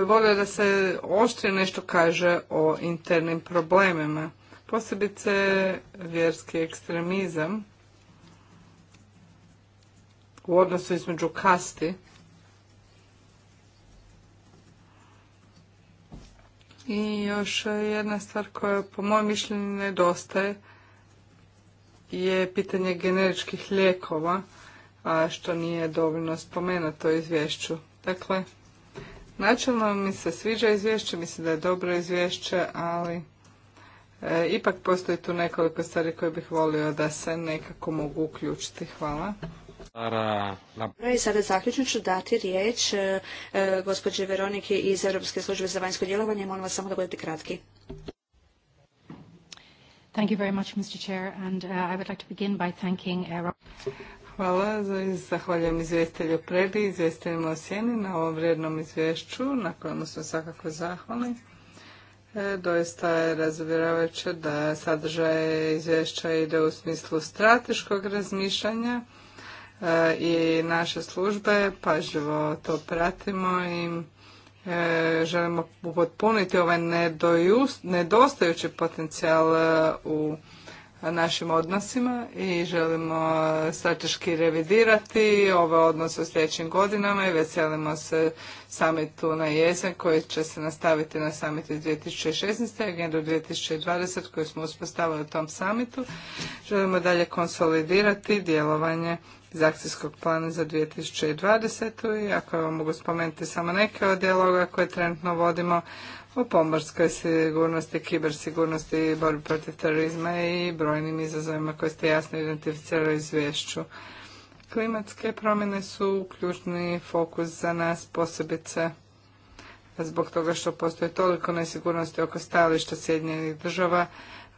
volio da se oštrije nešto kaže o internim problemima posebice vjerski ekstremizam u odnosu između kasti i još jedna stvar koja po mojem mišljenju nedostaje je pitanje generičkih lijekova a što nije dovoljno spomenuto u izvješću dakle načelno mi se sviđa izvješće mislim da je dobro izvješće ali E, ipak postoji tu nekoliko stvari koje bih volio da se nekako mogu uključiti. Hvala. I sada zaključno ću dati riječ gospođi e, e, gospođe Veronike iz Europske službe za vanjsko djelovanje. Molim vas samo da budete kratki. Thank you very much, uh, I would like uh, zahvaljujem izvjestitelju Predi, na ovom vrijednom izvješću na kojemu smo svakako zahvalni. E, doista je razvjeravajuće da sadržaj izvješća ide u smislu strateškog razmišljanja e, i naše službe pažljivo to pratimo i e, želimo upotpuniti ovaj nedostajući potencijal u našim odnosima i želimo strateški revidirati ove odnose u sljedećim godinama i veselimo se samitu na jesen koji će se nastaviti na samitu 2016. agendu 2020 koju smo uspostavili u tom samitu. Želimo dalje konsolidirati djelovanje iz akcijskog plana za 2020. I ako vam mogu spomenuti samo neke od dijaloga koje trenutno vodimo, o pomorskoj sigurnosti, kibersigurnosti borbi protiv terorizma i brojnim izazovima koje ste jasno identificirali u izvješću. Klimatske promjene su ključni fokus za nas posebice zbog toga što postoje toliko nesigurnosti oko stajališta Sjedinjenih država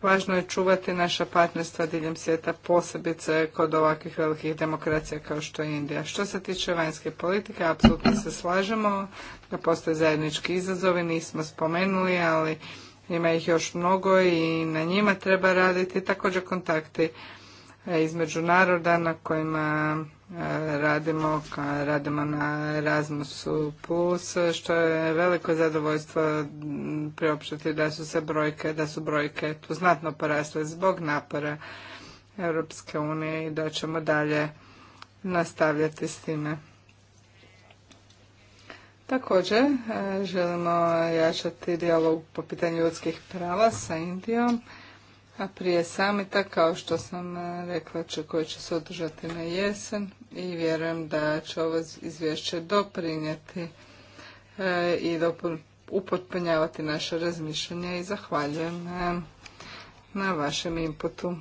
Važno je čuvati naša partnerstva diljem svijeta, posebice kod ovakvih velikih demokracija kao što je Indija. Što se tiče vanjske politike, apsolutno se slažemo da postoje zajednički izazovi, nismo spomenuli, ali ima ih još mnogo i na njima treba raditi. Također kontakti e, između naroda na kojima radimo, radimo na Erasmusu Plus, što je veliko zadovoljstvo priopštiti da su se brojke, da su brojke tu znatno porasle zbog napora Europske unije i da ćemo dalje nastavljati s time. Također e, želimo jačati dijalog po pitanju ljudskih prava sa Indijom a prije samita, kao što sam e, rekla, će koji će se održati na jesen i vjerujem da će ovo izvješće doprinijeti e, i upotpunjavati naše razmišljanje i zahvaljujem e, na vašem inputu.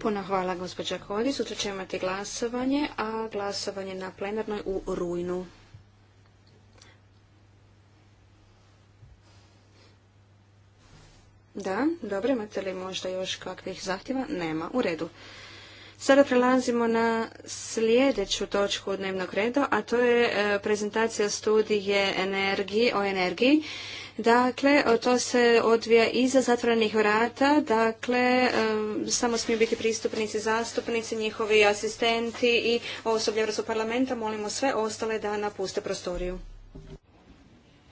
Puno hvala gospođa Koli. Sutra ćemo imati glasovanje, a glasovanje na plenarnoj u rujnu. Da, dobro, imate li možda još kakvih zahtjeva? Nema, u redu. Sada prelazimo na sljedeću točku dnevnog reda, a to je e, prezentacija studije energiji, o energiji. Dakle, to se odvija iza zatvorenih vrata, dakle, e, samo smiju biti pristupnici, zastupnici, njihovi asistenti i osoblje Europskog parlamenta. Molimo sve ostale da napuste prostoriju.